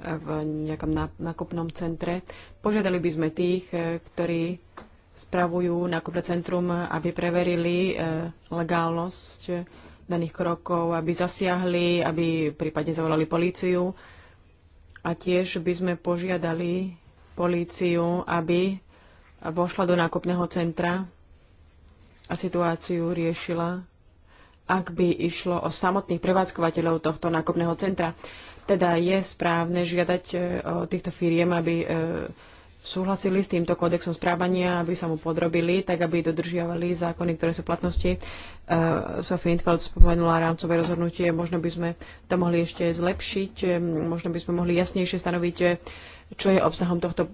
v nejakom nákupnom centre. Požiadali by sme tých, ktorí spravujú nákupné centrum, aby preverili legálnosť daných krokov, aby zasiahli, aby prípadne zavolali políciu. A tiež by sme požiadali políciu, aby vošla do nákupného centra a situáciu riešila, ak by išlo o samotných prevádzkovateľov tohto nákupného centra. Teda je správne žiadať eh, o týchto firiem, aby eh, súhlasili s týmto kódexom správania, aby sa mu podrobili, tak aby dodržiavali zákony, ktoré sú v platnosti. Uh, Sophie Infeld spomenula rámcové rozhodnutie, možno by sme to mohli ešte zlepšiť, e, možno by sme mohli jasnejšie stanoviť, e, čo je obsahom tohto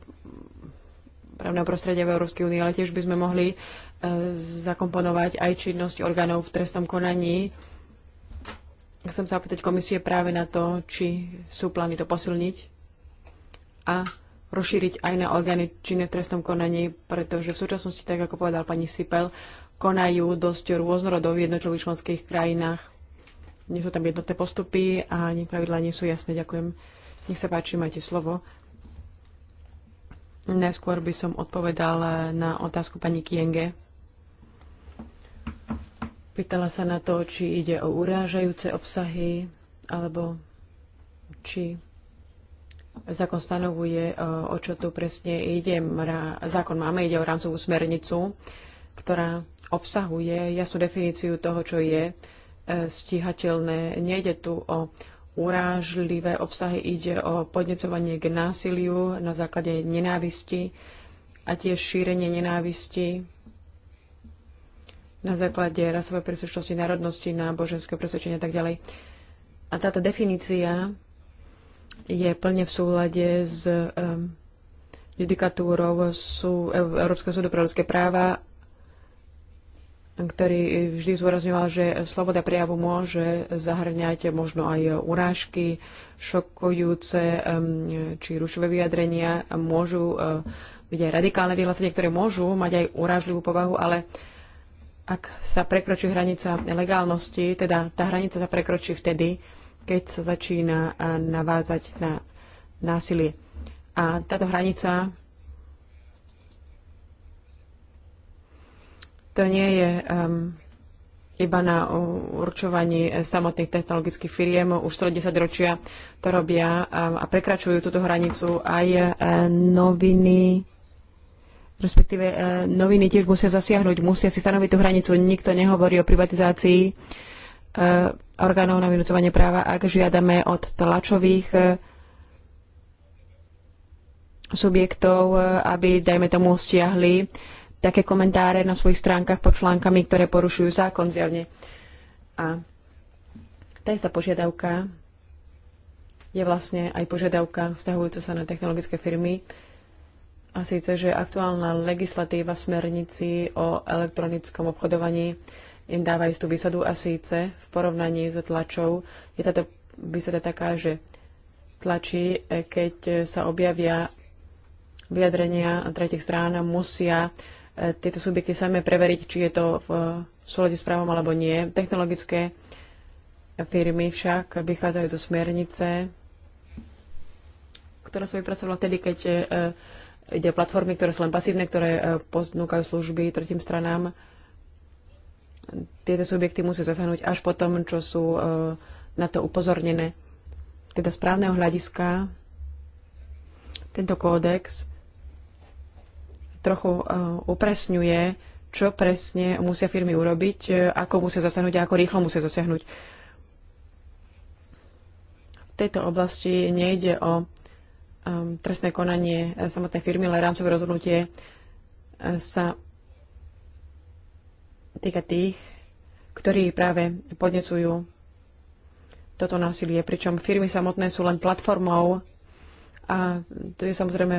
právneho prostredia v Európskej únii, ale tiež by sme mohli uh, zakomponovať aj činnosť orgánov v trestnom konaní. Chcem sa opýtať komisie práve na to, či sú plány to posilniť a rozšíriť aj na orgány činné v trestnom konaní, pretože v súčasnosti, tak ako povedal pani Sipel, konajú dosť rôznorodov v jednotlivých členských krajinách. Nie sú tam jednotné postupy a ani pravidlá nie sú jasné. Ďakujem. Nech sa páči, máte slovo. Najskôr by som odpovedal na otázku pani Kienge. Pýtala sa na to, či ide o urážajúce obsahy, alebo či Zákon stanovuje, e, o čo tu presne ide. Zákon máme, ide o rámcovú smernicu, ktorá obsahuje jasnú definíciu toho, čo je e, stíhateľné. Nejde tu o urážlivé obsahy, ide o podnecovanie k násiliu na základe nenávisti a tiež šírenie nenávisti na základe rasovej príslušnosti, národnosti, náboženského presvedčenia a tak ďalej. A táto definícia je plne v súlade s um, judikatúrou sú e, Európskeho súdu pre ľudské práva, ktorý vždy zdôrazňoval, že sloboda prejavu môže zahrňať možno aj urážky, šokujúce či rušové vyjadrenia, môžu eh, byť aj radikálne vyhlásenia, ktoré môžu mať aj urážlivú povahu, ale ak sa prekročí hranica legálnosti, teda tá hranica sa prekročí vtedy, keď sa začína eh, navázať na násilie. A táto hranica to nie je um, iba na určovaní samotných technologických firiem. Už 110 ročia to robia eh, a prekračujú túto hranicu aj eh, noviny, respektíve noviny tiež musia zasiahnuť, musia si stanoviť tú hranicu. Nikto nehovorí o privatizácii Eh, orgánov na vynúcovanie práva, ak žiadame od tlačových eh, subjektov, eh, aby, dajme tomu, stiahli také komentáre na svojich stránkach pod článkami, ktoré porušujú zákon zjavne. A tá istá požiadavka je vlastne aj požiadavka vzťahujúca sa na technologické firmy. A síce, že aktuálna legislatíva smernici o elektronickom obchodovaní im dávajú tú výsadu a síce v porovnaní s tlačou je táto výsada taká, že tlači, e, keď e, sa objavia vyjadrenia tretich strán, musia e, tieto subjekty samé preveriť, či je to v súlade s právom alebo nie. Technologické firmy však vychádzajú zo smernice, ktorá sa vypracovala vtedy, keď ide o platformy, ktoré sú len pasívne, ktoré ponúkajú služby tretím stranám tieto subjekty musia zasahnuť až po tom, čo sú e, na to upozornené. Teda správneho hľadiska tento kódex trochu e, upresňuje, čo presne musia firmy urobiť, e, ako musia zasahnuť a ako rýchlo musia zasahnuť. V tejto oblasti nejde o trestné konanie samotnej firmy, ale rámcové rozhodnutie sa týka tých, ktorí práve podnecujú toto násilie, pričom firmy samotné sú len platformou a tu je samozrejme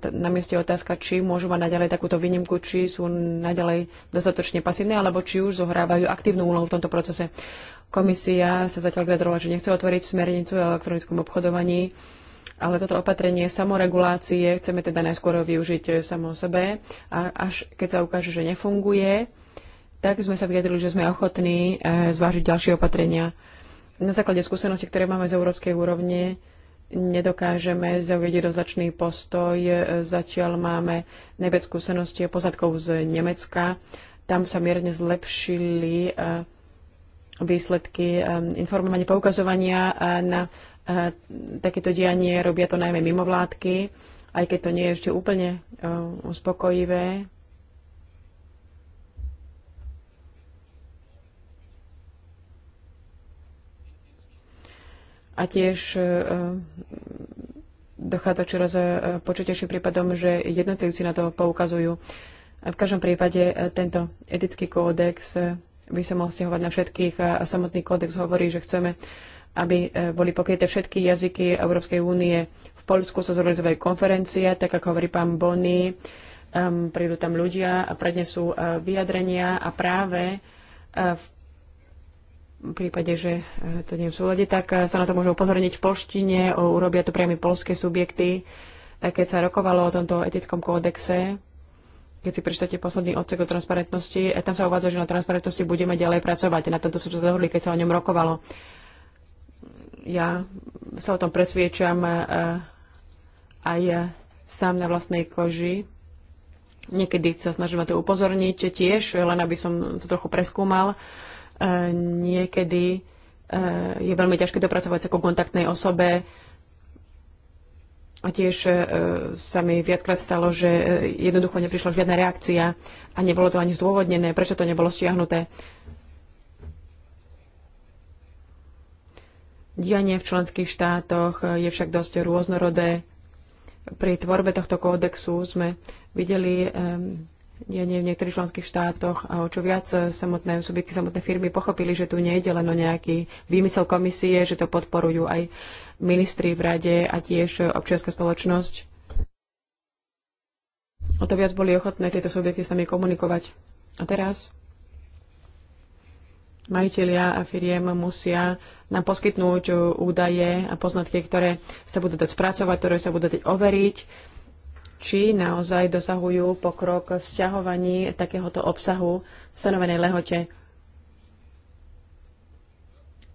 e, na mieste otázka, či môžu mať naďalej takúto výnimku, či sú naďalej dostatočne pasívne, alebo či už zohrávajú aktívnu úlohu v tomto procese. Komisia sa zatiaľ vyjadrovala, že nechce otvoriť smernicu o elektronickom obchodovaní, ale toto opatrenie samoregulácie chceme teda najskôr využiť e, samo sebe a až keď sa ukáže, že nefunguje, tak sme sa vyjadrili, že sme ochotní e, zvážiť ďalšie opatrenia. Na základe skúsenosti, ktoré máme z európskej úrovne, nedokážeme zaujať rozlačný postoj. E, zatiaľ máme najviac skúsenosti a z Nemecka. Tam sa mierne zlepšili e, výsledky informovania, poukazovania na takéto dianie. Robia to najmä mimovládky, aj keď to nie je ešte úplne uspokojivé A tiež e, e, dochádza čoraz e, početejším prípadom, že jednotlivci na to poukazujú. v každom prípade tento etický kódex by sa mal stiahovať na všetkých a samotný kódex hovorí, že chceme, aby boli pokryté všetky jazyky Európskej únie. V Polsku sa zorganizuje konferencia, tak ako hovorí pán Bonny, prídu tam ľudia a prednesú vyjadrenia a práve v v prípade, že e, to nie je v súlade, tak e, sa na to môžu upozorniť v polštine, urobia to priami polské subjekty. E, keď sa rokovalo o tomto etickom kódexe, keď si prečítate posledný odsek o transparentnosti, tam sa uvádza, že na transparentnosti budeme ďalej pracovať. Na tomto sme sa dohodli, keď sa o ňom rokovalo. Ja sa o tom presviečam aj sám na vlastnej koži. Niekedy sa snažím na to upozorniť tiež, len aby som to trochu preskúmal Niekedy e, je veľmi ťažké dopracovať sa ku kontaktnej osobe. A tiež e, sa mi viackrát stalo, že e, jednoducho neprišla žiadna reakcia a nebolo to ani zdôvodnené, prečo to nebolo stiahnuté. Dianie v členských štátoch je však dosť rôznorodé. Pri tvorbe tohto kódexu sme videli um, nie v niektorých členských štátoch a o čo viac e, samotné subjekty, samotné firmy pochopili, že tu nejde len o nejaký výmysel komisie, že to podporujú aj ministri v rade a tiež e, občianská spoločnosť. O to viac boli ochotné tieto subjekty s nami komunikovať. A teraz majiteľia a firiem musia nám poskytnúť e, údaje a poznatky, ktoré sa budú dať spracovať, ktoré sa budú dať overiť či naozaj dosahujú pokrok v sťahovaní takéhoto obsahu v stanovenej lehote.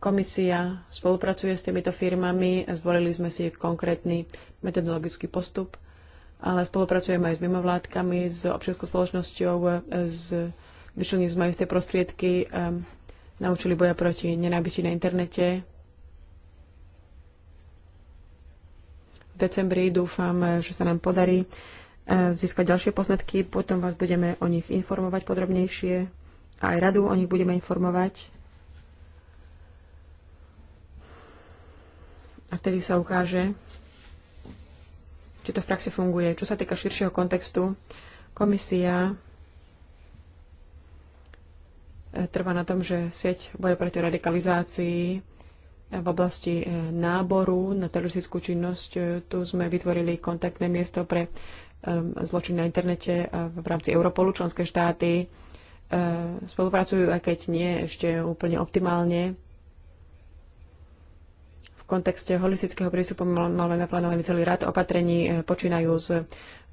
Komisia spolupracuje s týmito firmami, zvolili sme si konkrétny metodologický postup, ale spolupracujeme aj s mimovládkami, s občianskou spoločnosťou, s vyšlením z majisté prostriedky, naučili boja proti nenávisti na internete, v decembri. Dúfam, že sa nám podarí e, získať ďalšie poznatky, potom vás budeme o nich informovať podrobnejšie a aj radu o nich budeme informovať. A vtedy sa ukáže, či to v praxi funguje. Čo sa týka širšieho kontextu, komisia e, trvá na tom, že sieť boja proti radikalizácii v oblasti e, náboru na teroristickú činnosť. E, tu sme vytvorili kontaktné miesto pre e, zločin na internete v rámci Europolu. Členské štáty spolupracujú, aj keď nie ešte úplne optimálne. V kontexte holistického prístupu máme naplánovaný celý rad opatrení, počínajú s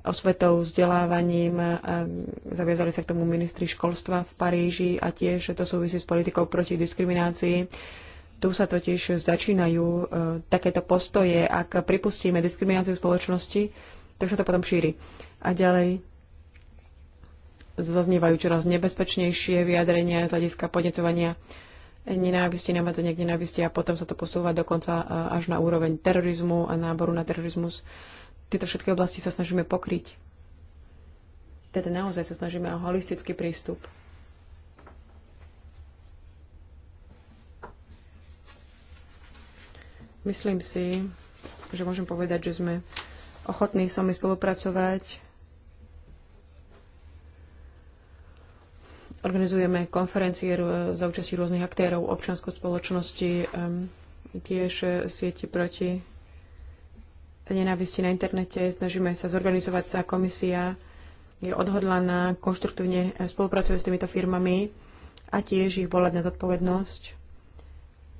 osvetou, vzdelávaním. Zaviazali sa k tomu ministri školstva v Paríži a tiež to súvisí s politikou proti diskriminácii tu sa totiž začínajú e, takéto postoje. Ak pripustíme diskrimináciu spoločnosti, tak sa to potom šíri. A ďalej zaznievajú čoraz nebezpečnejšie vyjadrenia z hľadiska podnecovania nenávisti, namadzenia k nenávisti a potom sa to posúva dokonca e, až na úroveň terorizmu a náboru na terorizmus. Tieto všetky oblasti sa snažíme pokryť. Teda naozaj sa snažíme o holistický prístup. Myslím si, že môžem povedať, že sme ochotní s vami spolupracovať. Organizujeme konferencie za účasti rôznych aktérov, občianskej spoločnosti, tiež eh, sieti proti nenávisti na internete. Snažíme sa zorganizovať sa. Komisia je odhodlaná, konštruktívne eh, spolupracuje s týmito firmami a tiež ich volať na zodpovednosť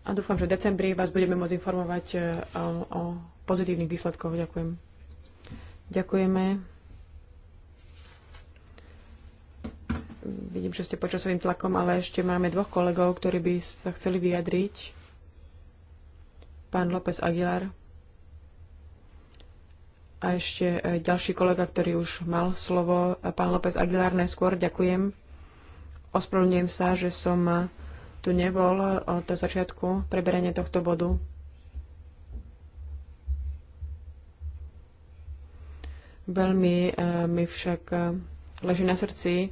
a dúfam, že v decembri vás budeme môcť informovať e, o, o pozitívnych výsledkoch. Ďakujem. Ďakujeme. Vidím, že ste pod časovým tlakom, ale ešte máme dvoch kolegov, ktorí by sa chceli vyjadriť. Pán López Aguilar a ešte e, ďalší kolega, ktorý už mal slovo, pán López Aguilar, neskôr ďakujem. Ospravedlňujem sa, že som e, tu nebol eh, od začiatku preberania tohto bodu. Veľmi eh, mi však eh, leží na srdci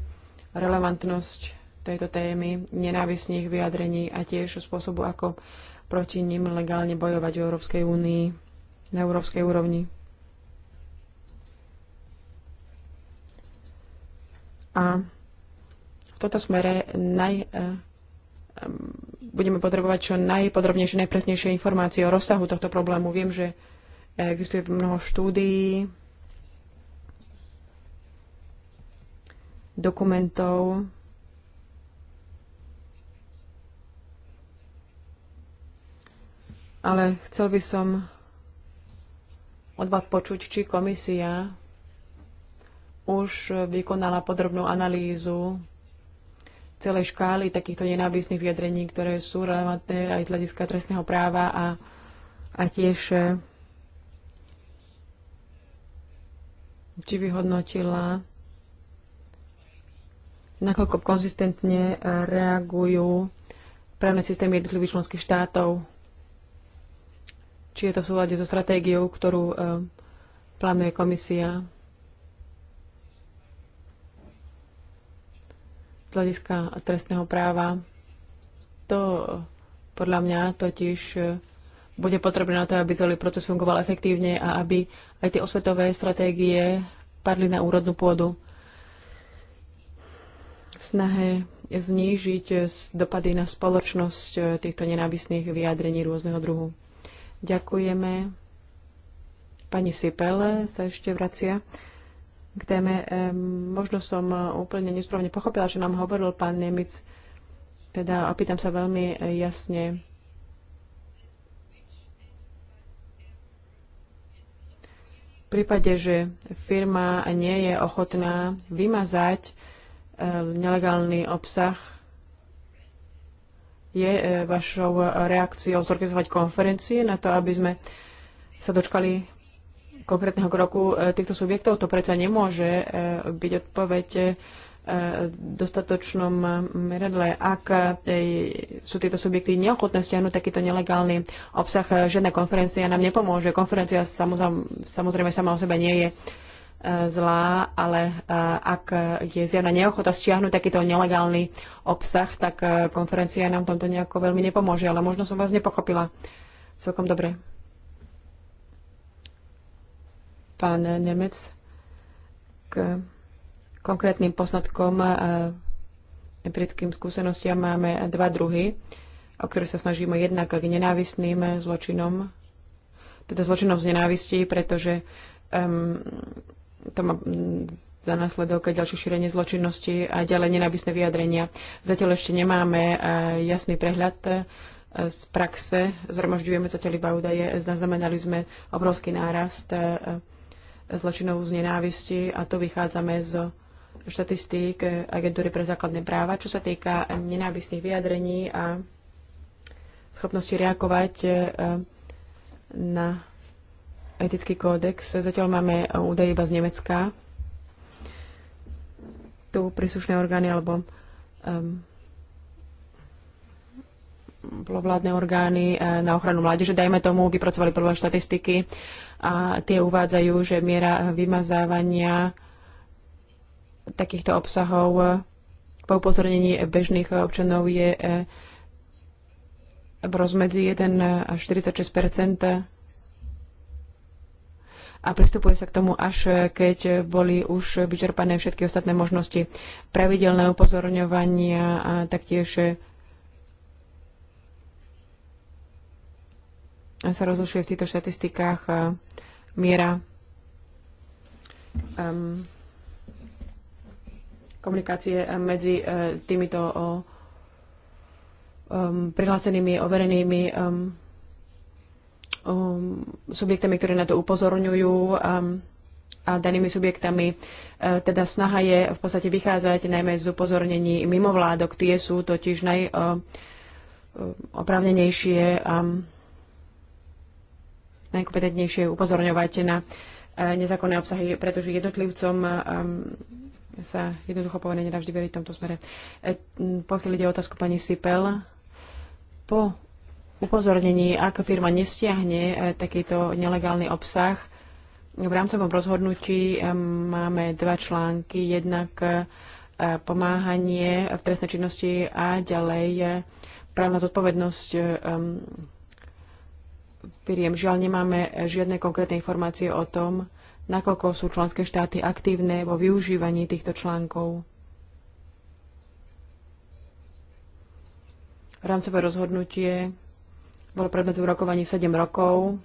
relevantnosť tejto témy, nenávisných vyjadrení a tiež spôsobu, ako proti nim legálne bojovať v Európskej únii, na európskej úrovni. A v tomto smere naj, Ehm, budeme potrebovať čo najpodrobnejšie, najpresnejšie informácie o rozsahu tohto problému. Viem, že existuje mnoho štúdií, dokumentov, ale chcel by som od vás počuť, či komisia už vykonala podrobnú analýzu celej škály takýchto nenávisných vyjadrení, ktoré sú relevantné aj z hľadiska trestného práva a, a tiež eh, či vyhodnotila, nakoľko konzistentne eh, reagujú právne systémy jednotlivých členských štátov, či je to v súlade so stratégiou, ktorú eh, plánuje komisia z hľadiska trestného práva. To podľa mňa totiž e, bude potrebné na to, aby celý proces fungoval efektívne a aby aj tie osvetové stratégie padli na úrodnú pôdu v snahe znížiť e, dopady na spoločnosť e, týchto nenávisných vyjadrení rôzneho druhu. Ďakujeme. Pani Sipele sa ešte vracia k téme. Eh, možno som eh, úplne nesprávne pochopila, čo nám hovoril pán Nemic. Teda opýtam sa veľmi eh, jasne. V prípade, že firma nie je ochotná vymazať nelegálny obsah, je vašou reakciou zorganizovať konferencie na to, aby sme sa dočkali konkrétneho kroku e, týchto subjektov. To predsa nemôže e, byť odpoveď v e, dostatočnom meradle, ak sú tieto subjekty neochotné stiahnuť takýto nelegálny obsah. Žiadna konferencia nám nepomôže. Konferencia samozrejme sama o sebe nie je zlá, ale ak je zjavná neochota stiahnuť takýto nelegálny obsah, tak konferencia nám tomto nejako veľmi nepomôže. Ale možno som vás nepochopila celkom dobre pán Nemec k konkrétnym poznatkom a e, empirickým skúsenostiam máme dva druhy, o ktoré sa snažíme jednak k nenávistným zločinom, teda zločinom z nenávistí, pretože um, to má za následok aj ďalšie šírenie zločinnosti a ďalej nenávisné vyjadrenia. Zatiaľ ešte nemáme e, jasný prehľad e, z praxe, zhromažďujeme zatiaľ iba údaje, zaznamenali sme obrovský nárast zločinov z nenávisti a tu vychádzame z štatistík Agentúry pre základné práva, čo sa týka nenávistných vyjadrení a schopnosti reagovať e, na etický kódex. Zatiaľ máme údaje iba z Nemecka. Tu príslušné orgány alebo um, vládne orgány e, na ochranu mládeže, dajme tomu, vypracovali prvé štatistiky a tie uvádzajú, že miera vymazávania takýchto obsahov po upozornení bežných občanov je e, v rozmedzi 1 až 46 a pristupuje sa k tomu až keď boli už vyčerpané všetky ostatné možnosti. Pravidelné upozorňovania a taktiež sa rozlišuje v týchto štatistikách eh, miera um, komunikácie eh, medzi uh, týmito um, prihlásenými, overenými um, um, subjektami, ktoré na to upozorňujú um, a danými subjektami. Uh, teda snaha je v podstate vychádzať najmä z upozornení mimovládok. Tie sú totiž najoprávnenejšie. Uh, um, najkompetentnejšie upozorňovať na e, nezákonné obsahy, pretože jednotlivcom e, sa jednoducho povedané nedá vždy veriť v tomto smere. E, pokiaľ ide o otázku pani Sipel, po upozornení, ak firma nestiahne takýto nelegálny obsah, v rámcovom rozhodnutí máme dva články. Jednak pomáhanie v trestnej činnosti a ďalej právna zodpovednosť firiem. Žiaľ, nemáme žiadne konkrétne informácie o tom, nakoľko sú členské štáty aktívne vo využívaní týchto článkov. Rámcové rozhodnutie bolo predmetom rokovaní 7 rokov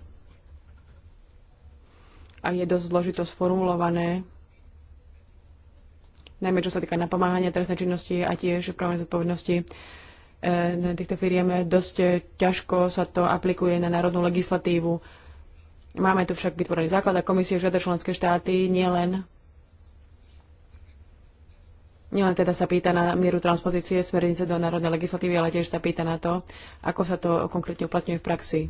a je dosť zložito sformulované, najmä čo sa týka napomáhania trestnej činnosti a tiež právnej zodpovednosti na týchto firiem. Dosť ťažko sa to aplikuje na národnú legislatívu. Máme tu však vytvorený základ a komisie žiada členské štáty nielen Nielen teda sa pýta na mieru transpozície smernice do národnej legislatívy, ale tiež sa pýta na to, ako sa to konkrétne uplatňuje v praxi.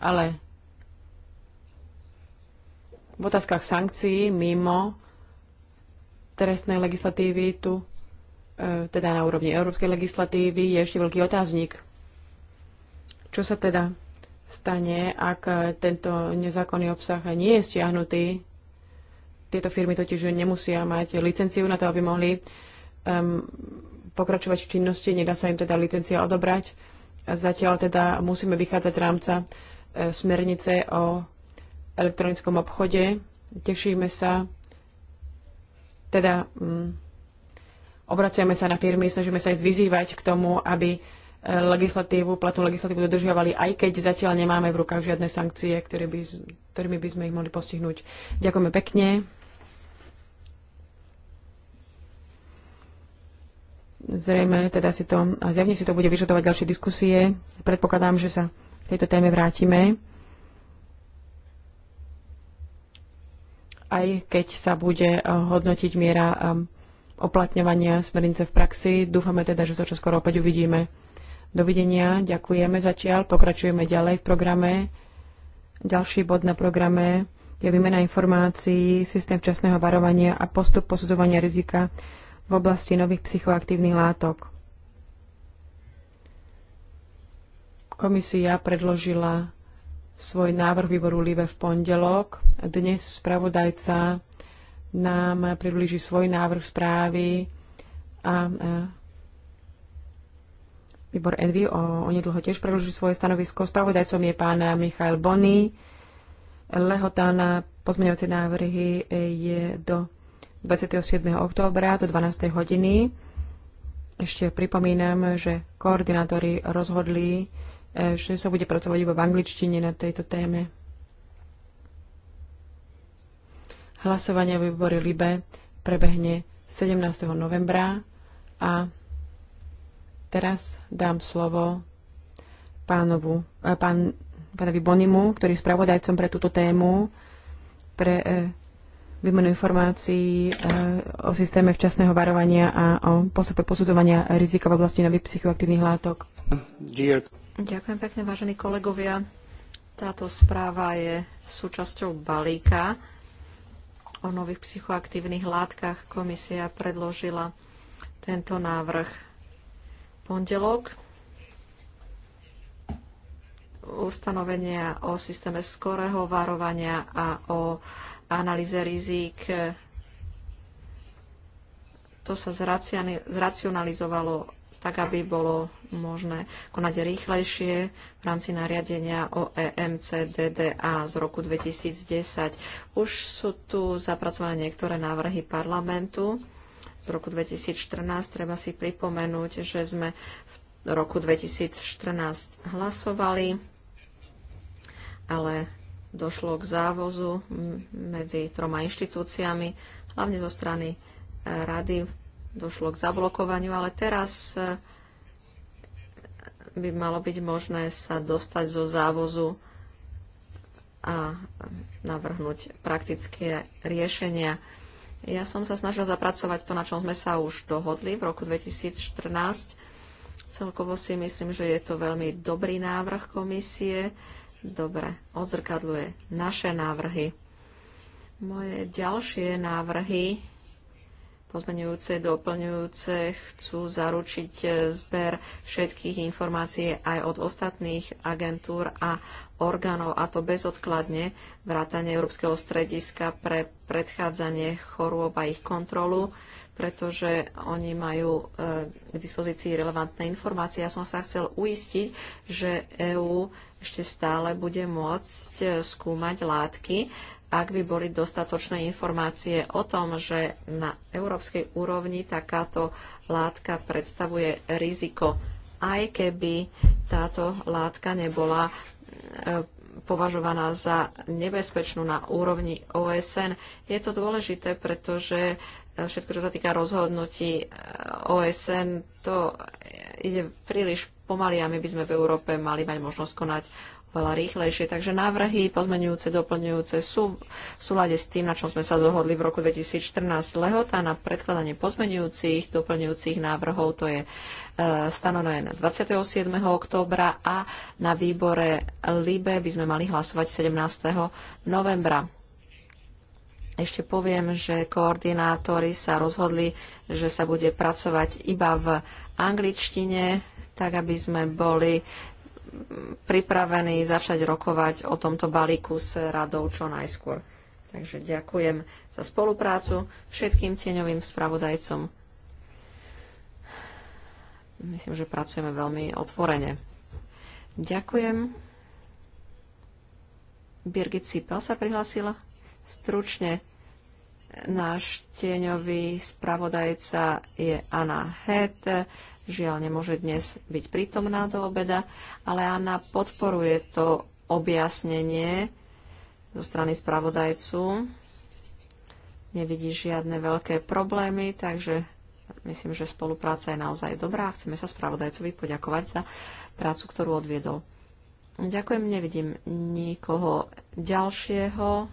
Ale v otázkach sankcií mimo trestnej legislatívy tu E, teda na úrovni európskej legislatívy, je ešte veľký otáznik. Čo sa teda stane, ak tento nezákonný obsah nie je stiahnutý? Tieto firmy totiž nemusia mať licenciu na to, aby mohli um, pokračovať v činnosti, nedá sa im teda licencia odobrať. Zatiaľ teda musíme vychádzať z rámca e, smernice o elektronickom obchode. Tešíme sa teda mm, obraciame sa na firmy, snažíme sa ich vyzývať k tomu, aby e, legislatívu, platnú legislatívu dodržiavali, aj keď zatiaľ nemáme v rukách žiadne sankcie, ktoré by, ktorými by sme ich mohli postihnúť. Ďakujeme pekne. Zrejme, teda si to, a zjavne si to bude vyžadovať ďalšie diskusie. Predpokladám, že sa k tejto téme vrátime. Aj keď sa bude e, hodnotiť miera e, oplatňovania smernice v praxi. Dúfame teda, že sa čo skoro opäť uvidíme. Dovidenia, ďakujeme zatiaľ, pokračujeme ďalej v programe. Ďalší bod na programe je výmena informácií, systém včasného varovania a postup posudzovania rizika v oblasti nových psychoaktívnych látok. Komisia predložila svoj návrh výboru LIBE v pondelok. Dnes spravodajca nám priblíži svoj návrh správy a výbor Envy o, onedlho tiež predloží svoje stanovisko. Spravodajcom je pán Michal Bony. Lehota na pozmeňovacie návrhy je do 27. októbra do 12. hodiny. Ešte pripomínam, že koordinátori rozhodli, e, že sa bude pracovať iba v angličtine na tejto téme. Hlasovanie vo výbore LIBE prebehne 17. novembra a teraz dám slovo pánovu, e, pán, pánovi Bonimu, ktorý je spravodajcom pre túto tému, pre e, výmenu informácií e, o systéme včasného varovania a o postupe posudzovania rizika v oblasti nových psychoaktívnych látok. Ďakujem pekne, vážení kolegovia. Táto správa je súčasťou balíka o nových psychoaktívnych látkach. Komisia predložila tento návrh pondelok. Ustanovenia o systéme skorého varovania a o analýze rizík to sa zracionalizovalo tak aby bolo možné konať rýchlejšie v rámci nariadenia o EMCDDA z roku 2010. Už sú tu zapracované niektoré návrhy parlamentu z roku 2014. Treba si pripomenúť, že sme v roku 2014 hlasovali, ale došlo k závozu medzi troma inštitúciami, hlavne zo strany eh, rady došlo k zablokovaniu, ale teraz e, by malo byť možné sa dostať zo závozu a navrhnúť praktické riešenia. Ja som sa snažil zapracovať to, na čom sme sa už dohodli v roku 2014. Celkovo si myslím, že je to veľmi dobrý návrh komisie. Dobre, odzrkadluje naše návrhy. Moje ďalšie návrhy pozmenujúce, doplňujúce chcú zaručiť zber všetkých informácií aj od ostatných agentúr a orgánov, a to bezodkladne, vrátanie Európskeho strediska pre predchádzanie chorôb a ich kontrolu, pretože oni majú e, k dispozícii relevantné informácie. Ja som sa chcel uistiť, že EÚ ešte stále bude môcť e, skúmať látky, ak by boli dostatočné informácie o tom, že na európskej úrovni takáto látka predstavuje riziko, aj keby táto látka nebola e, považovaná za nebezpečnú na úrovni OSN. Je to dôležité, pretože e, všetko, čo sa týka rozhodnutí e, OSN, to ide príliš pomaly a my by sme v Európe mali mať možnosť konať oveľa rýchlejšie. Takže návrhy pozmenujúce, doplňujúce sú v súlade s tým, na čom sme sa dohodli v roku 2014. Lehota na predkladanie pozmenujúcich, doplňujúcich návrhov, to je e, stanovené na 27. októbra a na výbore LIBE by sme mali hlasovať 17. novembra. Ešte poviem, že koordinátori sa rozhodli, že sa bude pracovať iba v angličtine, tak aby sme boli pripravení začať rokovať o tomto balíku s radou čo najskôr. Takže ďakujem za spoluprácu všetkým tieňovým spravodajcom. Myslím, že pracujeme veľmi otvorene. Ďakujem. Birgit Sipel sa prihlásila. Stručne náš tieňový spravodajca je Anna Het Žiaľ, nemôže dnes byť prítomná do obeda, ale Anna podporuje to objasnenie zo strany spravodajcu. Nevidí žiadne veľké problémy, takže myslím, že spolupráca je naozaj dobrá. Chceme sa spravodajcovi poďakovať za prácu, ktorú odviedol. Ďakujem, nevidím nikoho ďalšieho.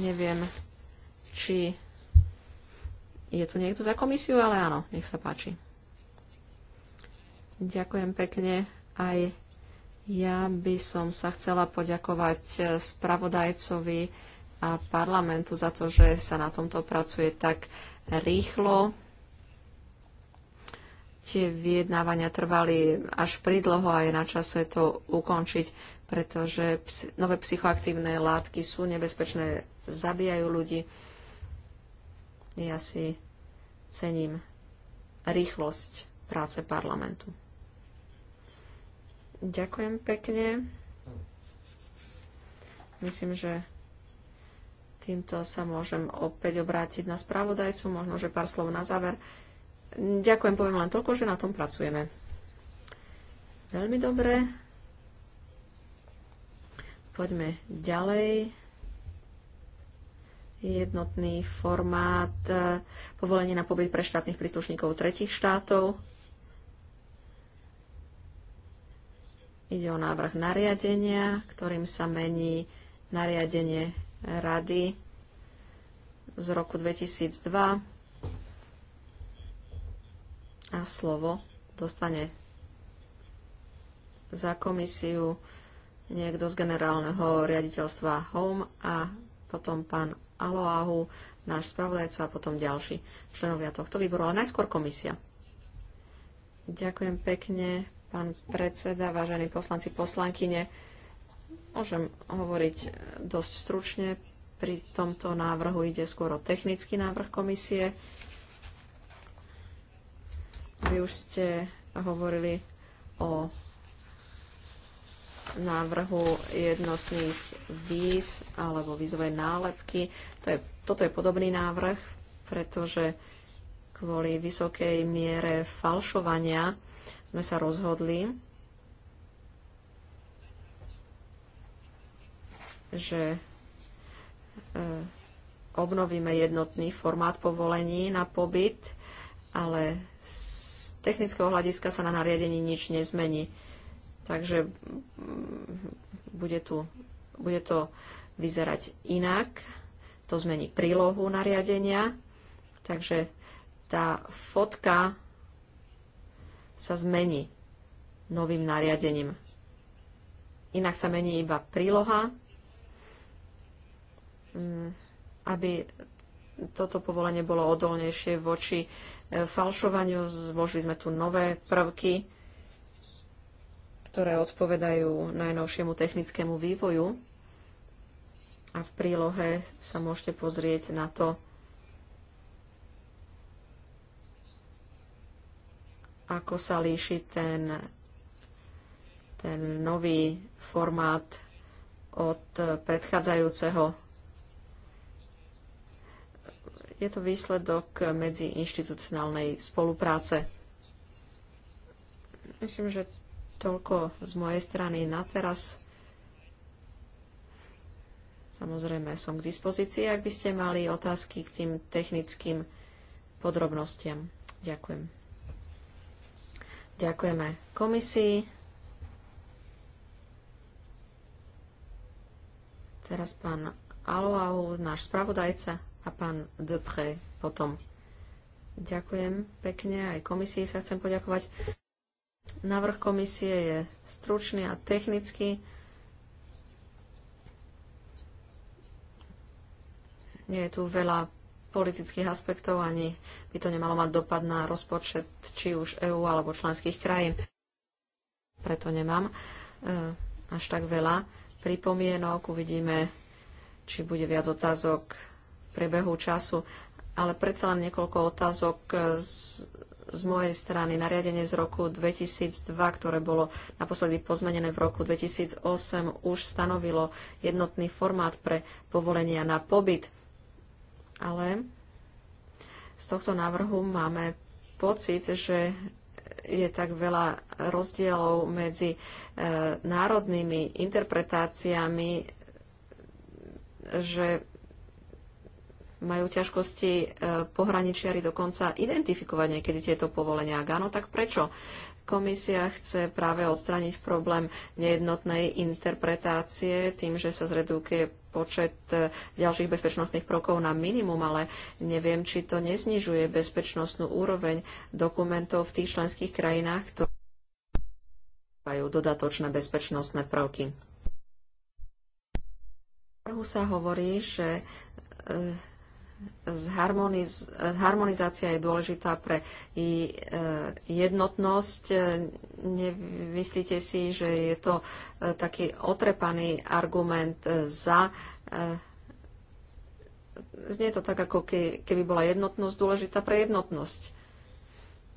Neviem, či je tu niekto za komisiu, ale áno, nech sa páči. Ďakujem pekne. Aj ja by som sa chcela poďakovať spravodajcovi a parlamentu za to, že sa na tomto pracuje tak rýchlo. Tie vyjednávania trvali až pridlho a je na čase to ukončiť, pretože nové psychoaktívne látky sú nebezpečné, zabíjajú ľudí ja si cením rýchlosť práce parlamentu. Ďakujem pekne. Myslím, že týmto sa môžem opäť obrátiť na spravodajcu, možno, že pár slov na záver. Ďakujem, poviem len toľko, že na tom pracujeme. Veľmi dobre. Poďme ďalej jednotný formát e, povolenie na pobyt pre štátnych príslušníkov tretich štátov. Ide o návrh nariadenia, ktorým sa mení nariadenie Rady z roku 2002 a slovo dostane za komisiu niekto z generálneho riaditeľstva HOME a potom pán Aloahu, náš spravodajca a potom ďalší členovia tohto výboru, ale najskôr komisia. Ďakujem pekne, pán predseda, vážení poslanci, poslankyne. Môžem hovoriť dosť stručne. Pri tomto návrhu ide skôr o technický návrh komisie. Vy už ste hovorili o návrhu jednotných víz alebo vízovej nálepky. To je, toto je podobný návrh, pretože kvôli vysokej miere falšovania sme sa rozhodli, že e, obnovíme jednotný formát povolení na pobyt, ale z technického hľadiska sa na nariadení nič nezmení. Takže mm, bude, tu, bude to vyzerať inak. To zmení prílohu nariadenia. Takže tá fotka sa zmení novým nariadením. Inak sa mení iba príloha, mm, aby toto povolenie bolo odolnejšie voči e, falšovaniu. Zložili sme tu nové prvky ktoré odpovedajú najnovšiemu technickému vývoju. A v prílohe sa môžete pozrieť na to, ako sa líši ten, ten nový formát od predchádzajúceho. Je to výsledok medziinštitucionálnej spolupráce. Myslím, že Toľko z mojej strany na teraz. Samozrejme som k dispozícii, ak by ste mali otázky k tým technickým podrobnostiam. Ďakujem. Ďakujeme komisii. Teraz pán Aloau, náš spravodajca a pán Depré potom. Ďakujem pekne, aj komisii sa chcem poďakovať. Návrh komisie je stručný a technický. Nie je tu veľa politických aspektov, ani by to nemalo mať dopad na rozpočet či už EÚ alebo členských krajín. Preto nemám e, až tak veľa pripomienok. Uvidíme, či bude viac otázok v priebehu času. Ale predsa len niekoľko otázok z mojej strany nariadenie z roku 2002, ktoré bolo naposledy pozmenené v roku 2008, už stanovilo jednotný formát pre povolenia na pobyt. Ale z tohto návrhu máme pocit, že je tak veľa rozdielov medzi e, národnými interpretáciami, že majú ťažkosti e, pohraničiari dokonca identifikovať niekedy tieto povolenia. Ak áno, tak prečo? Komisia chce práve odstrániť problém nejednotnej interpretácie tým, že sa zredukuje počet e, ďalších bezpečnostných prokov na minimum, ale neviem, či to neznižuje bezpečnostnú úroveň dokumentov v tých členských krajinách, ktoré majú dodatočné bezpečnostné prvky. V sa hovorí, že e, Zharmoniz harmonizácia je dôležitá pre e, jednotnosť. E, nemyslíte si, že je to e, taký otrepaný argument za. Znie to tak, ako keby bola jednotnosť dôležitá pre jednotnosť.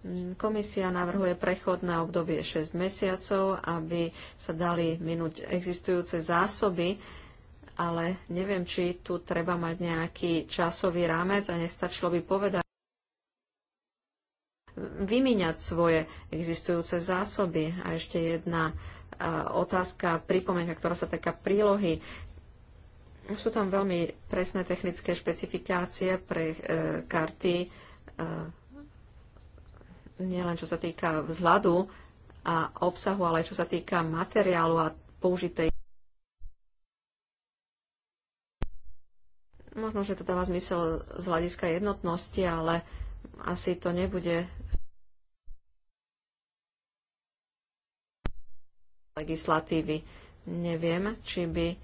Mm, komisia navrhuje prechod na obdobie 6 mesiacov, aby sa dali minúť existujúce zásoby ale neviem, či tu treba mať nejaký časový rámec a nestačilo by povedať vymiňať svoje existujúce zásoby. A ešte jedna e, otázka, pripomienka, ktorá sa týka prílohy. Sú tam veľmi presné technické špecifikácie pre e, karty, e, nielen čo sa týka vzhľadu a obsahu, ale aj čo sa týka materiálu a použitej Možno, že to dáva zmysel z hľadiska jednotnosti, ale asi to nebude legislatívy. Neviem, či by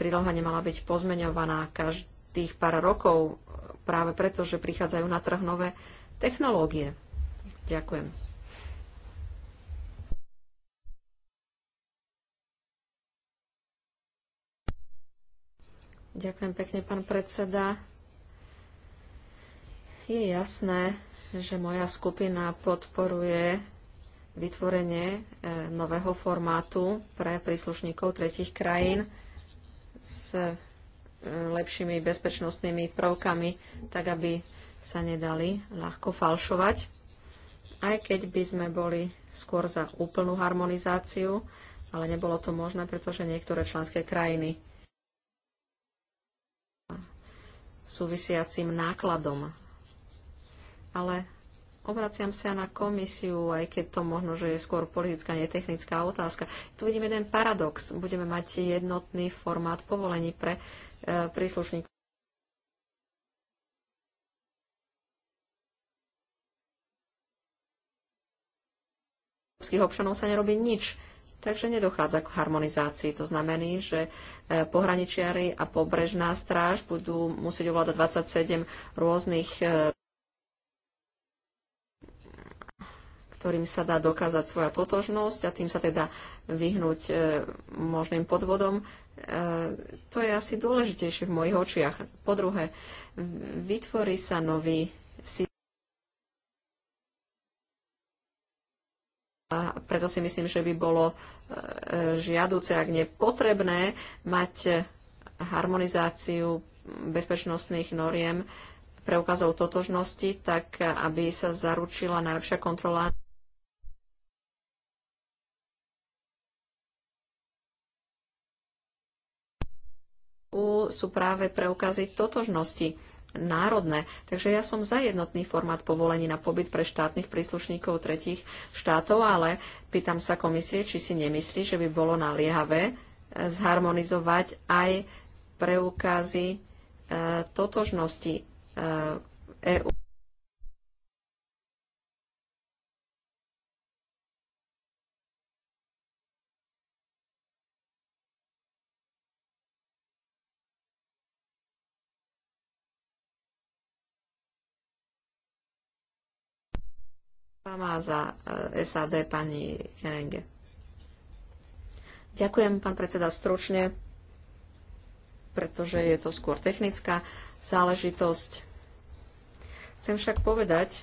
príloha nemala byť pozmeňovaná každých pár rokov, práve preto, že prichádzajú na trh nové technológie. Ďakujem. Ďakujem pekne, pán predseda. Je jasné, že moja skupina podporuje vytvorenie e, nového formátu pre príslušníkov tretich krajín s e, lepšími bezpečnostnými prvkami, tak aby sa nedali ľahko falšovať. Aj keď by sme boli skôr za úplnú harmonizáciu, ale nebolo to možné, pretože niektoré členské krajiny súvisiacim nákladom. Ale obraciam sa na komisiu, aj keď to možno, že je skôr politická, netechnická otázka. Tu vidím jeden paradox. Budeme mať jednotný formát povolení pre e, príslušníkov. občanov sa nerobí nič takže nedochádza k harmonizácii. To znamená, že e, pohraničiari a pobrežná stráž budú musieť ovládať 27 rôznych e, ktorým sa dá dokázať svoja totožnosť a tým sa teda vyhnúť e, možným podvodom. To je asi dôležitejšie v mojich očiach. Po druhé, vytvorí sa nový systém A preto si myslím, že by bolo e, žiaduce, ak nepotrebné, mať harmonizáciu bezpečnostných noriem preukazov totožnosti, tak aby sa zaručila najlepšia kontrola. sú práve preukazy totožnosti národné. Takže ja som za jednotný formát povolení na pobyt pre štátnych príslušníkov tretich štátov, ale pýtam sa komisie, či si nemyslí, že by bolo naliehavé e, zharmonizovať aj preukazy e, totožnosti e, EU. Eh, a za SAD pani Herenge. Ďakujem, pán predseda, stručne, pretože je to skôr technická záležitosť. Chcem však povedať,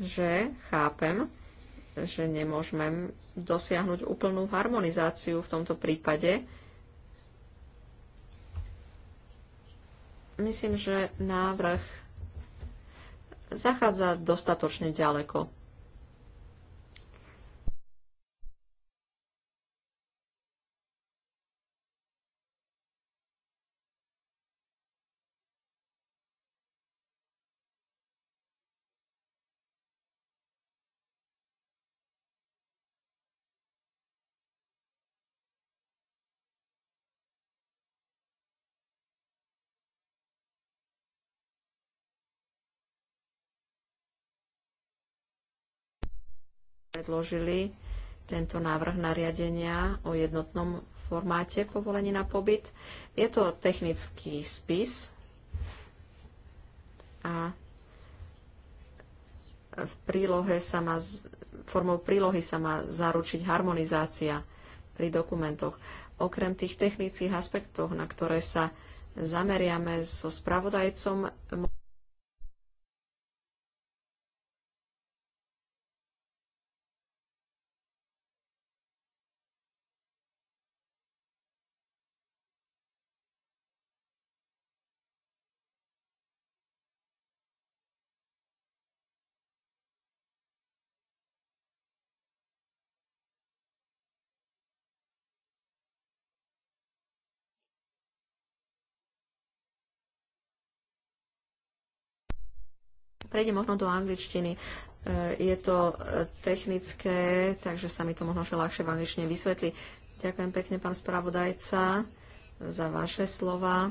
že chápem, že nemôžeme dosiahnuť úplnú harmonizáciu v tomto prípade. Myslím, že návrh zachádza dostatočne ďaleko. predložili tento návrh nariadenia o jednotnom formáte povolení na pobyt. Je to technický spis a v prílohe sa má, formou prílohy sa má zaručiť harmonizácia pri dokumentoch. Okrem tých technických aspektov, na ktoré sa zameriame so spravodajcom, Prejde možno do angličtiny. E, je to e, technické, takže sa mi to možno že ľahšie v angličtine vysvetlí. Ďakujem pekne, pán spravodajca, za vaše slova.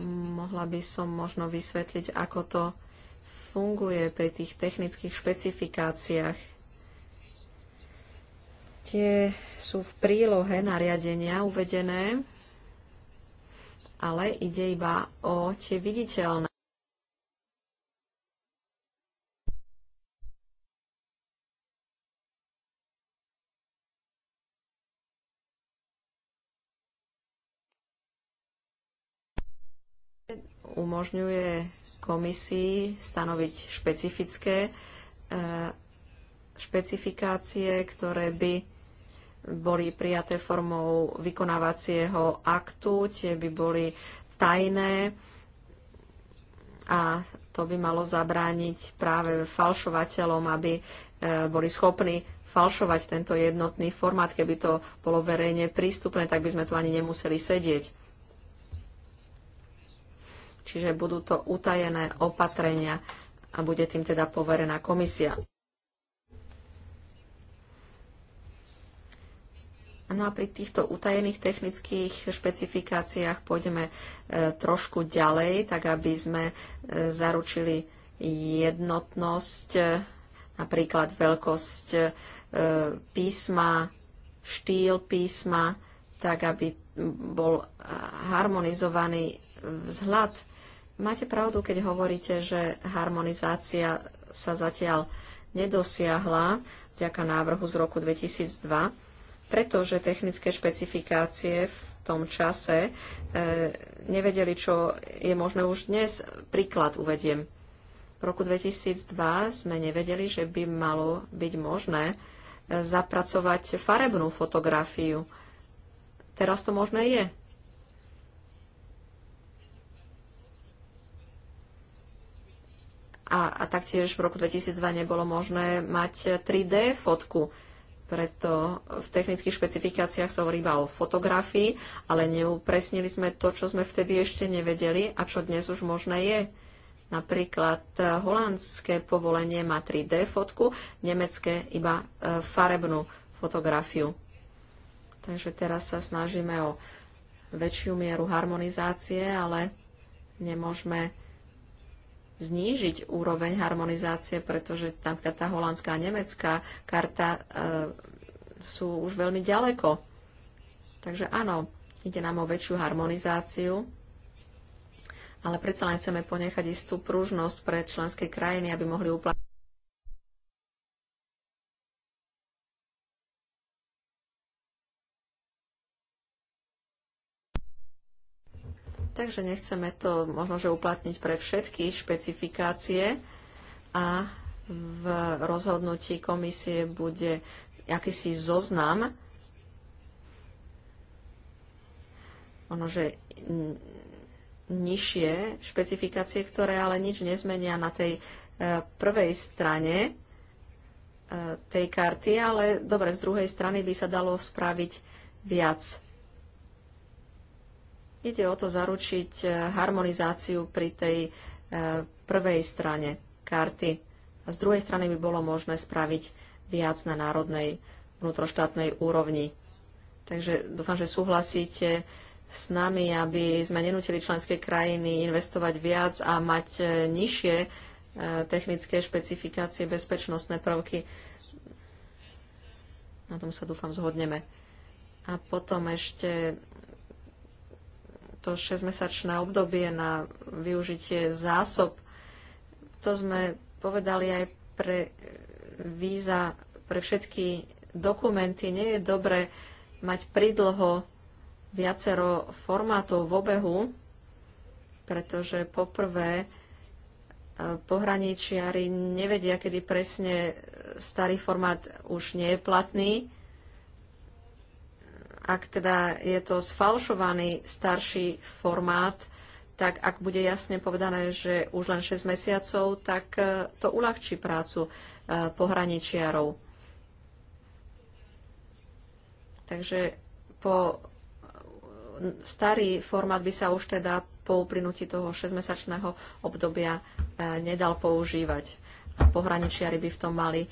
Mohla by som možno vysvetliť, ako to funguje pri tých technických špecifikáciách Tie sú v prílohe nariadenia uvedené, ale ide iba o tie viditeľné. umožňuje komisii stanoviť špecifické e, špecifikácie, ktoré by boli prijaté formou vykonávacieho aktu, tie by boli tajné a to by malo zabrániť práve falšovateľom, aby e, boli schopní falšovať tento jednotný formát. Keby to bolo verejne prístupné, tak by sme tu ani nemuseli sedieť čiže budú to utajené opatrenia a bude tým teda poverená komisia. No a pri týchto utajených technických špecifikáciách pôjdeme e, trošku ďalej, tak aby sme e, zaručili jednotnosť, e, napríklad veľkosť písma, štýl písma, tak aby bol harmonizovaný vzhľad Máte pravdu, keď hovoríte, že harmonizácia sa zatiaľ nedosiahla vďaka návrhu z roku 2002, pretože technické špecifikácie v tom čase e, nevedeli, čo je možné už dnes. Príklad uvediem. V roku 2002 sme nevedeli, že by malo byť možné e, zapracovať farebnú fotografiu. Teraz to možné je A, a taktiež v roku 2002 nebolo možné mať 3D fotku, preto v technických špecifikáciách sa hovorí iba o fotografii, ale neupresnili sme to, čo sme vtedy ešte nevedeli a čo dnes už možné je. Napríklad eh, holandské povolenie má 3D fotku, nemecké iba eh, farebnú fotografiu. Takže teraz sa snažíme o väčšiu mieru harmonizácie, ale nemôžeme znížiť úroveň harmonizácie, pretože napríklad tá holandská a nemecká karta e, sú už veľmi ďaleko. Takže áno, ide nám o väčšiu harmonizáciu, ale predsa len chceme ponechať istú pružnosť pre členské krajiny, aby mohli uplatniť Takže nechceme to možno, že uplatniť pre všetky špecifikácie a v rozhodnutí komisie bude akýsi zoznam. Ono, že nižšie špecifikácie, ktoré ale nič nezmenia na tej e, prvej strane e, tej karty, ale dobre, z druhej strany by sa dalo spraviť viac. Ide o to zaručiť eh, harmonizáciu pri tej eh, prvej strane karty. A z druhej strany by bolo možné spraviť viac na národnej vnútroštátnej úrovni. Takže dúfam, že súhlasíte s nami, aby sme nenútili členské krajiny investovať viac a mať eh, nižšie technické špecifikácie, bezpečnostné prvky. Na tom sa dúfam zhodneme. A potom ešte to 6-mesačné obdobie na využitie zásob. To sme povedali aj pre víza, pre všetky dokumenty. Nie je dobre mať pridlho viacero formátov v obehu, pretože poprvé e, pohraničiari nevedia, kedy presne starý formát už nie je platný ak teda je to sfalšovaný starší formát, tak ak bude jasne povedané, že už len 6 mesiacov, tak e, to uľahčí prácu e, pohraničiarov. Takže po e, starý formát by sa už teda po uplynutí toho 6-mesačného obdobia nedal používať a pohraničiari by v tom mali e,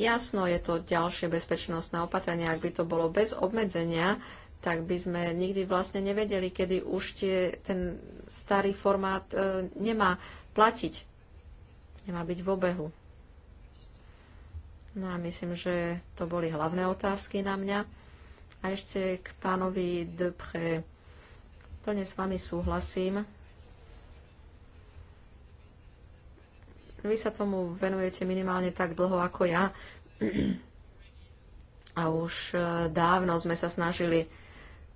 jasno. Je to ďalšie bezpečnostné opatrenie. Ak by to bolo bez obmedzenia, tak by sme nikdy vlastne nevedeli, kedy už tie, ten starý formát e, nemá platiť. Nemá byť v obehu. No a myslím, že to boli hlavné otázky na mňa. A ešte k pánovi Dupre. Plne s vami súhlasím. Vy sa tomu venujete minimálne tak dlho ako ja. A už e, dávno sme sa snažili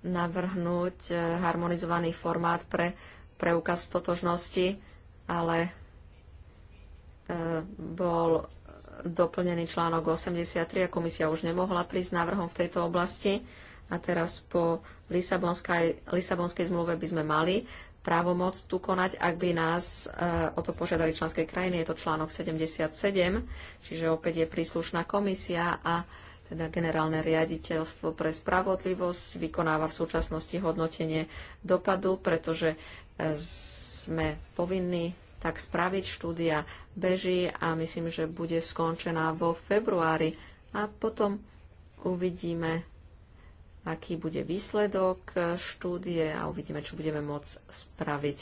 navrhnúť e, harmonizovaný formát pre preukaz totožnosti, ale e, bol doplnený článok 83 a komisia už nemohla prísť návrhom v tejto oblasti. A teraz po Lisabonskej, Lisabonskej zmluve by sme mali právomoc tu konať, ak by nás e, o to požiadali členské krajiny. Je to článok 77, čiže opäť je príslušná komisia a teda generálne riaditeľstvo pre spravodlivosť vykonáva v súčasnosti hodnotenie dopadu, pretože e, sme povinní tak spraviť. Štúdia beží a myslím, že bude skončená vo februári a potom uvidíme, aký bude výsledok e, štúdie a uvidíme, čo budeme môcť spraviť.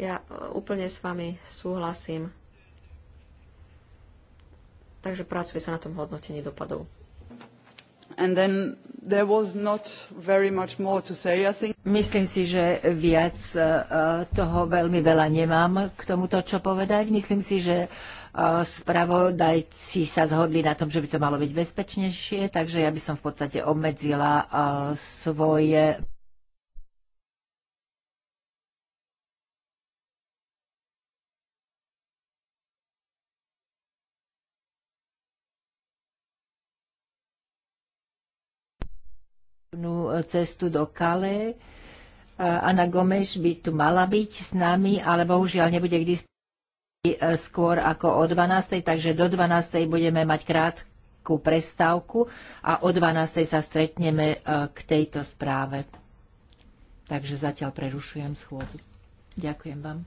Ja e, úplne s vami súhlasím. Takže pracuje sa na tom hodnotení dopadov. Myslím si, že viac e, e, toho veľmi veľa nemám k tomuto, čo povedať. Myslím si, že e, spravodajci sa zhodli na tom, že by to malo byť bezpečnejšie, takže ja by som v podstate obmedzila svoje cestu do Kale. Ana Gomeš by tu mala byť s nami, ale bohužiaľ nebude k dispozícii e, skôr ako o 12. Takže do 12. budeme mať krátku prestávku a o 12. sa stretneme e, k tejto správe. Takže zatiaľ prerušujem schôdu. Ďakujem vám.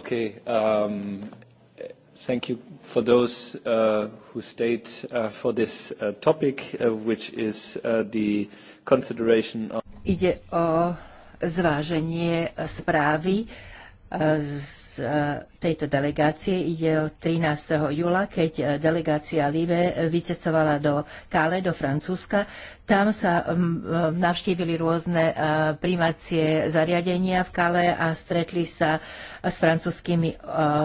Okay. Um, thank you for those uh, who stayed uh, for this uh, topic, uh, which is uh, the consideration of... Ide o zváženie uh, správy uh, z e, tejto delegácie. Ide o 13. júla, keď e, delegácia Live vycestovala do Kále, do Francúzska. Tam sa navštívili rôzne e, primacie zariadenia v Kale a stretli sa s francúzskými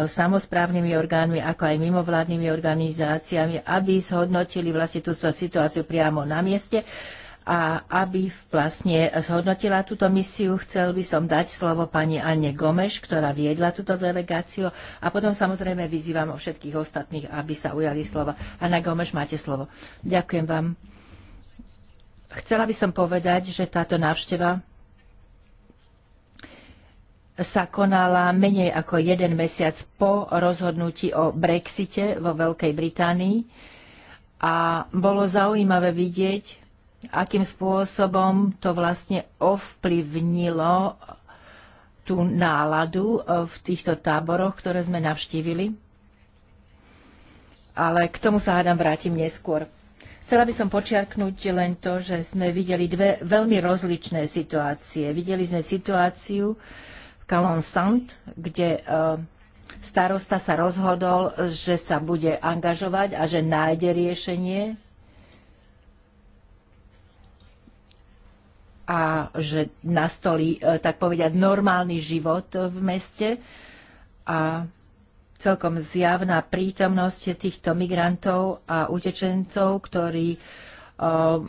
samozprávnymi orgánmi, ako aj mimovládnymi organizáciami, aby zhodnotili vlastne túto situáciu priamo na mieste a aby vlastne zhodnotila túto misiu, chcel by som dať slovo pani Anne Gomeš, ktorá viedla túto delegáciu a potom samozrejme vyzývam o všetkých ostatných, aby sa ujali slova. Anna Gomeš, máte slovo. Ďakujem vám. Chcela by som povedať, že táto návšteva sa konala menej ako jeden mesiac po rozhodnutí o Brexite vo Veľkej Británii a bolo zaujímavé vidieť, akým spôsobom to vlastne ovplyvnilo tú náladu e, v týchto táboroch, ktoré sme navštívili. Ale k tomu sa hádam vrátim neskôr. Chcela by som počiarknúť len to, že sme videli dve veľmi rozličné situácie. Videli sme situáciu v Calon Sant, kde e, starosta sa rozhodol, že sa bude angažovať a že nájde riešenie a že nastolí, e, tak povediať, normálny život v meste. A celkom zjavná prítomnosť týchto migrantov a utečencov, ktorí e,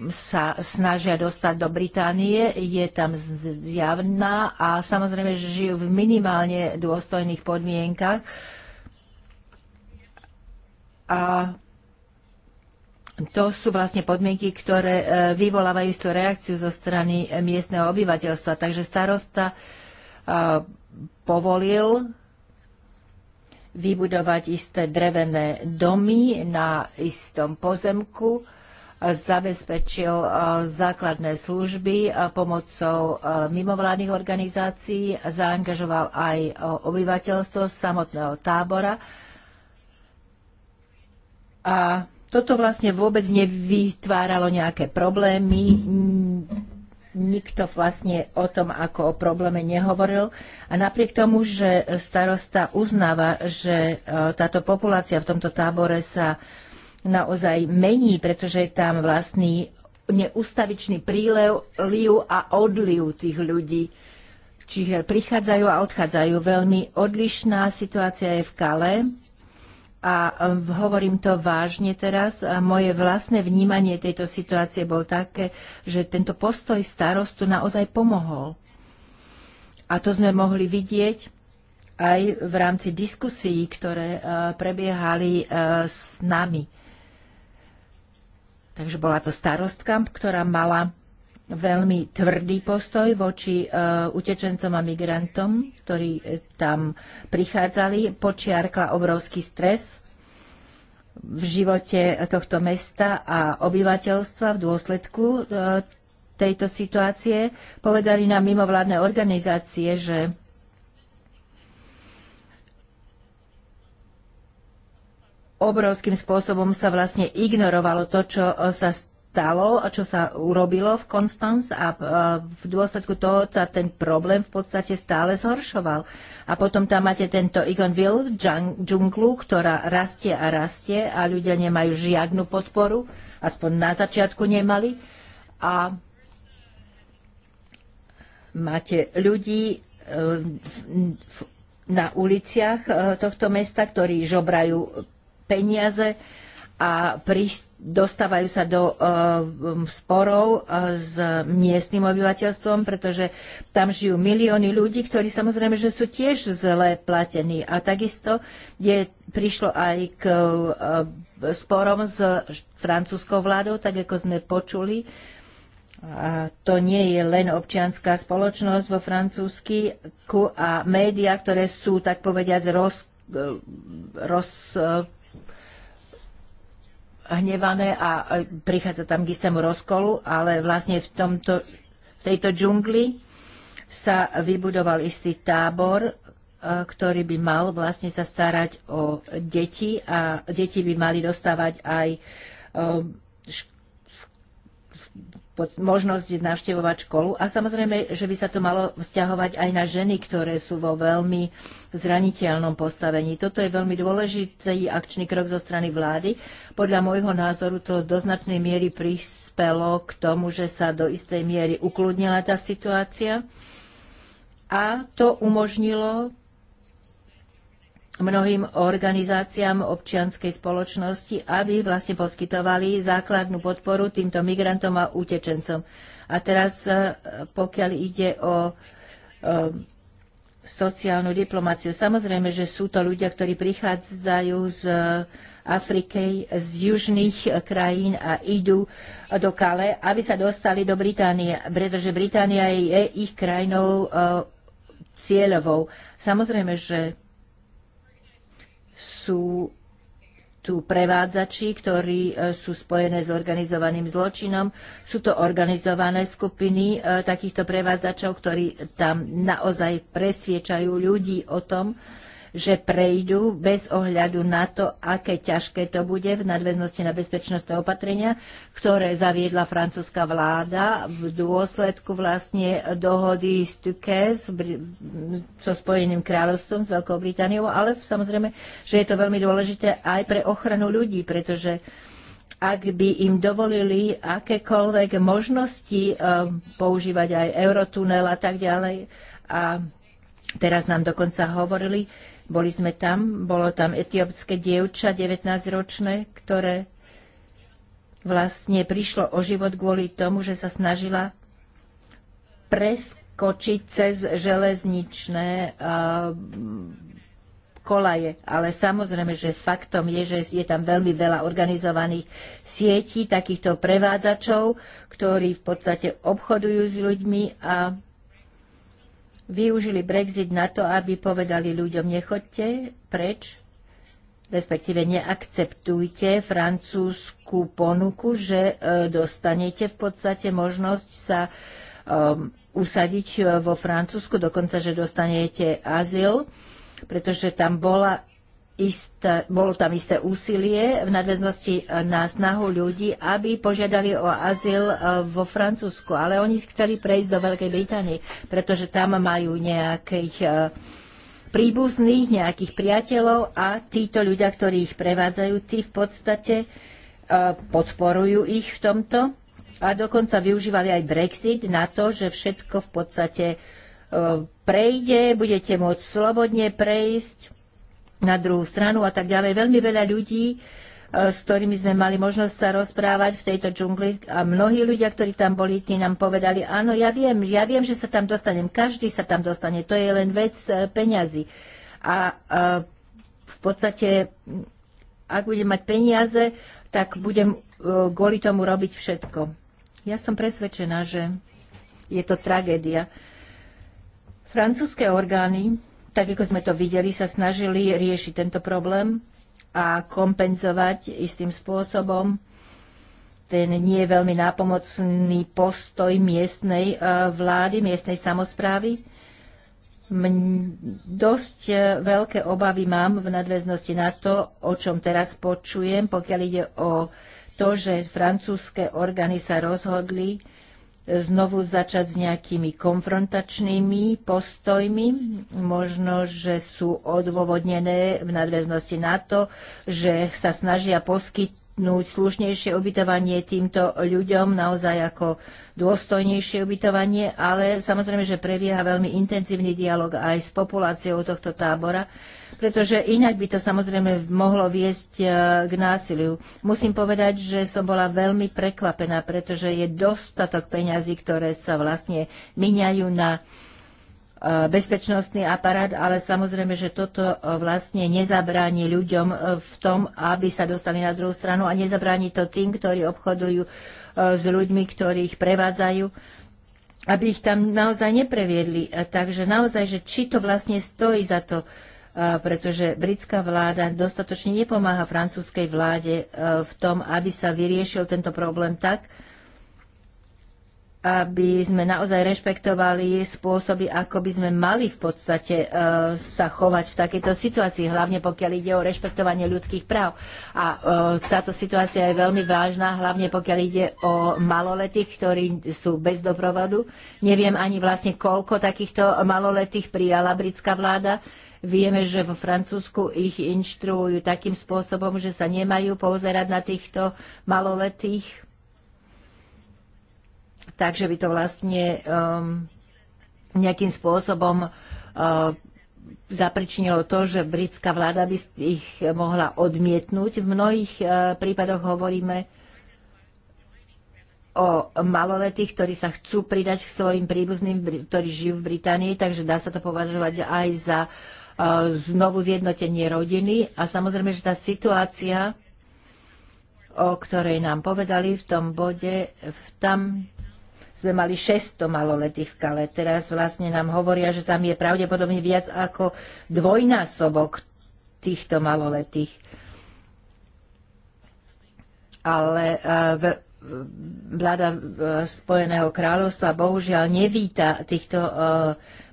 sa snažia dostať do Británie, je tam zjavná a samozrejme, že žijú v minimálne dôstojných podmienkach. A to sú vlastne podmienky, ktoré e, vyvolávajú istú reakciu zo strany e, miestneho obyvateľstva. Takže starosta e, povolil vybudovať isté drevené domy na istom pozemku, zabezpečil základné služby pomocou mimovládnych organizácií, zaangažoval aj obyvateľstvo samotného tábora a toto vlastne vôbec nevytváralo nejaké problémy, nikto vlastne o tom ako o probléme nehovoril. A napriek tomu, že starosta uznáva, že e, táto populácia v tomto tábore sa naozaj mení, pretože je tam vlastný neustavičný prílev, liu a odliv tých ľudí. Čiže prichádzajú a odchádzajú. Veľmi odlišná situácia je v Kale, a e, hovorím to vážne teraz, a moje vlastné vnímanie tejto situácie bol také, že tento postoj starostu naozaj pomohol. A to sme mohli vidieť aj v rámci diskusií, ktoré e, prebiehali e, s nami. Takže bola to starostka, ktorá mala veľmi tvrdý postoj voči uh, utečencom a migrantom, ktorí e, tam prichádzali. Počiarkla obrovský stres v živote tohto mesta a obyvateľstva v dôsledku uh, tejto situácie. Povedali nám mimovládne organizácie, že obrovským spôsobom sa vlastne ignorovalo to, čo sa stalo, čo sa urobilo v Konstanz a e, v dôsledku toho sa ten problém v podstate stále zhoršoval. A potom tam máte tento Igonville džunglu, ktorá rastie a rastie a ľudia nemajú žiadnu podporu, aspoň na začiatku nemali. A máte ľudí e, na uliciach e, tohto mesta, ktorí žobrajú peniaze a príšť dostávajú sa do eh, sporov eh, s miestnym obyvateľstvom, pretože tam žijú milióny ľudí, ktorí samozrejme, že sú tiež zle platení. A takisto je, prišlo aj k eh, sporom s francúzskou vládou, tak ako sme počuli. A to nie je len občianská spoločnosť vo francúzsky a médiá, ktoré sú, tak povediať, roz, roz hnevané a prichádza tam k istému rozkolu, ale vlastne v, tomto, v tejto džungli sa vybudoval istý tábor, e, ktorý by mal vlastne sa starať o deti a deti by mali dostávať aj e, možnosť navštevovať školu a samozrejme, že by sa to malo vzťahovať aj na ženy, ktoré sú vo veľmi zraniteľnom postavení. Toto je veľmi dôležitý akčný krok zo strany vlády. Podľa môjho názoru to do značnej miery prispelo k tomu, že sa do istej miery ukludnila tá situácia a to umožnilo mnohým organizáciám občianskej spoločnosti, aby vlastne poskytovali základnú podporu týmto migrantom a utečencom. A teraz, e, pokiaľ ide o, o e, sociálnu diplomáciu, samozrejme, že sú to ľudia, ktorí prichádzajú z Afrike, z južných krajín a idú do Kale, aby sa dostali do Británie, pretože Británia je ich krajinou e, cieľovou. Samozrejme, že sú tu prevádzači, ktorí e, sú spojené s organizovaným zločinom. Sú to organizované skupiny e, takýchto prevádzačov, ktorí tam naozaj presviečajú ľudí o tom, že prejdú bez ohľadu na to, aké ťažké to bude v nadväznosti na bezpečnostné opatrenia, ktoré zaviedla francúzska vláda v dôsledku vlastne dohody s Tukes so Spojeným kráľovstvom, s Veľkou Britániou, ale samozrejme, že je to veľmi dôležité aj pre ochranu ľudí, pretože ak by im dovolili akékoľvek možnosti eh, používať aj eurotunel a tak ďalej. A teraz nám dokonca hovorili, boli sme tam, bolo tam etiópske dievča 19-ročné, ktoré vlastne prišlo o život kvôli tomu, že sa snažila preskočiť cez železničné uh, kolaje. Ale samozrejme, že faktom je, že je tam veľmi veľa organizovaných sietí takýchto prevádzačov, ktorí v podstate obchodujú s ľuďmi a využili Brexit na to, aby povedali ľuďom, nechoďte preč, respektíve neakceptujte francúzskú ponuku, že e, dostanete v podstate možnosť sa e, usadiť e, vo Francúzsku, dokonca, že dostanete azyl, pretože tam bola isté, bolo tam isté úsilie v nadväznosti na snahu ľudí, aby požiadali o azyl e, vo Francúzsku, ale oni chceli prejsť do Veľkej Británie, pretože tam majú nejakých e, príbuzných, nejakých priateľov a títo ľudia, ktorí ich prevádzajú, tí v podstate e, podporujú ich v tomto a dokonca využívali aj Brexit na to, že všetko v podstate prejde, budete môcť slobodne prejsť na druhú stranu a tak ďalej. Veľmi veľa ľudí, e, s ktorými sme mali možnosť sa rozprávať v tejto džungli a mnohí ľudia, ktorí tam boli, tí nám povedali, áno, ja viem, ja viem, že sa tam dostanem, každý sa tam dostane, to je len vec e, peňazí. A, a e, v podstate, ak budem mať peniaze, tak budem kvôli tomu robiť všetko. Ja som presvedčená, že je to tragédia. Francúzske orgány tak ako sme to videli, sa snažili riešiť tento problém a kompenzovať istým spôsobom ten nie veľmi nápomocný postoj miestnej e, vlády, miestnej samozprávy. Dosť e, veľké obavy mám v nadväznosti na to, o čom teraz počujem, pokiaľ ide o to, že francúzske orgány sa rozhodli znovu začať s nejakými konfrontačnými postojmi. Možno, že sú odôvodnené v nadväznosti na to, že sa snažia poskytnúť poskytnúť slušnejšie ubytovanie týmto ľuďom, naozaj ako dôstojnejšie ubytovanie, ale samozrejme, že prebieha veľmi intenzívny dialog aj s populáciou tohto tábora, pretože inak by to samozrejme mohlo viesť e, k násiliu. Musím povedať, že som bola veľmi prekvapená, pretože je dostatok peňazí, ktoré sa vlastne miňajú na E, bezpečnostný aparát, ale samozrejme, že toto e, vlastne nezabráni ľuďom e, v tom, aby sa dostali na druhú stranu a nezabráni to tým, ktorí obchodujú s ľuďmi, ktorí ich prevádzajú, aby ich tam naozaj nepreviedli. Takže naozaj, že či to vlastne stojí za to, pretože britská vláda dostatočne nepomáha francúzskej vláde v tom, aby sa vyriešil tento problém tak, aby sme naozaj rešpektovali spôsoby, ako by sme mali v podstate e, sa chovať v takejto situácii, hlavne pokiaľ ide o rešpektovanie ľudských práv. A e, táto situácia je veľmi vážna, hlavne pokiaľ ide o maloletých, ktorí sú bez doprovodu. Neviem ani vlastne, koľko takýchto maloletých prijala britská vláda. Vieme, že vo Francúzsku ich inštruujú takým spôsobom, že sa nemajú pozerať na týchto maloletých takže by to vlastne um, nejakým spôsobom uh, zapričinilo to, že britská vláda by ich mohla odmietnúť. V mnohých uh, prípadoch hovoríme o maloletých, ktorí sa chcú pridať k svojim príbuzným, ktorí žijú v Británii, takže dá sa to považovať aj za uh, znovu zjednotenie rodiny. A samozrejme, že tá situácia, o ktorej nám povedali v tom bode, tam sme mali 600 maloletých v Kale. Teraz vlastne nám hovoria, že tam je pravdepodobne viac ako dvojnásobok týchto maloletých. Ale e, v, vláda e, Spojeného kráľovstva bohužiaľ nevíta týchto e,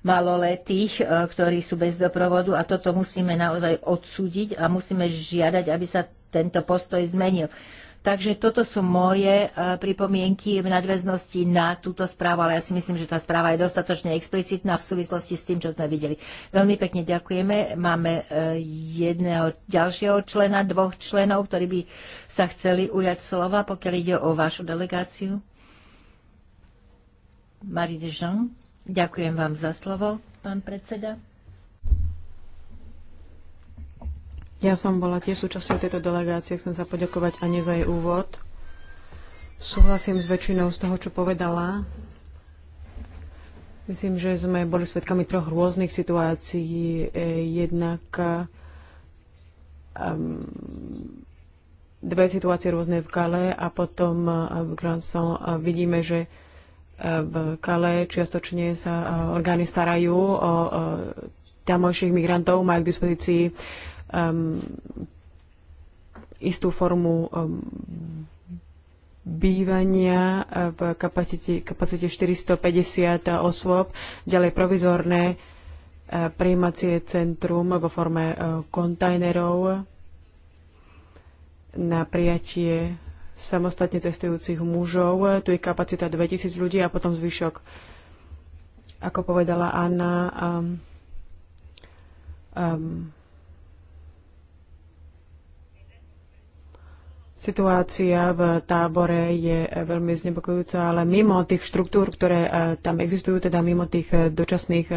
maloletých, ktorí sú bez doprovodu a toto musíme naozaj odsúdiť a musíme žiadať, aby sa tento postoj zmenil. Takže toto sú moje e, pripomienky v nadväznosti na túto správu, ale ja si myslím, že tá správa je dostatočne explicitná v súvislosti s tým, čo sme videli. Veľmi pekne ďakujeme. Máme e, jedného ďalšieho člena, dvoch členov, ktorí by sa chceli ujať slova, pokiaľ ide o vašu delegáciu. Marie Dejean, ďakujem vám za slovo, pán predseda. Ja som bola tiež súčasťou tejto delegácie, chcem sa poďakovať ani za jej úvod. Súhlasím s väčšinou z toho, čo povedala. Myslím, že sme boli svedkami troch rôznych situácií. E, jednak um, dve situácie rôzne v Kale a potom e, v Granson vidíme, že e, v Kale čiastočne sa orgány starajú o tamojších migrantov, majú k dispozícii um, istú formu um, bývania eh, v kapacite, kapacite 450 osôb, ďalej provizorné eh, príjmacie centrum vo forme eh, kontajnerov na prijatie samostatne cestujúcich mužov. Tu je kapacita 2000 ľudí a potom zvyšok, ako povedala Anna, um, um, Situácia v tábore je eh, veľmi znepokojúca, ale mimo tých štruktúr, ktoré eh, tam existujú, teda mimo tých eh, dočasných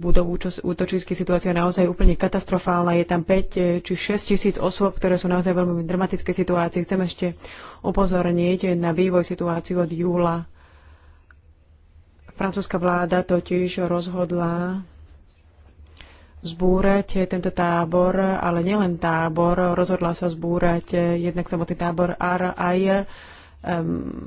budov útočisky, situácia naozaj úplne katastrofálna. Je tam 5 či 6 tisíc osôb, ktoré sú naozaj veľmi dramatické situácie. Chcem ešte upozorniť na vývoj situáciu od júla. Francúzska vláda totiž rozhodla zbúrať tento tábor, ale nielen tábor, rozhodla sa zbúrať jednak samotný tábor, ale aj um,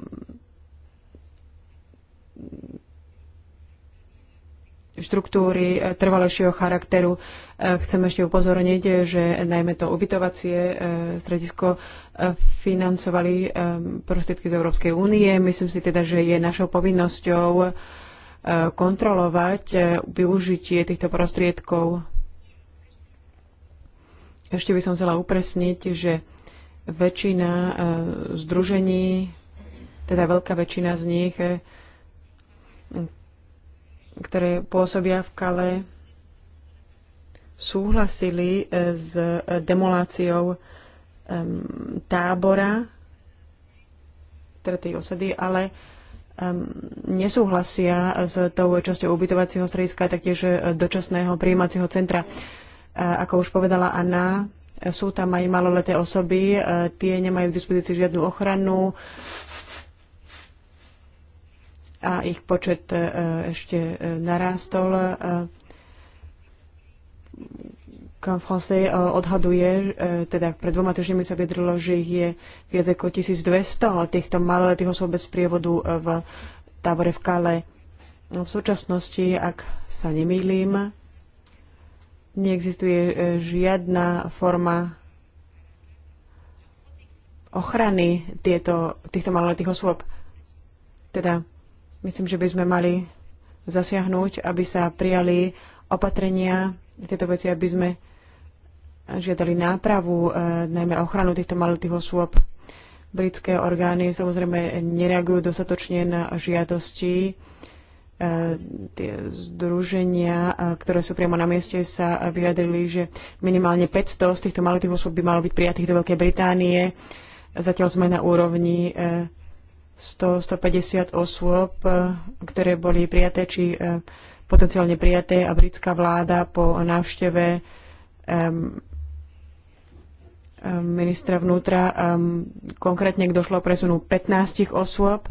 štruktúry eh, trvalejšieho charakteru. Eh, chcem ešte upozorniť, že najmä to ubytovacie eh, stredisko financovali prostriedky z Európskej únie. Myslím si teda, že je našou povinnosťou kontrolovať e, využitie týchto prostriedkov. Ešte by som chcela upresniť, že väčšina e, združení, teda veľká väčšina z nich, e, ktoré pôsobia v Kale, súhlasili s demoláciou tábora, teda tej osady, ale nesúhlasia s tou časťou ubytovacieho strediska taktiež e, dočasného príjímacieho centra. E, ako už povedala Anna, sú tam aj maloleté osoby, e, tie nemajú k dispozícii žiadnu ochranu a ich počet ešte narástol Français e, odhaduje, e, teda pred dvoma týždňami sa vyjadrilo, že ich je viac ako 1200 týchto maloletých osôb bez prievodu e, v tábore v Kale. No, v súčasnosti, ak sa nemýlim, neexistuje žiadna forma ochrany tieto, týchto maloletých osôb. Teda myslím, že by sme mali zasiahnuť, aby sa prijali opatrenia, tieto veci, aby sme žiadali nápravu, e, najmä ochranu týchto malých osôb. Britské orgány samozrejme nereagujú dostatočne na žiadosti. E, tie združenia, e, ktoré sú priamo na mieste, sa vyjadrili, že minimálne 500 z týchto malých osôb by malo byť prijatých do Veľkej Británie. Zatiaľ sme na úrovni 100-150 osôb, ktoré boli prijaté či potenciálne prijaté a britská vláda po návšteve Ehm, ministra vnútra. Ehm, konkrétne, k došlo presunu 15 osôb.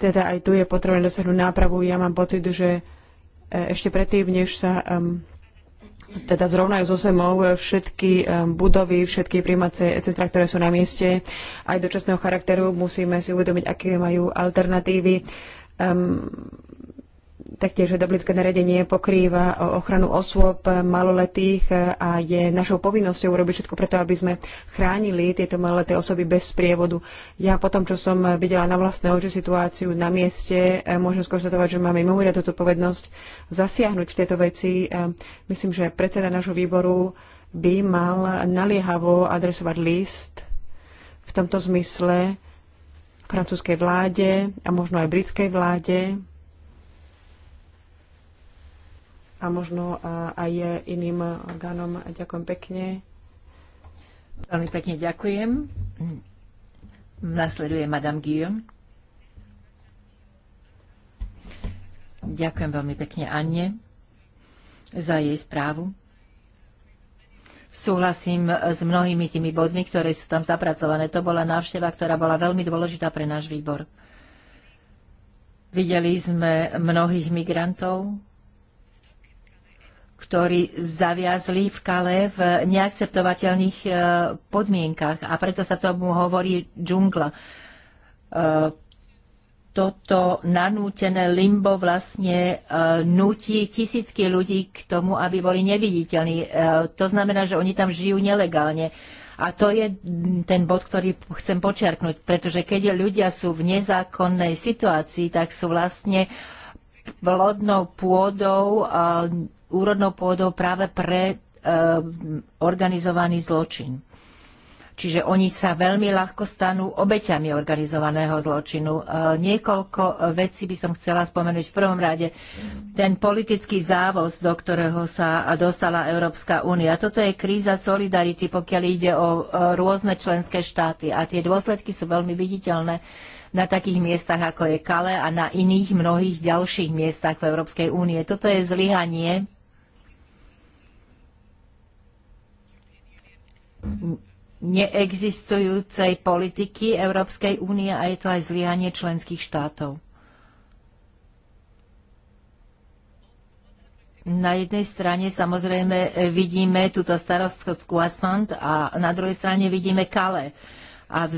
Teda aj tu je potrebné dosiahnuť nápravu. Ja mám pocit, že e, ešte predtým, než sa ehm, teda zrovnajú so semou e, všetky budovy, všetky príjmacie centra, ktoré sú na mieste, aj dočasného charakteru. Musíme si uvedomiť, aké majú alternatívy. Um, Taktiež Dublinské nariadenie pokrýva ochranu osôb maloletých a je našou povinnosťou urobiť všetko preto, aby sme chránili tieto maloleté osoby bez sprievodu. Ja potom, čo som videla na vlastné oči situáciu na mieste, eh, môžem skonštatovať, že máme mimoriadnu zodpovednosť zasiahnuť v tieto veci. Eh, myslím, že predseda nášho výboru by mal naliehavo adresovať list v tomto zmysle francúzskej vláde a možno aj britskej vláde a možno aj iným orgánom. Ďakujem pekne. Veľmi pekne ďakujem. Nasleduje Madame Guillaume. Ďakujem veľmi pekne Anne za jej správu. Súhlasím s mnohými tými bodmi, ktoré sú tam zapracované. To bola návšteva, ktorá bola veľmi dôležitá pre náš výbor. Videli sme mnohých migrantov, ktorí zaviazli v Kale v neakceptovateľných e, podmienkach a preto sa tomu hovorí džungla. E, toto nanútené limbo vlastne e, nutí tisícky ľudí k tomu, aby boli neviditeľní. To znamená, že oni tam žijú nelegálne. A to je ten bod, ktorý chcem počiarknúť, pretože keď ľudia sú v nezákonnej situácii, tak sú vlastne plodnou pôdou úrodnou pôdou práve pre eh, organizovaný zločin. Čiže oni sa veľmi ľahko stanú obeťami organizovaného zločinu. Eh, niekoľko eh, vecí by som chcela spomenúť. V prvom rade ten politický závoz, do ktorého sa dostala Európska únia. Toto je kríza solidarity, pokiaľ ide o rôzne členské štáty. A tie dôsledky sú veľmi viditeľné na takých miestach, ako je Kale a na iných mnohých ďalších miestach v Európskej únie. Toto je zlyhanie neexistujúcej politiky Európskej únie a je to aj zlyhanie členských štátov. Na jednej strane samozrejme vidíme túto starostkosť Kuasant a na druhej strane vidíme Kale. A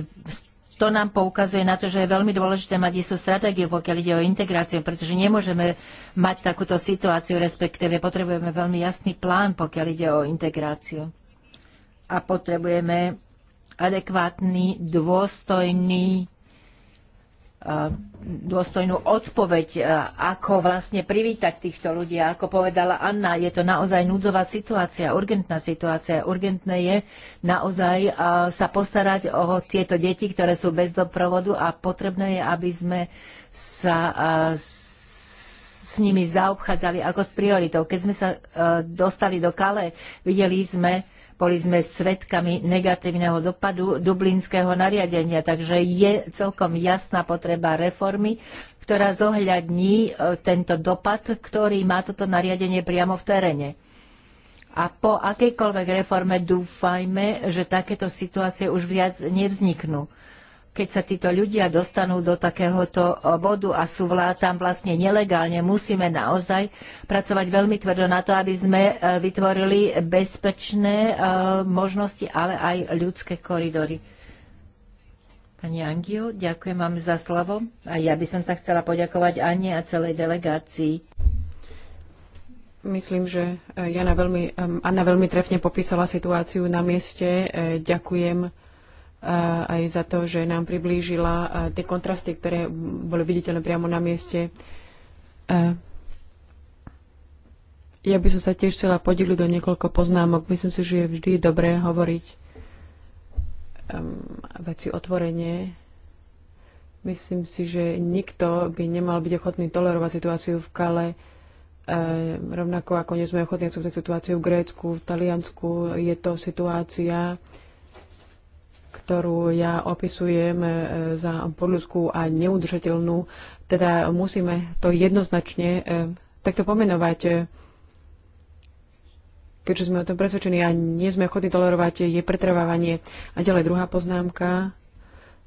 to nám poukazuje na to, že je veľmi dôležité mať istú stratégiu, pokiaľ ide o integráciu, pretože nemôžeme mať takúto situáciu, respektíve potrebujeme veľmi jasný plán, pokiaľ ide o integráciu a potrebujeme adekvátny, dôstojný e, dôstojnú odpoveď, e, ako vlastne privítať týchto ľudí. ako povedala Anna, je to naozaj núdzová situácia, urgentná situácia. Urgentné je naozaj e, sa postarať o tieto deti, ktoré sú bez doprovodu a potrebné je, aby sme sa s nimi zaobchádzali ako s prioritou. Keď sme sa dostali do Kale, videli sme, boli sme svedkami negatívneho dopadu dublinského nariadenia, takže je celkom jasná potreba reformy, ktorá zohľadní e, tento dopad, ktorý má toto nariadenie priamo v teréne. A po akejkoľvek reforme dúfajme, že takéto situácie už viac nevzniknú keď sa títo ľudia dostanú do takéhoto bodu a sú tam vlastne nelegálne, musíme naozaj pracovať veľmi tvrdo na to, aby sme e, vytvorili bezpečné e, možnosti, ale aj ľudské koridory. Pani Angio, ďakujem vám za slovo a ja by som sa chcela poďakovať Ani a celej delegácii. Myslím, že e, Jana veľmi, Anna veľmi trefne popísala situáciu na mieste. Ďakujem aj za to, že nám priblížila tie kontrasty, ktoré boli viditeľné priamo na mieste. Ja by som sa tiež chcela podeliť do niekoľko poznámok. Myslím si, že je vždy dobré hovoriť um, veci otvorenie. Myslím si, že nikto by nemal byť ochotný tolerovať situáciu v Kale, rovnako ako nie sme ochotní akceptovať situáciu v Grécku, v Taliansku. Je to situácia, ktorú ja opisujem e, za podľudskú a neudržateľnú, teda musíme to jednoznačne e, takto pomenovať, e, keďže sme o tom presvedčení a nie sme ochotní tolerovať je pretrvávanie. A ďalej druhá poznámka,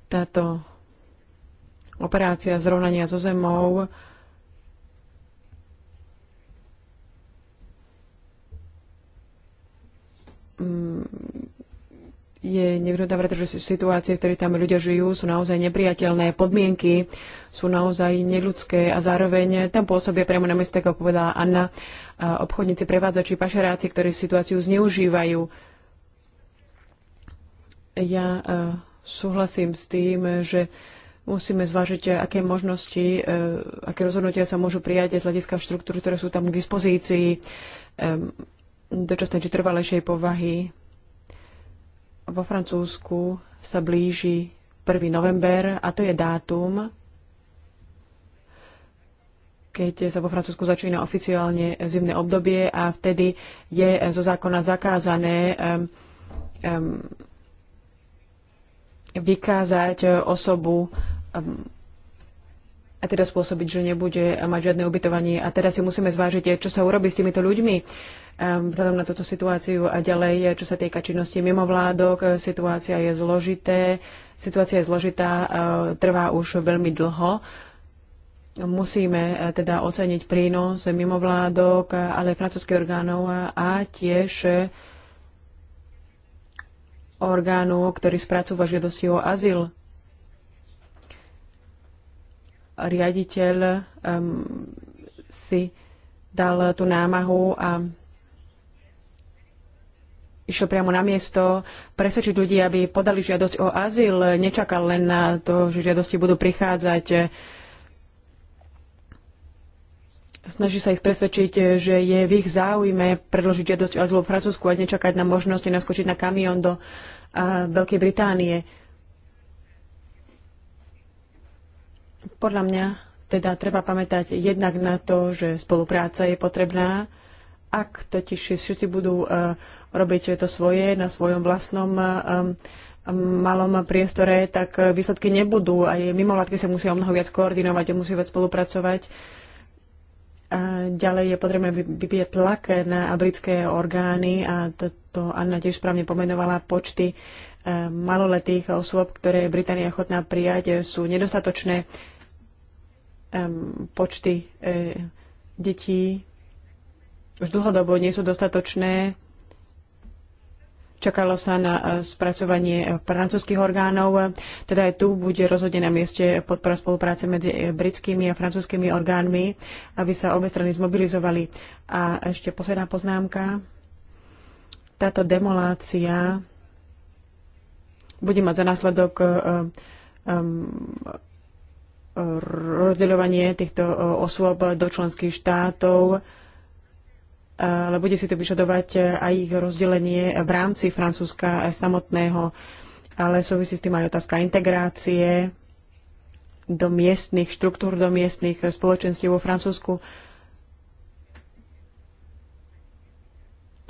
táto operácia zrovnania so zemou, mm, je nevyhnutná, pretože situácie, v ktorých tam ľudia žijú, sú naozaj nepriateľné, podmienky sú naozaj neľudské a zároveň tam pôsobia priamo na meste, ako povedala Anna, obchodníci, prevádzači, pašeráci, ktorí situáciu zneužívajú. Ja uh, súhlasím s tým, že musíme zvážiť, aké možnosti, uh, aké rozhodnutia sa môžu prijať z hľadiska štruktúr, ktoré sú tam k dispozícii, um, dočasnej či trvalejšej povahy vo Francúzsku sa blíži 1. november a to je dátum, keď sa vo Francúzsku začína oficiálne zimné obdobie a vtedy je zo zákona zakázané um, um, vykázať osobu um, a teda spôsobiť, že nebude mať žiadne ubytovanie. A teraz si musíme zvážiť, čo sa urobí s týmito ľuďmi um, vzhľadom na túto situáciu a ďalej, čo sa týka činnosti mimo vládok. Situácia je zložité, situácia je zložitá, uh, trvá už veľmi dlho. Musíme uh, teda oceniť prínos mimovládok, uh, ale francúzských orgánov a tiež orgánu, ktorý spracúva žiadosti o azyl riaditeľ um, si dal tú námahu a išiel priamo na miesto presvedčiť ľudí, aby podali žiadosť o azyl, nečakal len na to, že žiadosti budú prichádzať. Snaží sa ich presvedčiť, že je v ich záujme predložiť žiadosť o azyl v Francúzsku a nečakať na možnosť naskočiť na kamión do eh, Veľkej Británie. Podľa mňa teda treba pamätať jednak na to, že spolupráca je potrebná. Ak totiž všetci budú e, robiť to svoje na svojom vlastnom e, e, malom priestore, tak výsledky nebudú. Aj mimovládky sa musia o mnoho viac koordinovať a musia viac spolupracovať. A ďalej je potrebné vypieť tlak na britské orgány a to, to Anna tiež správne pomenovala počty maloletých osôb, ktoré Británia je ochotná prijať, sú nedostatočné počty e, detí už dlhodobo nie sú dostatočné. Čakalo sa na e, spracovanie e, francúzských orgánov, teda aj tu bude rozhodne na mieste podpora spolupráce medzi britskými a francúzskými orgánmi, aby sa obe strany zmobilizovali. A ešte posledná poznámka. Táto demolácia bude mať za následok um, rozdeľovanie týchto e, osôb do členských štátov, e, ale bude si to vyžadovať e, aj ich rozdelenie v rámci Francúzska samotného, ale súvisí s tým aj otázka integrácie do miestnych štruktúr, do miestnych spoločenstiev vo Francúzsku.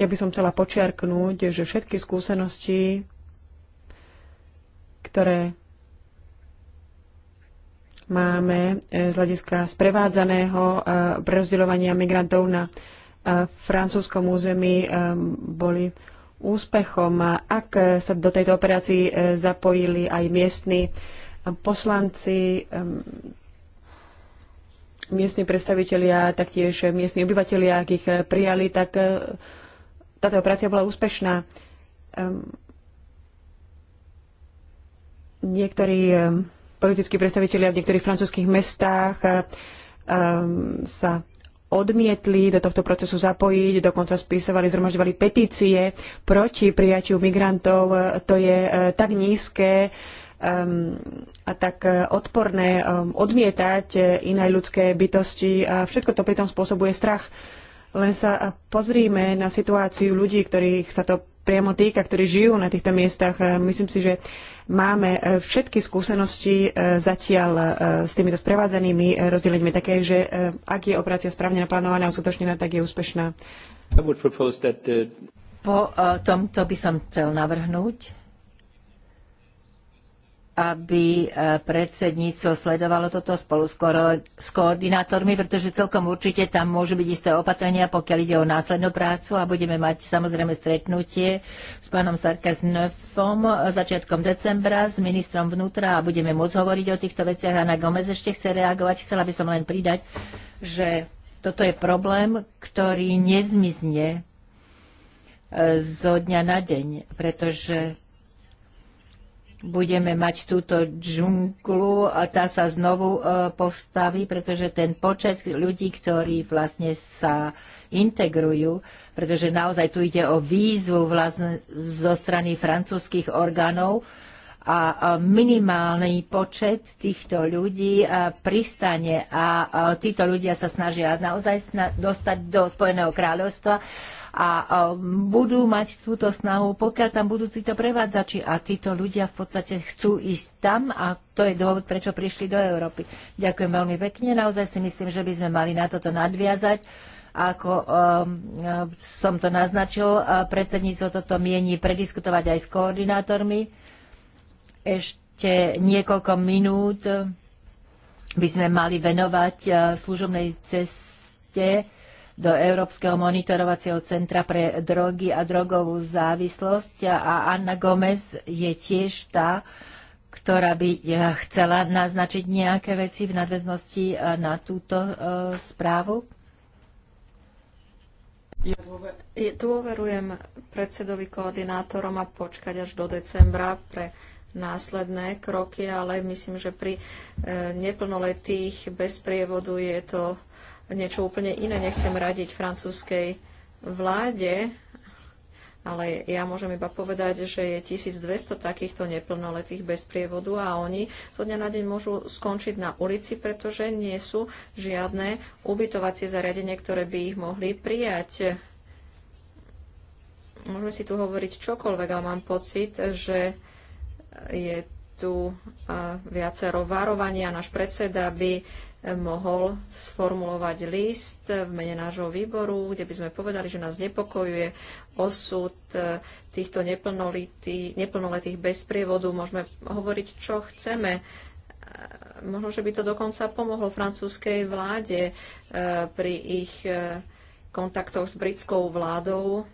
Ja by som chcela počiarknúť, že všetky skúsenosti, ktoré máme e, z hľadiska sprevádzaného e, prerozdeľovania migrantov na e, francúzskom území boli úspechom. Ak sa do tejto operácii zapojili aj miestni poslanci, miestni predstavitelia, taktiež miestni obyvateľia, ak ich prijali, tak táto operácia bola úspešná. Niektorí politickí predstavitelia v niektorých francúzských mestách eh, ehm, sa odmietli do tohto procesu zapojiť, dokonca spisovali, zhromažďovali petície proti prijatiu migrantov. Eh, to je eh, tak nízke ehm, a tak odporné ehm, odmietať iné ľudské bytosti a všetko to pritom spôsobuje strach. Len sa pozrime na situáciu ľudí, ktorých sa to priamo týka, ktorí žijú na týchto miestach. Myslím si, že Máme e, všetky skúsenosti e, zatiaľ e, s týmito sprevádzanými rozdeleniami také, že ak je operácia správne naplánovaná a uskutočnená, tak je úspešná. Uh, po tomto by som chcel navrhnúť, aby e, predsedníctvo sledovalo toto spolu s koordinátormi, pretože celkom určite tam môžu byť isté opatrenia, pokiaľ ide o následnú prácu a budeme mať samozrejme stretnutie s pánom Sarkaznevom e, začiatkom decembra s ministrom vnútra a budeme môcť hovoriť o týchto veciach. Ana Gomez ešte chce reagovať. Chcela by som len pridať, že toto je problém, ktorý nezmizne e, zo dňa na deň, pretože budeme mať túto džunglu a tá sa znovu e, postaví, pretože ten počet ľudí, ktorí vlastne sa integrujú, pretože naozaj tu ide o výzvu vlastne zo strany francúzských orgánov, a minimálny počet týchto ľudí e, pristane a títo ľudia sa snažia naozaj dostať do Spojeného kráľovstva a budú mať túto snahu, pokiaľ tam budú títo prevádzači a títo ľudia v podstate chcú ísť tam a to je dôvod, prečo prišli do Európy. Ďakujem veľmi pekne, naozaj si myslím, že by sme mali na toto nadviazať ako um, som to naznačil, predsedníctvo toto mieni prediskutovať aj s koordinátormi ešte niekoľko minút by sme mali venovať e, služobnej ceste do Európskeho monitorovacieho centra pre drogy a drogovú závislosť a Anna Gomez je tiež tá, ktorá by e, chcela naznačiť nejaké veci v nadväznosti e, na túto správu. Ja dôverujem predsedovi koordinátorom a počkať až do decembra pre následné kroky, ale myslím, že pri e, neplnoletých bez prievodu je to niečo úplne iné. Nechcem radiť francúzskej vláde, ale ja môžem iba povedať, že je 1200 takýchto neplnoletých bez prievodu a oni zo dňa na deň môžu skončiť na ulici, pretože nie sú žiadne ubytovacie zariadenie, ktoré by ich mohli prijať. Môžeme si tu hovoriť čokoľvek, ale mám pocit, že je tu viacero varovania. Náš predseda by e, mohol sformulovať list v mene nášho výboru, kde by sme povedali, že nás nepokojuje osud e, týchto neplnoletých bez prievodu. Môžeme hovoriť, čo chceme. E, možno, že by to dokonca pomohlo francúzskej vláde pri ich kontaktoch s britskou vládou.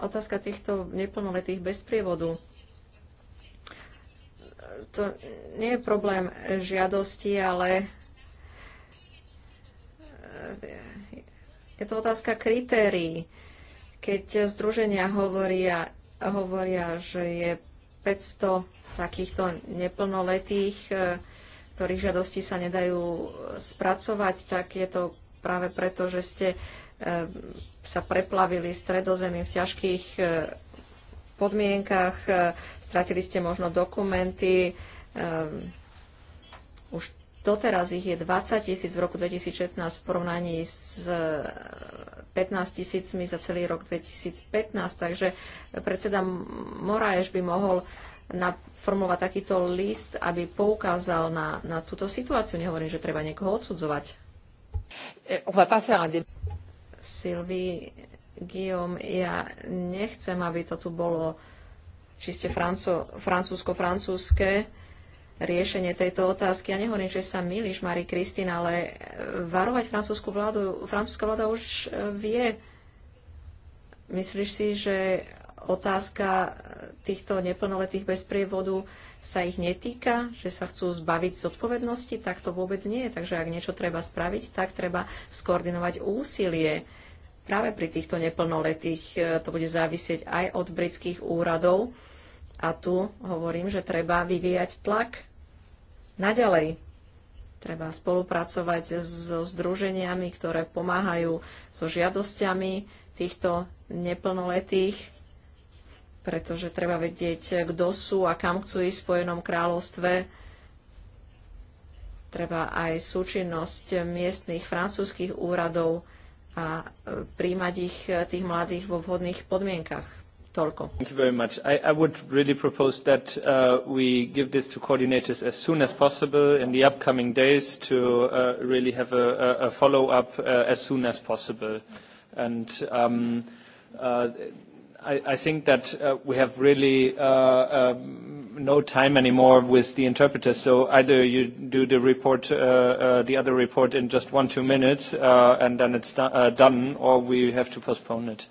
Otázka týchto neplnoletých bez prievodu to nie je problém žiadosti, ale eh, je to otázka kritérií. Keď združenia hovoria, hovoria že je 500 takýchto neplnoletých, eh, ktorých žiadosti sa nedajú eh, spracovať, tak je to práve preto, že ste sa preplavili stredozemím v ťažkých podmienkach, Stratili ste možno dokumenty, um, už doteraz ich je 20 tisíc v roku 2016 v porovnaní s 15 e, tisícmi za celý rok 2015, takže predseda Moraeš by mohol formovať takýto list, aby poukázal na, na túto situáciu. Nehovorím, že treba niekoho odsudzovať. E, Sylvie, Guillaume, ja nechcem, aby to tu bolo čiste francúzsko-francúzske riešenie tejto otázky. Ja nehovorím, že sa milíš, Marie Kristín, ale e, varovať francúzsku vládu, francúzska vláda už e, vie. Myslíš si, že otázka týchto neplnoletých bez prievodu sa ich netýka, že sa chcú zbaviť zodpovednosti, tak to vôbec nie. Takže ak niečo treba spraviť, tak treba skoordinovať úsilie práve pri týchto neplnoletých. E, to bude závisieť aj od britských úradov a tu hovorím, že treba vyvíjať tlak naďalej. Treba spolupracovať so združeniami, ktoré pomáhajú so žiadosťami týchto neplnoletých, pretože treba vedieť, kto sú a kam chcú ísť v Spojenom kráľovstve. Treba aj súčinnosť miestných francúzskych úradov a e, príjmať ich, e, tých mladých vo vhodných podmienkach. Toľko. Thank you very much. I, I would really propose that uh, we give this to coordinators as soon as possible in the upcoming days to uh, really have a, a follow-up uh, as soon as possible. And um, uh, i, I think that uh, we have really uh, um, no time anymore with the interpreters. So either you do the report, uh, uh, the other report in just one, two minutes, uh, and then it's do uh, done, or we have to postpone it.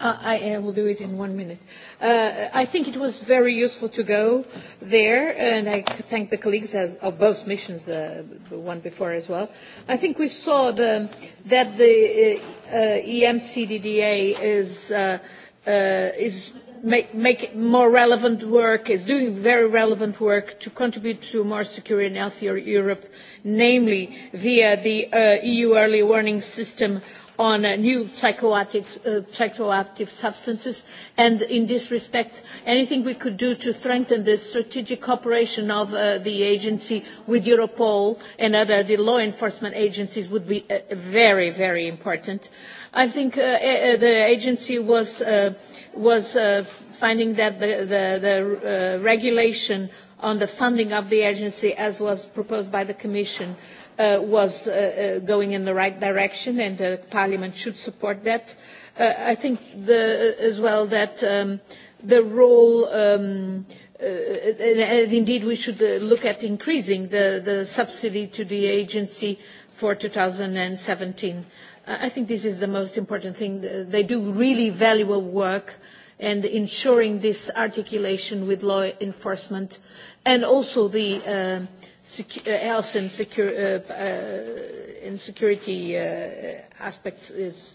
Uh, I, I will do it in one minute. Uh, I think it was very useful to go there, and I thank the colleagues as, of both missions, the, the one before as well. I think we saw the, that the uh, EMCDDA is, uh, uh, is make, make more relevant work, is doing very relevant work to contribute to a more secure and healthier Europe, namely via the uh, EU early warning system on uh, new psychoactive, uh, psychoactive substances. And in this respect, anything we could do to strengthen the strategic cooperation of uh, the agency with Europol and other the law enforcement agencies would be uh, very, very important. I think uh, uh the agency was, uh, was uh, finding that the, the, the uh, regulation on the funding of the agency, as was proposed by the Commission, uh, uh, was uh, uh, going in the right direction, and the uh, Parliament should support that. Uh, I think the, uh, as well that um, the role, um, uh, and, indeed we should look at increasing the, the subsidy to the agency for 2017. I think this is the most important thing. They do really valuable work uh, and ensuring this articulation with law enforcement and also the uh, uh health and, uh, uh, and security uh, aspects is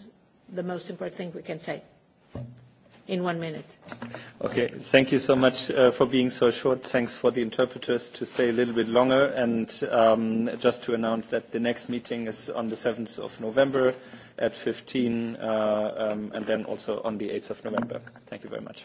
the most important thing we can say in one minute. Okay, thank you so much uh, for being so short. Thanks for the interpreters to stay a little bit longer. And um, just to announce that the next meeting is on the 7th of November at 15, uh, um, and then also on the 8th of November. Thank you very much.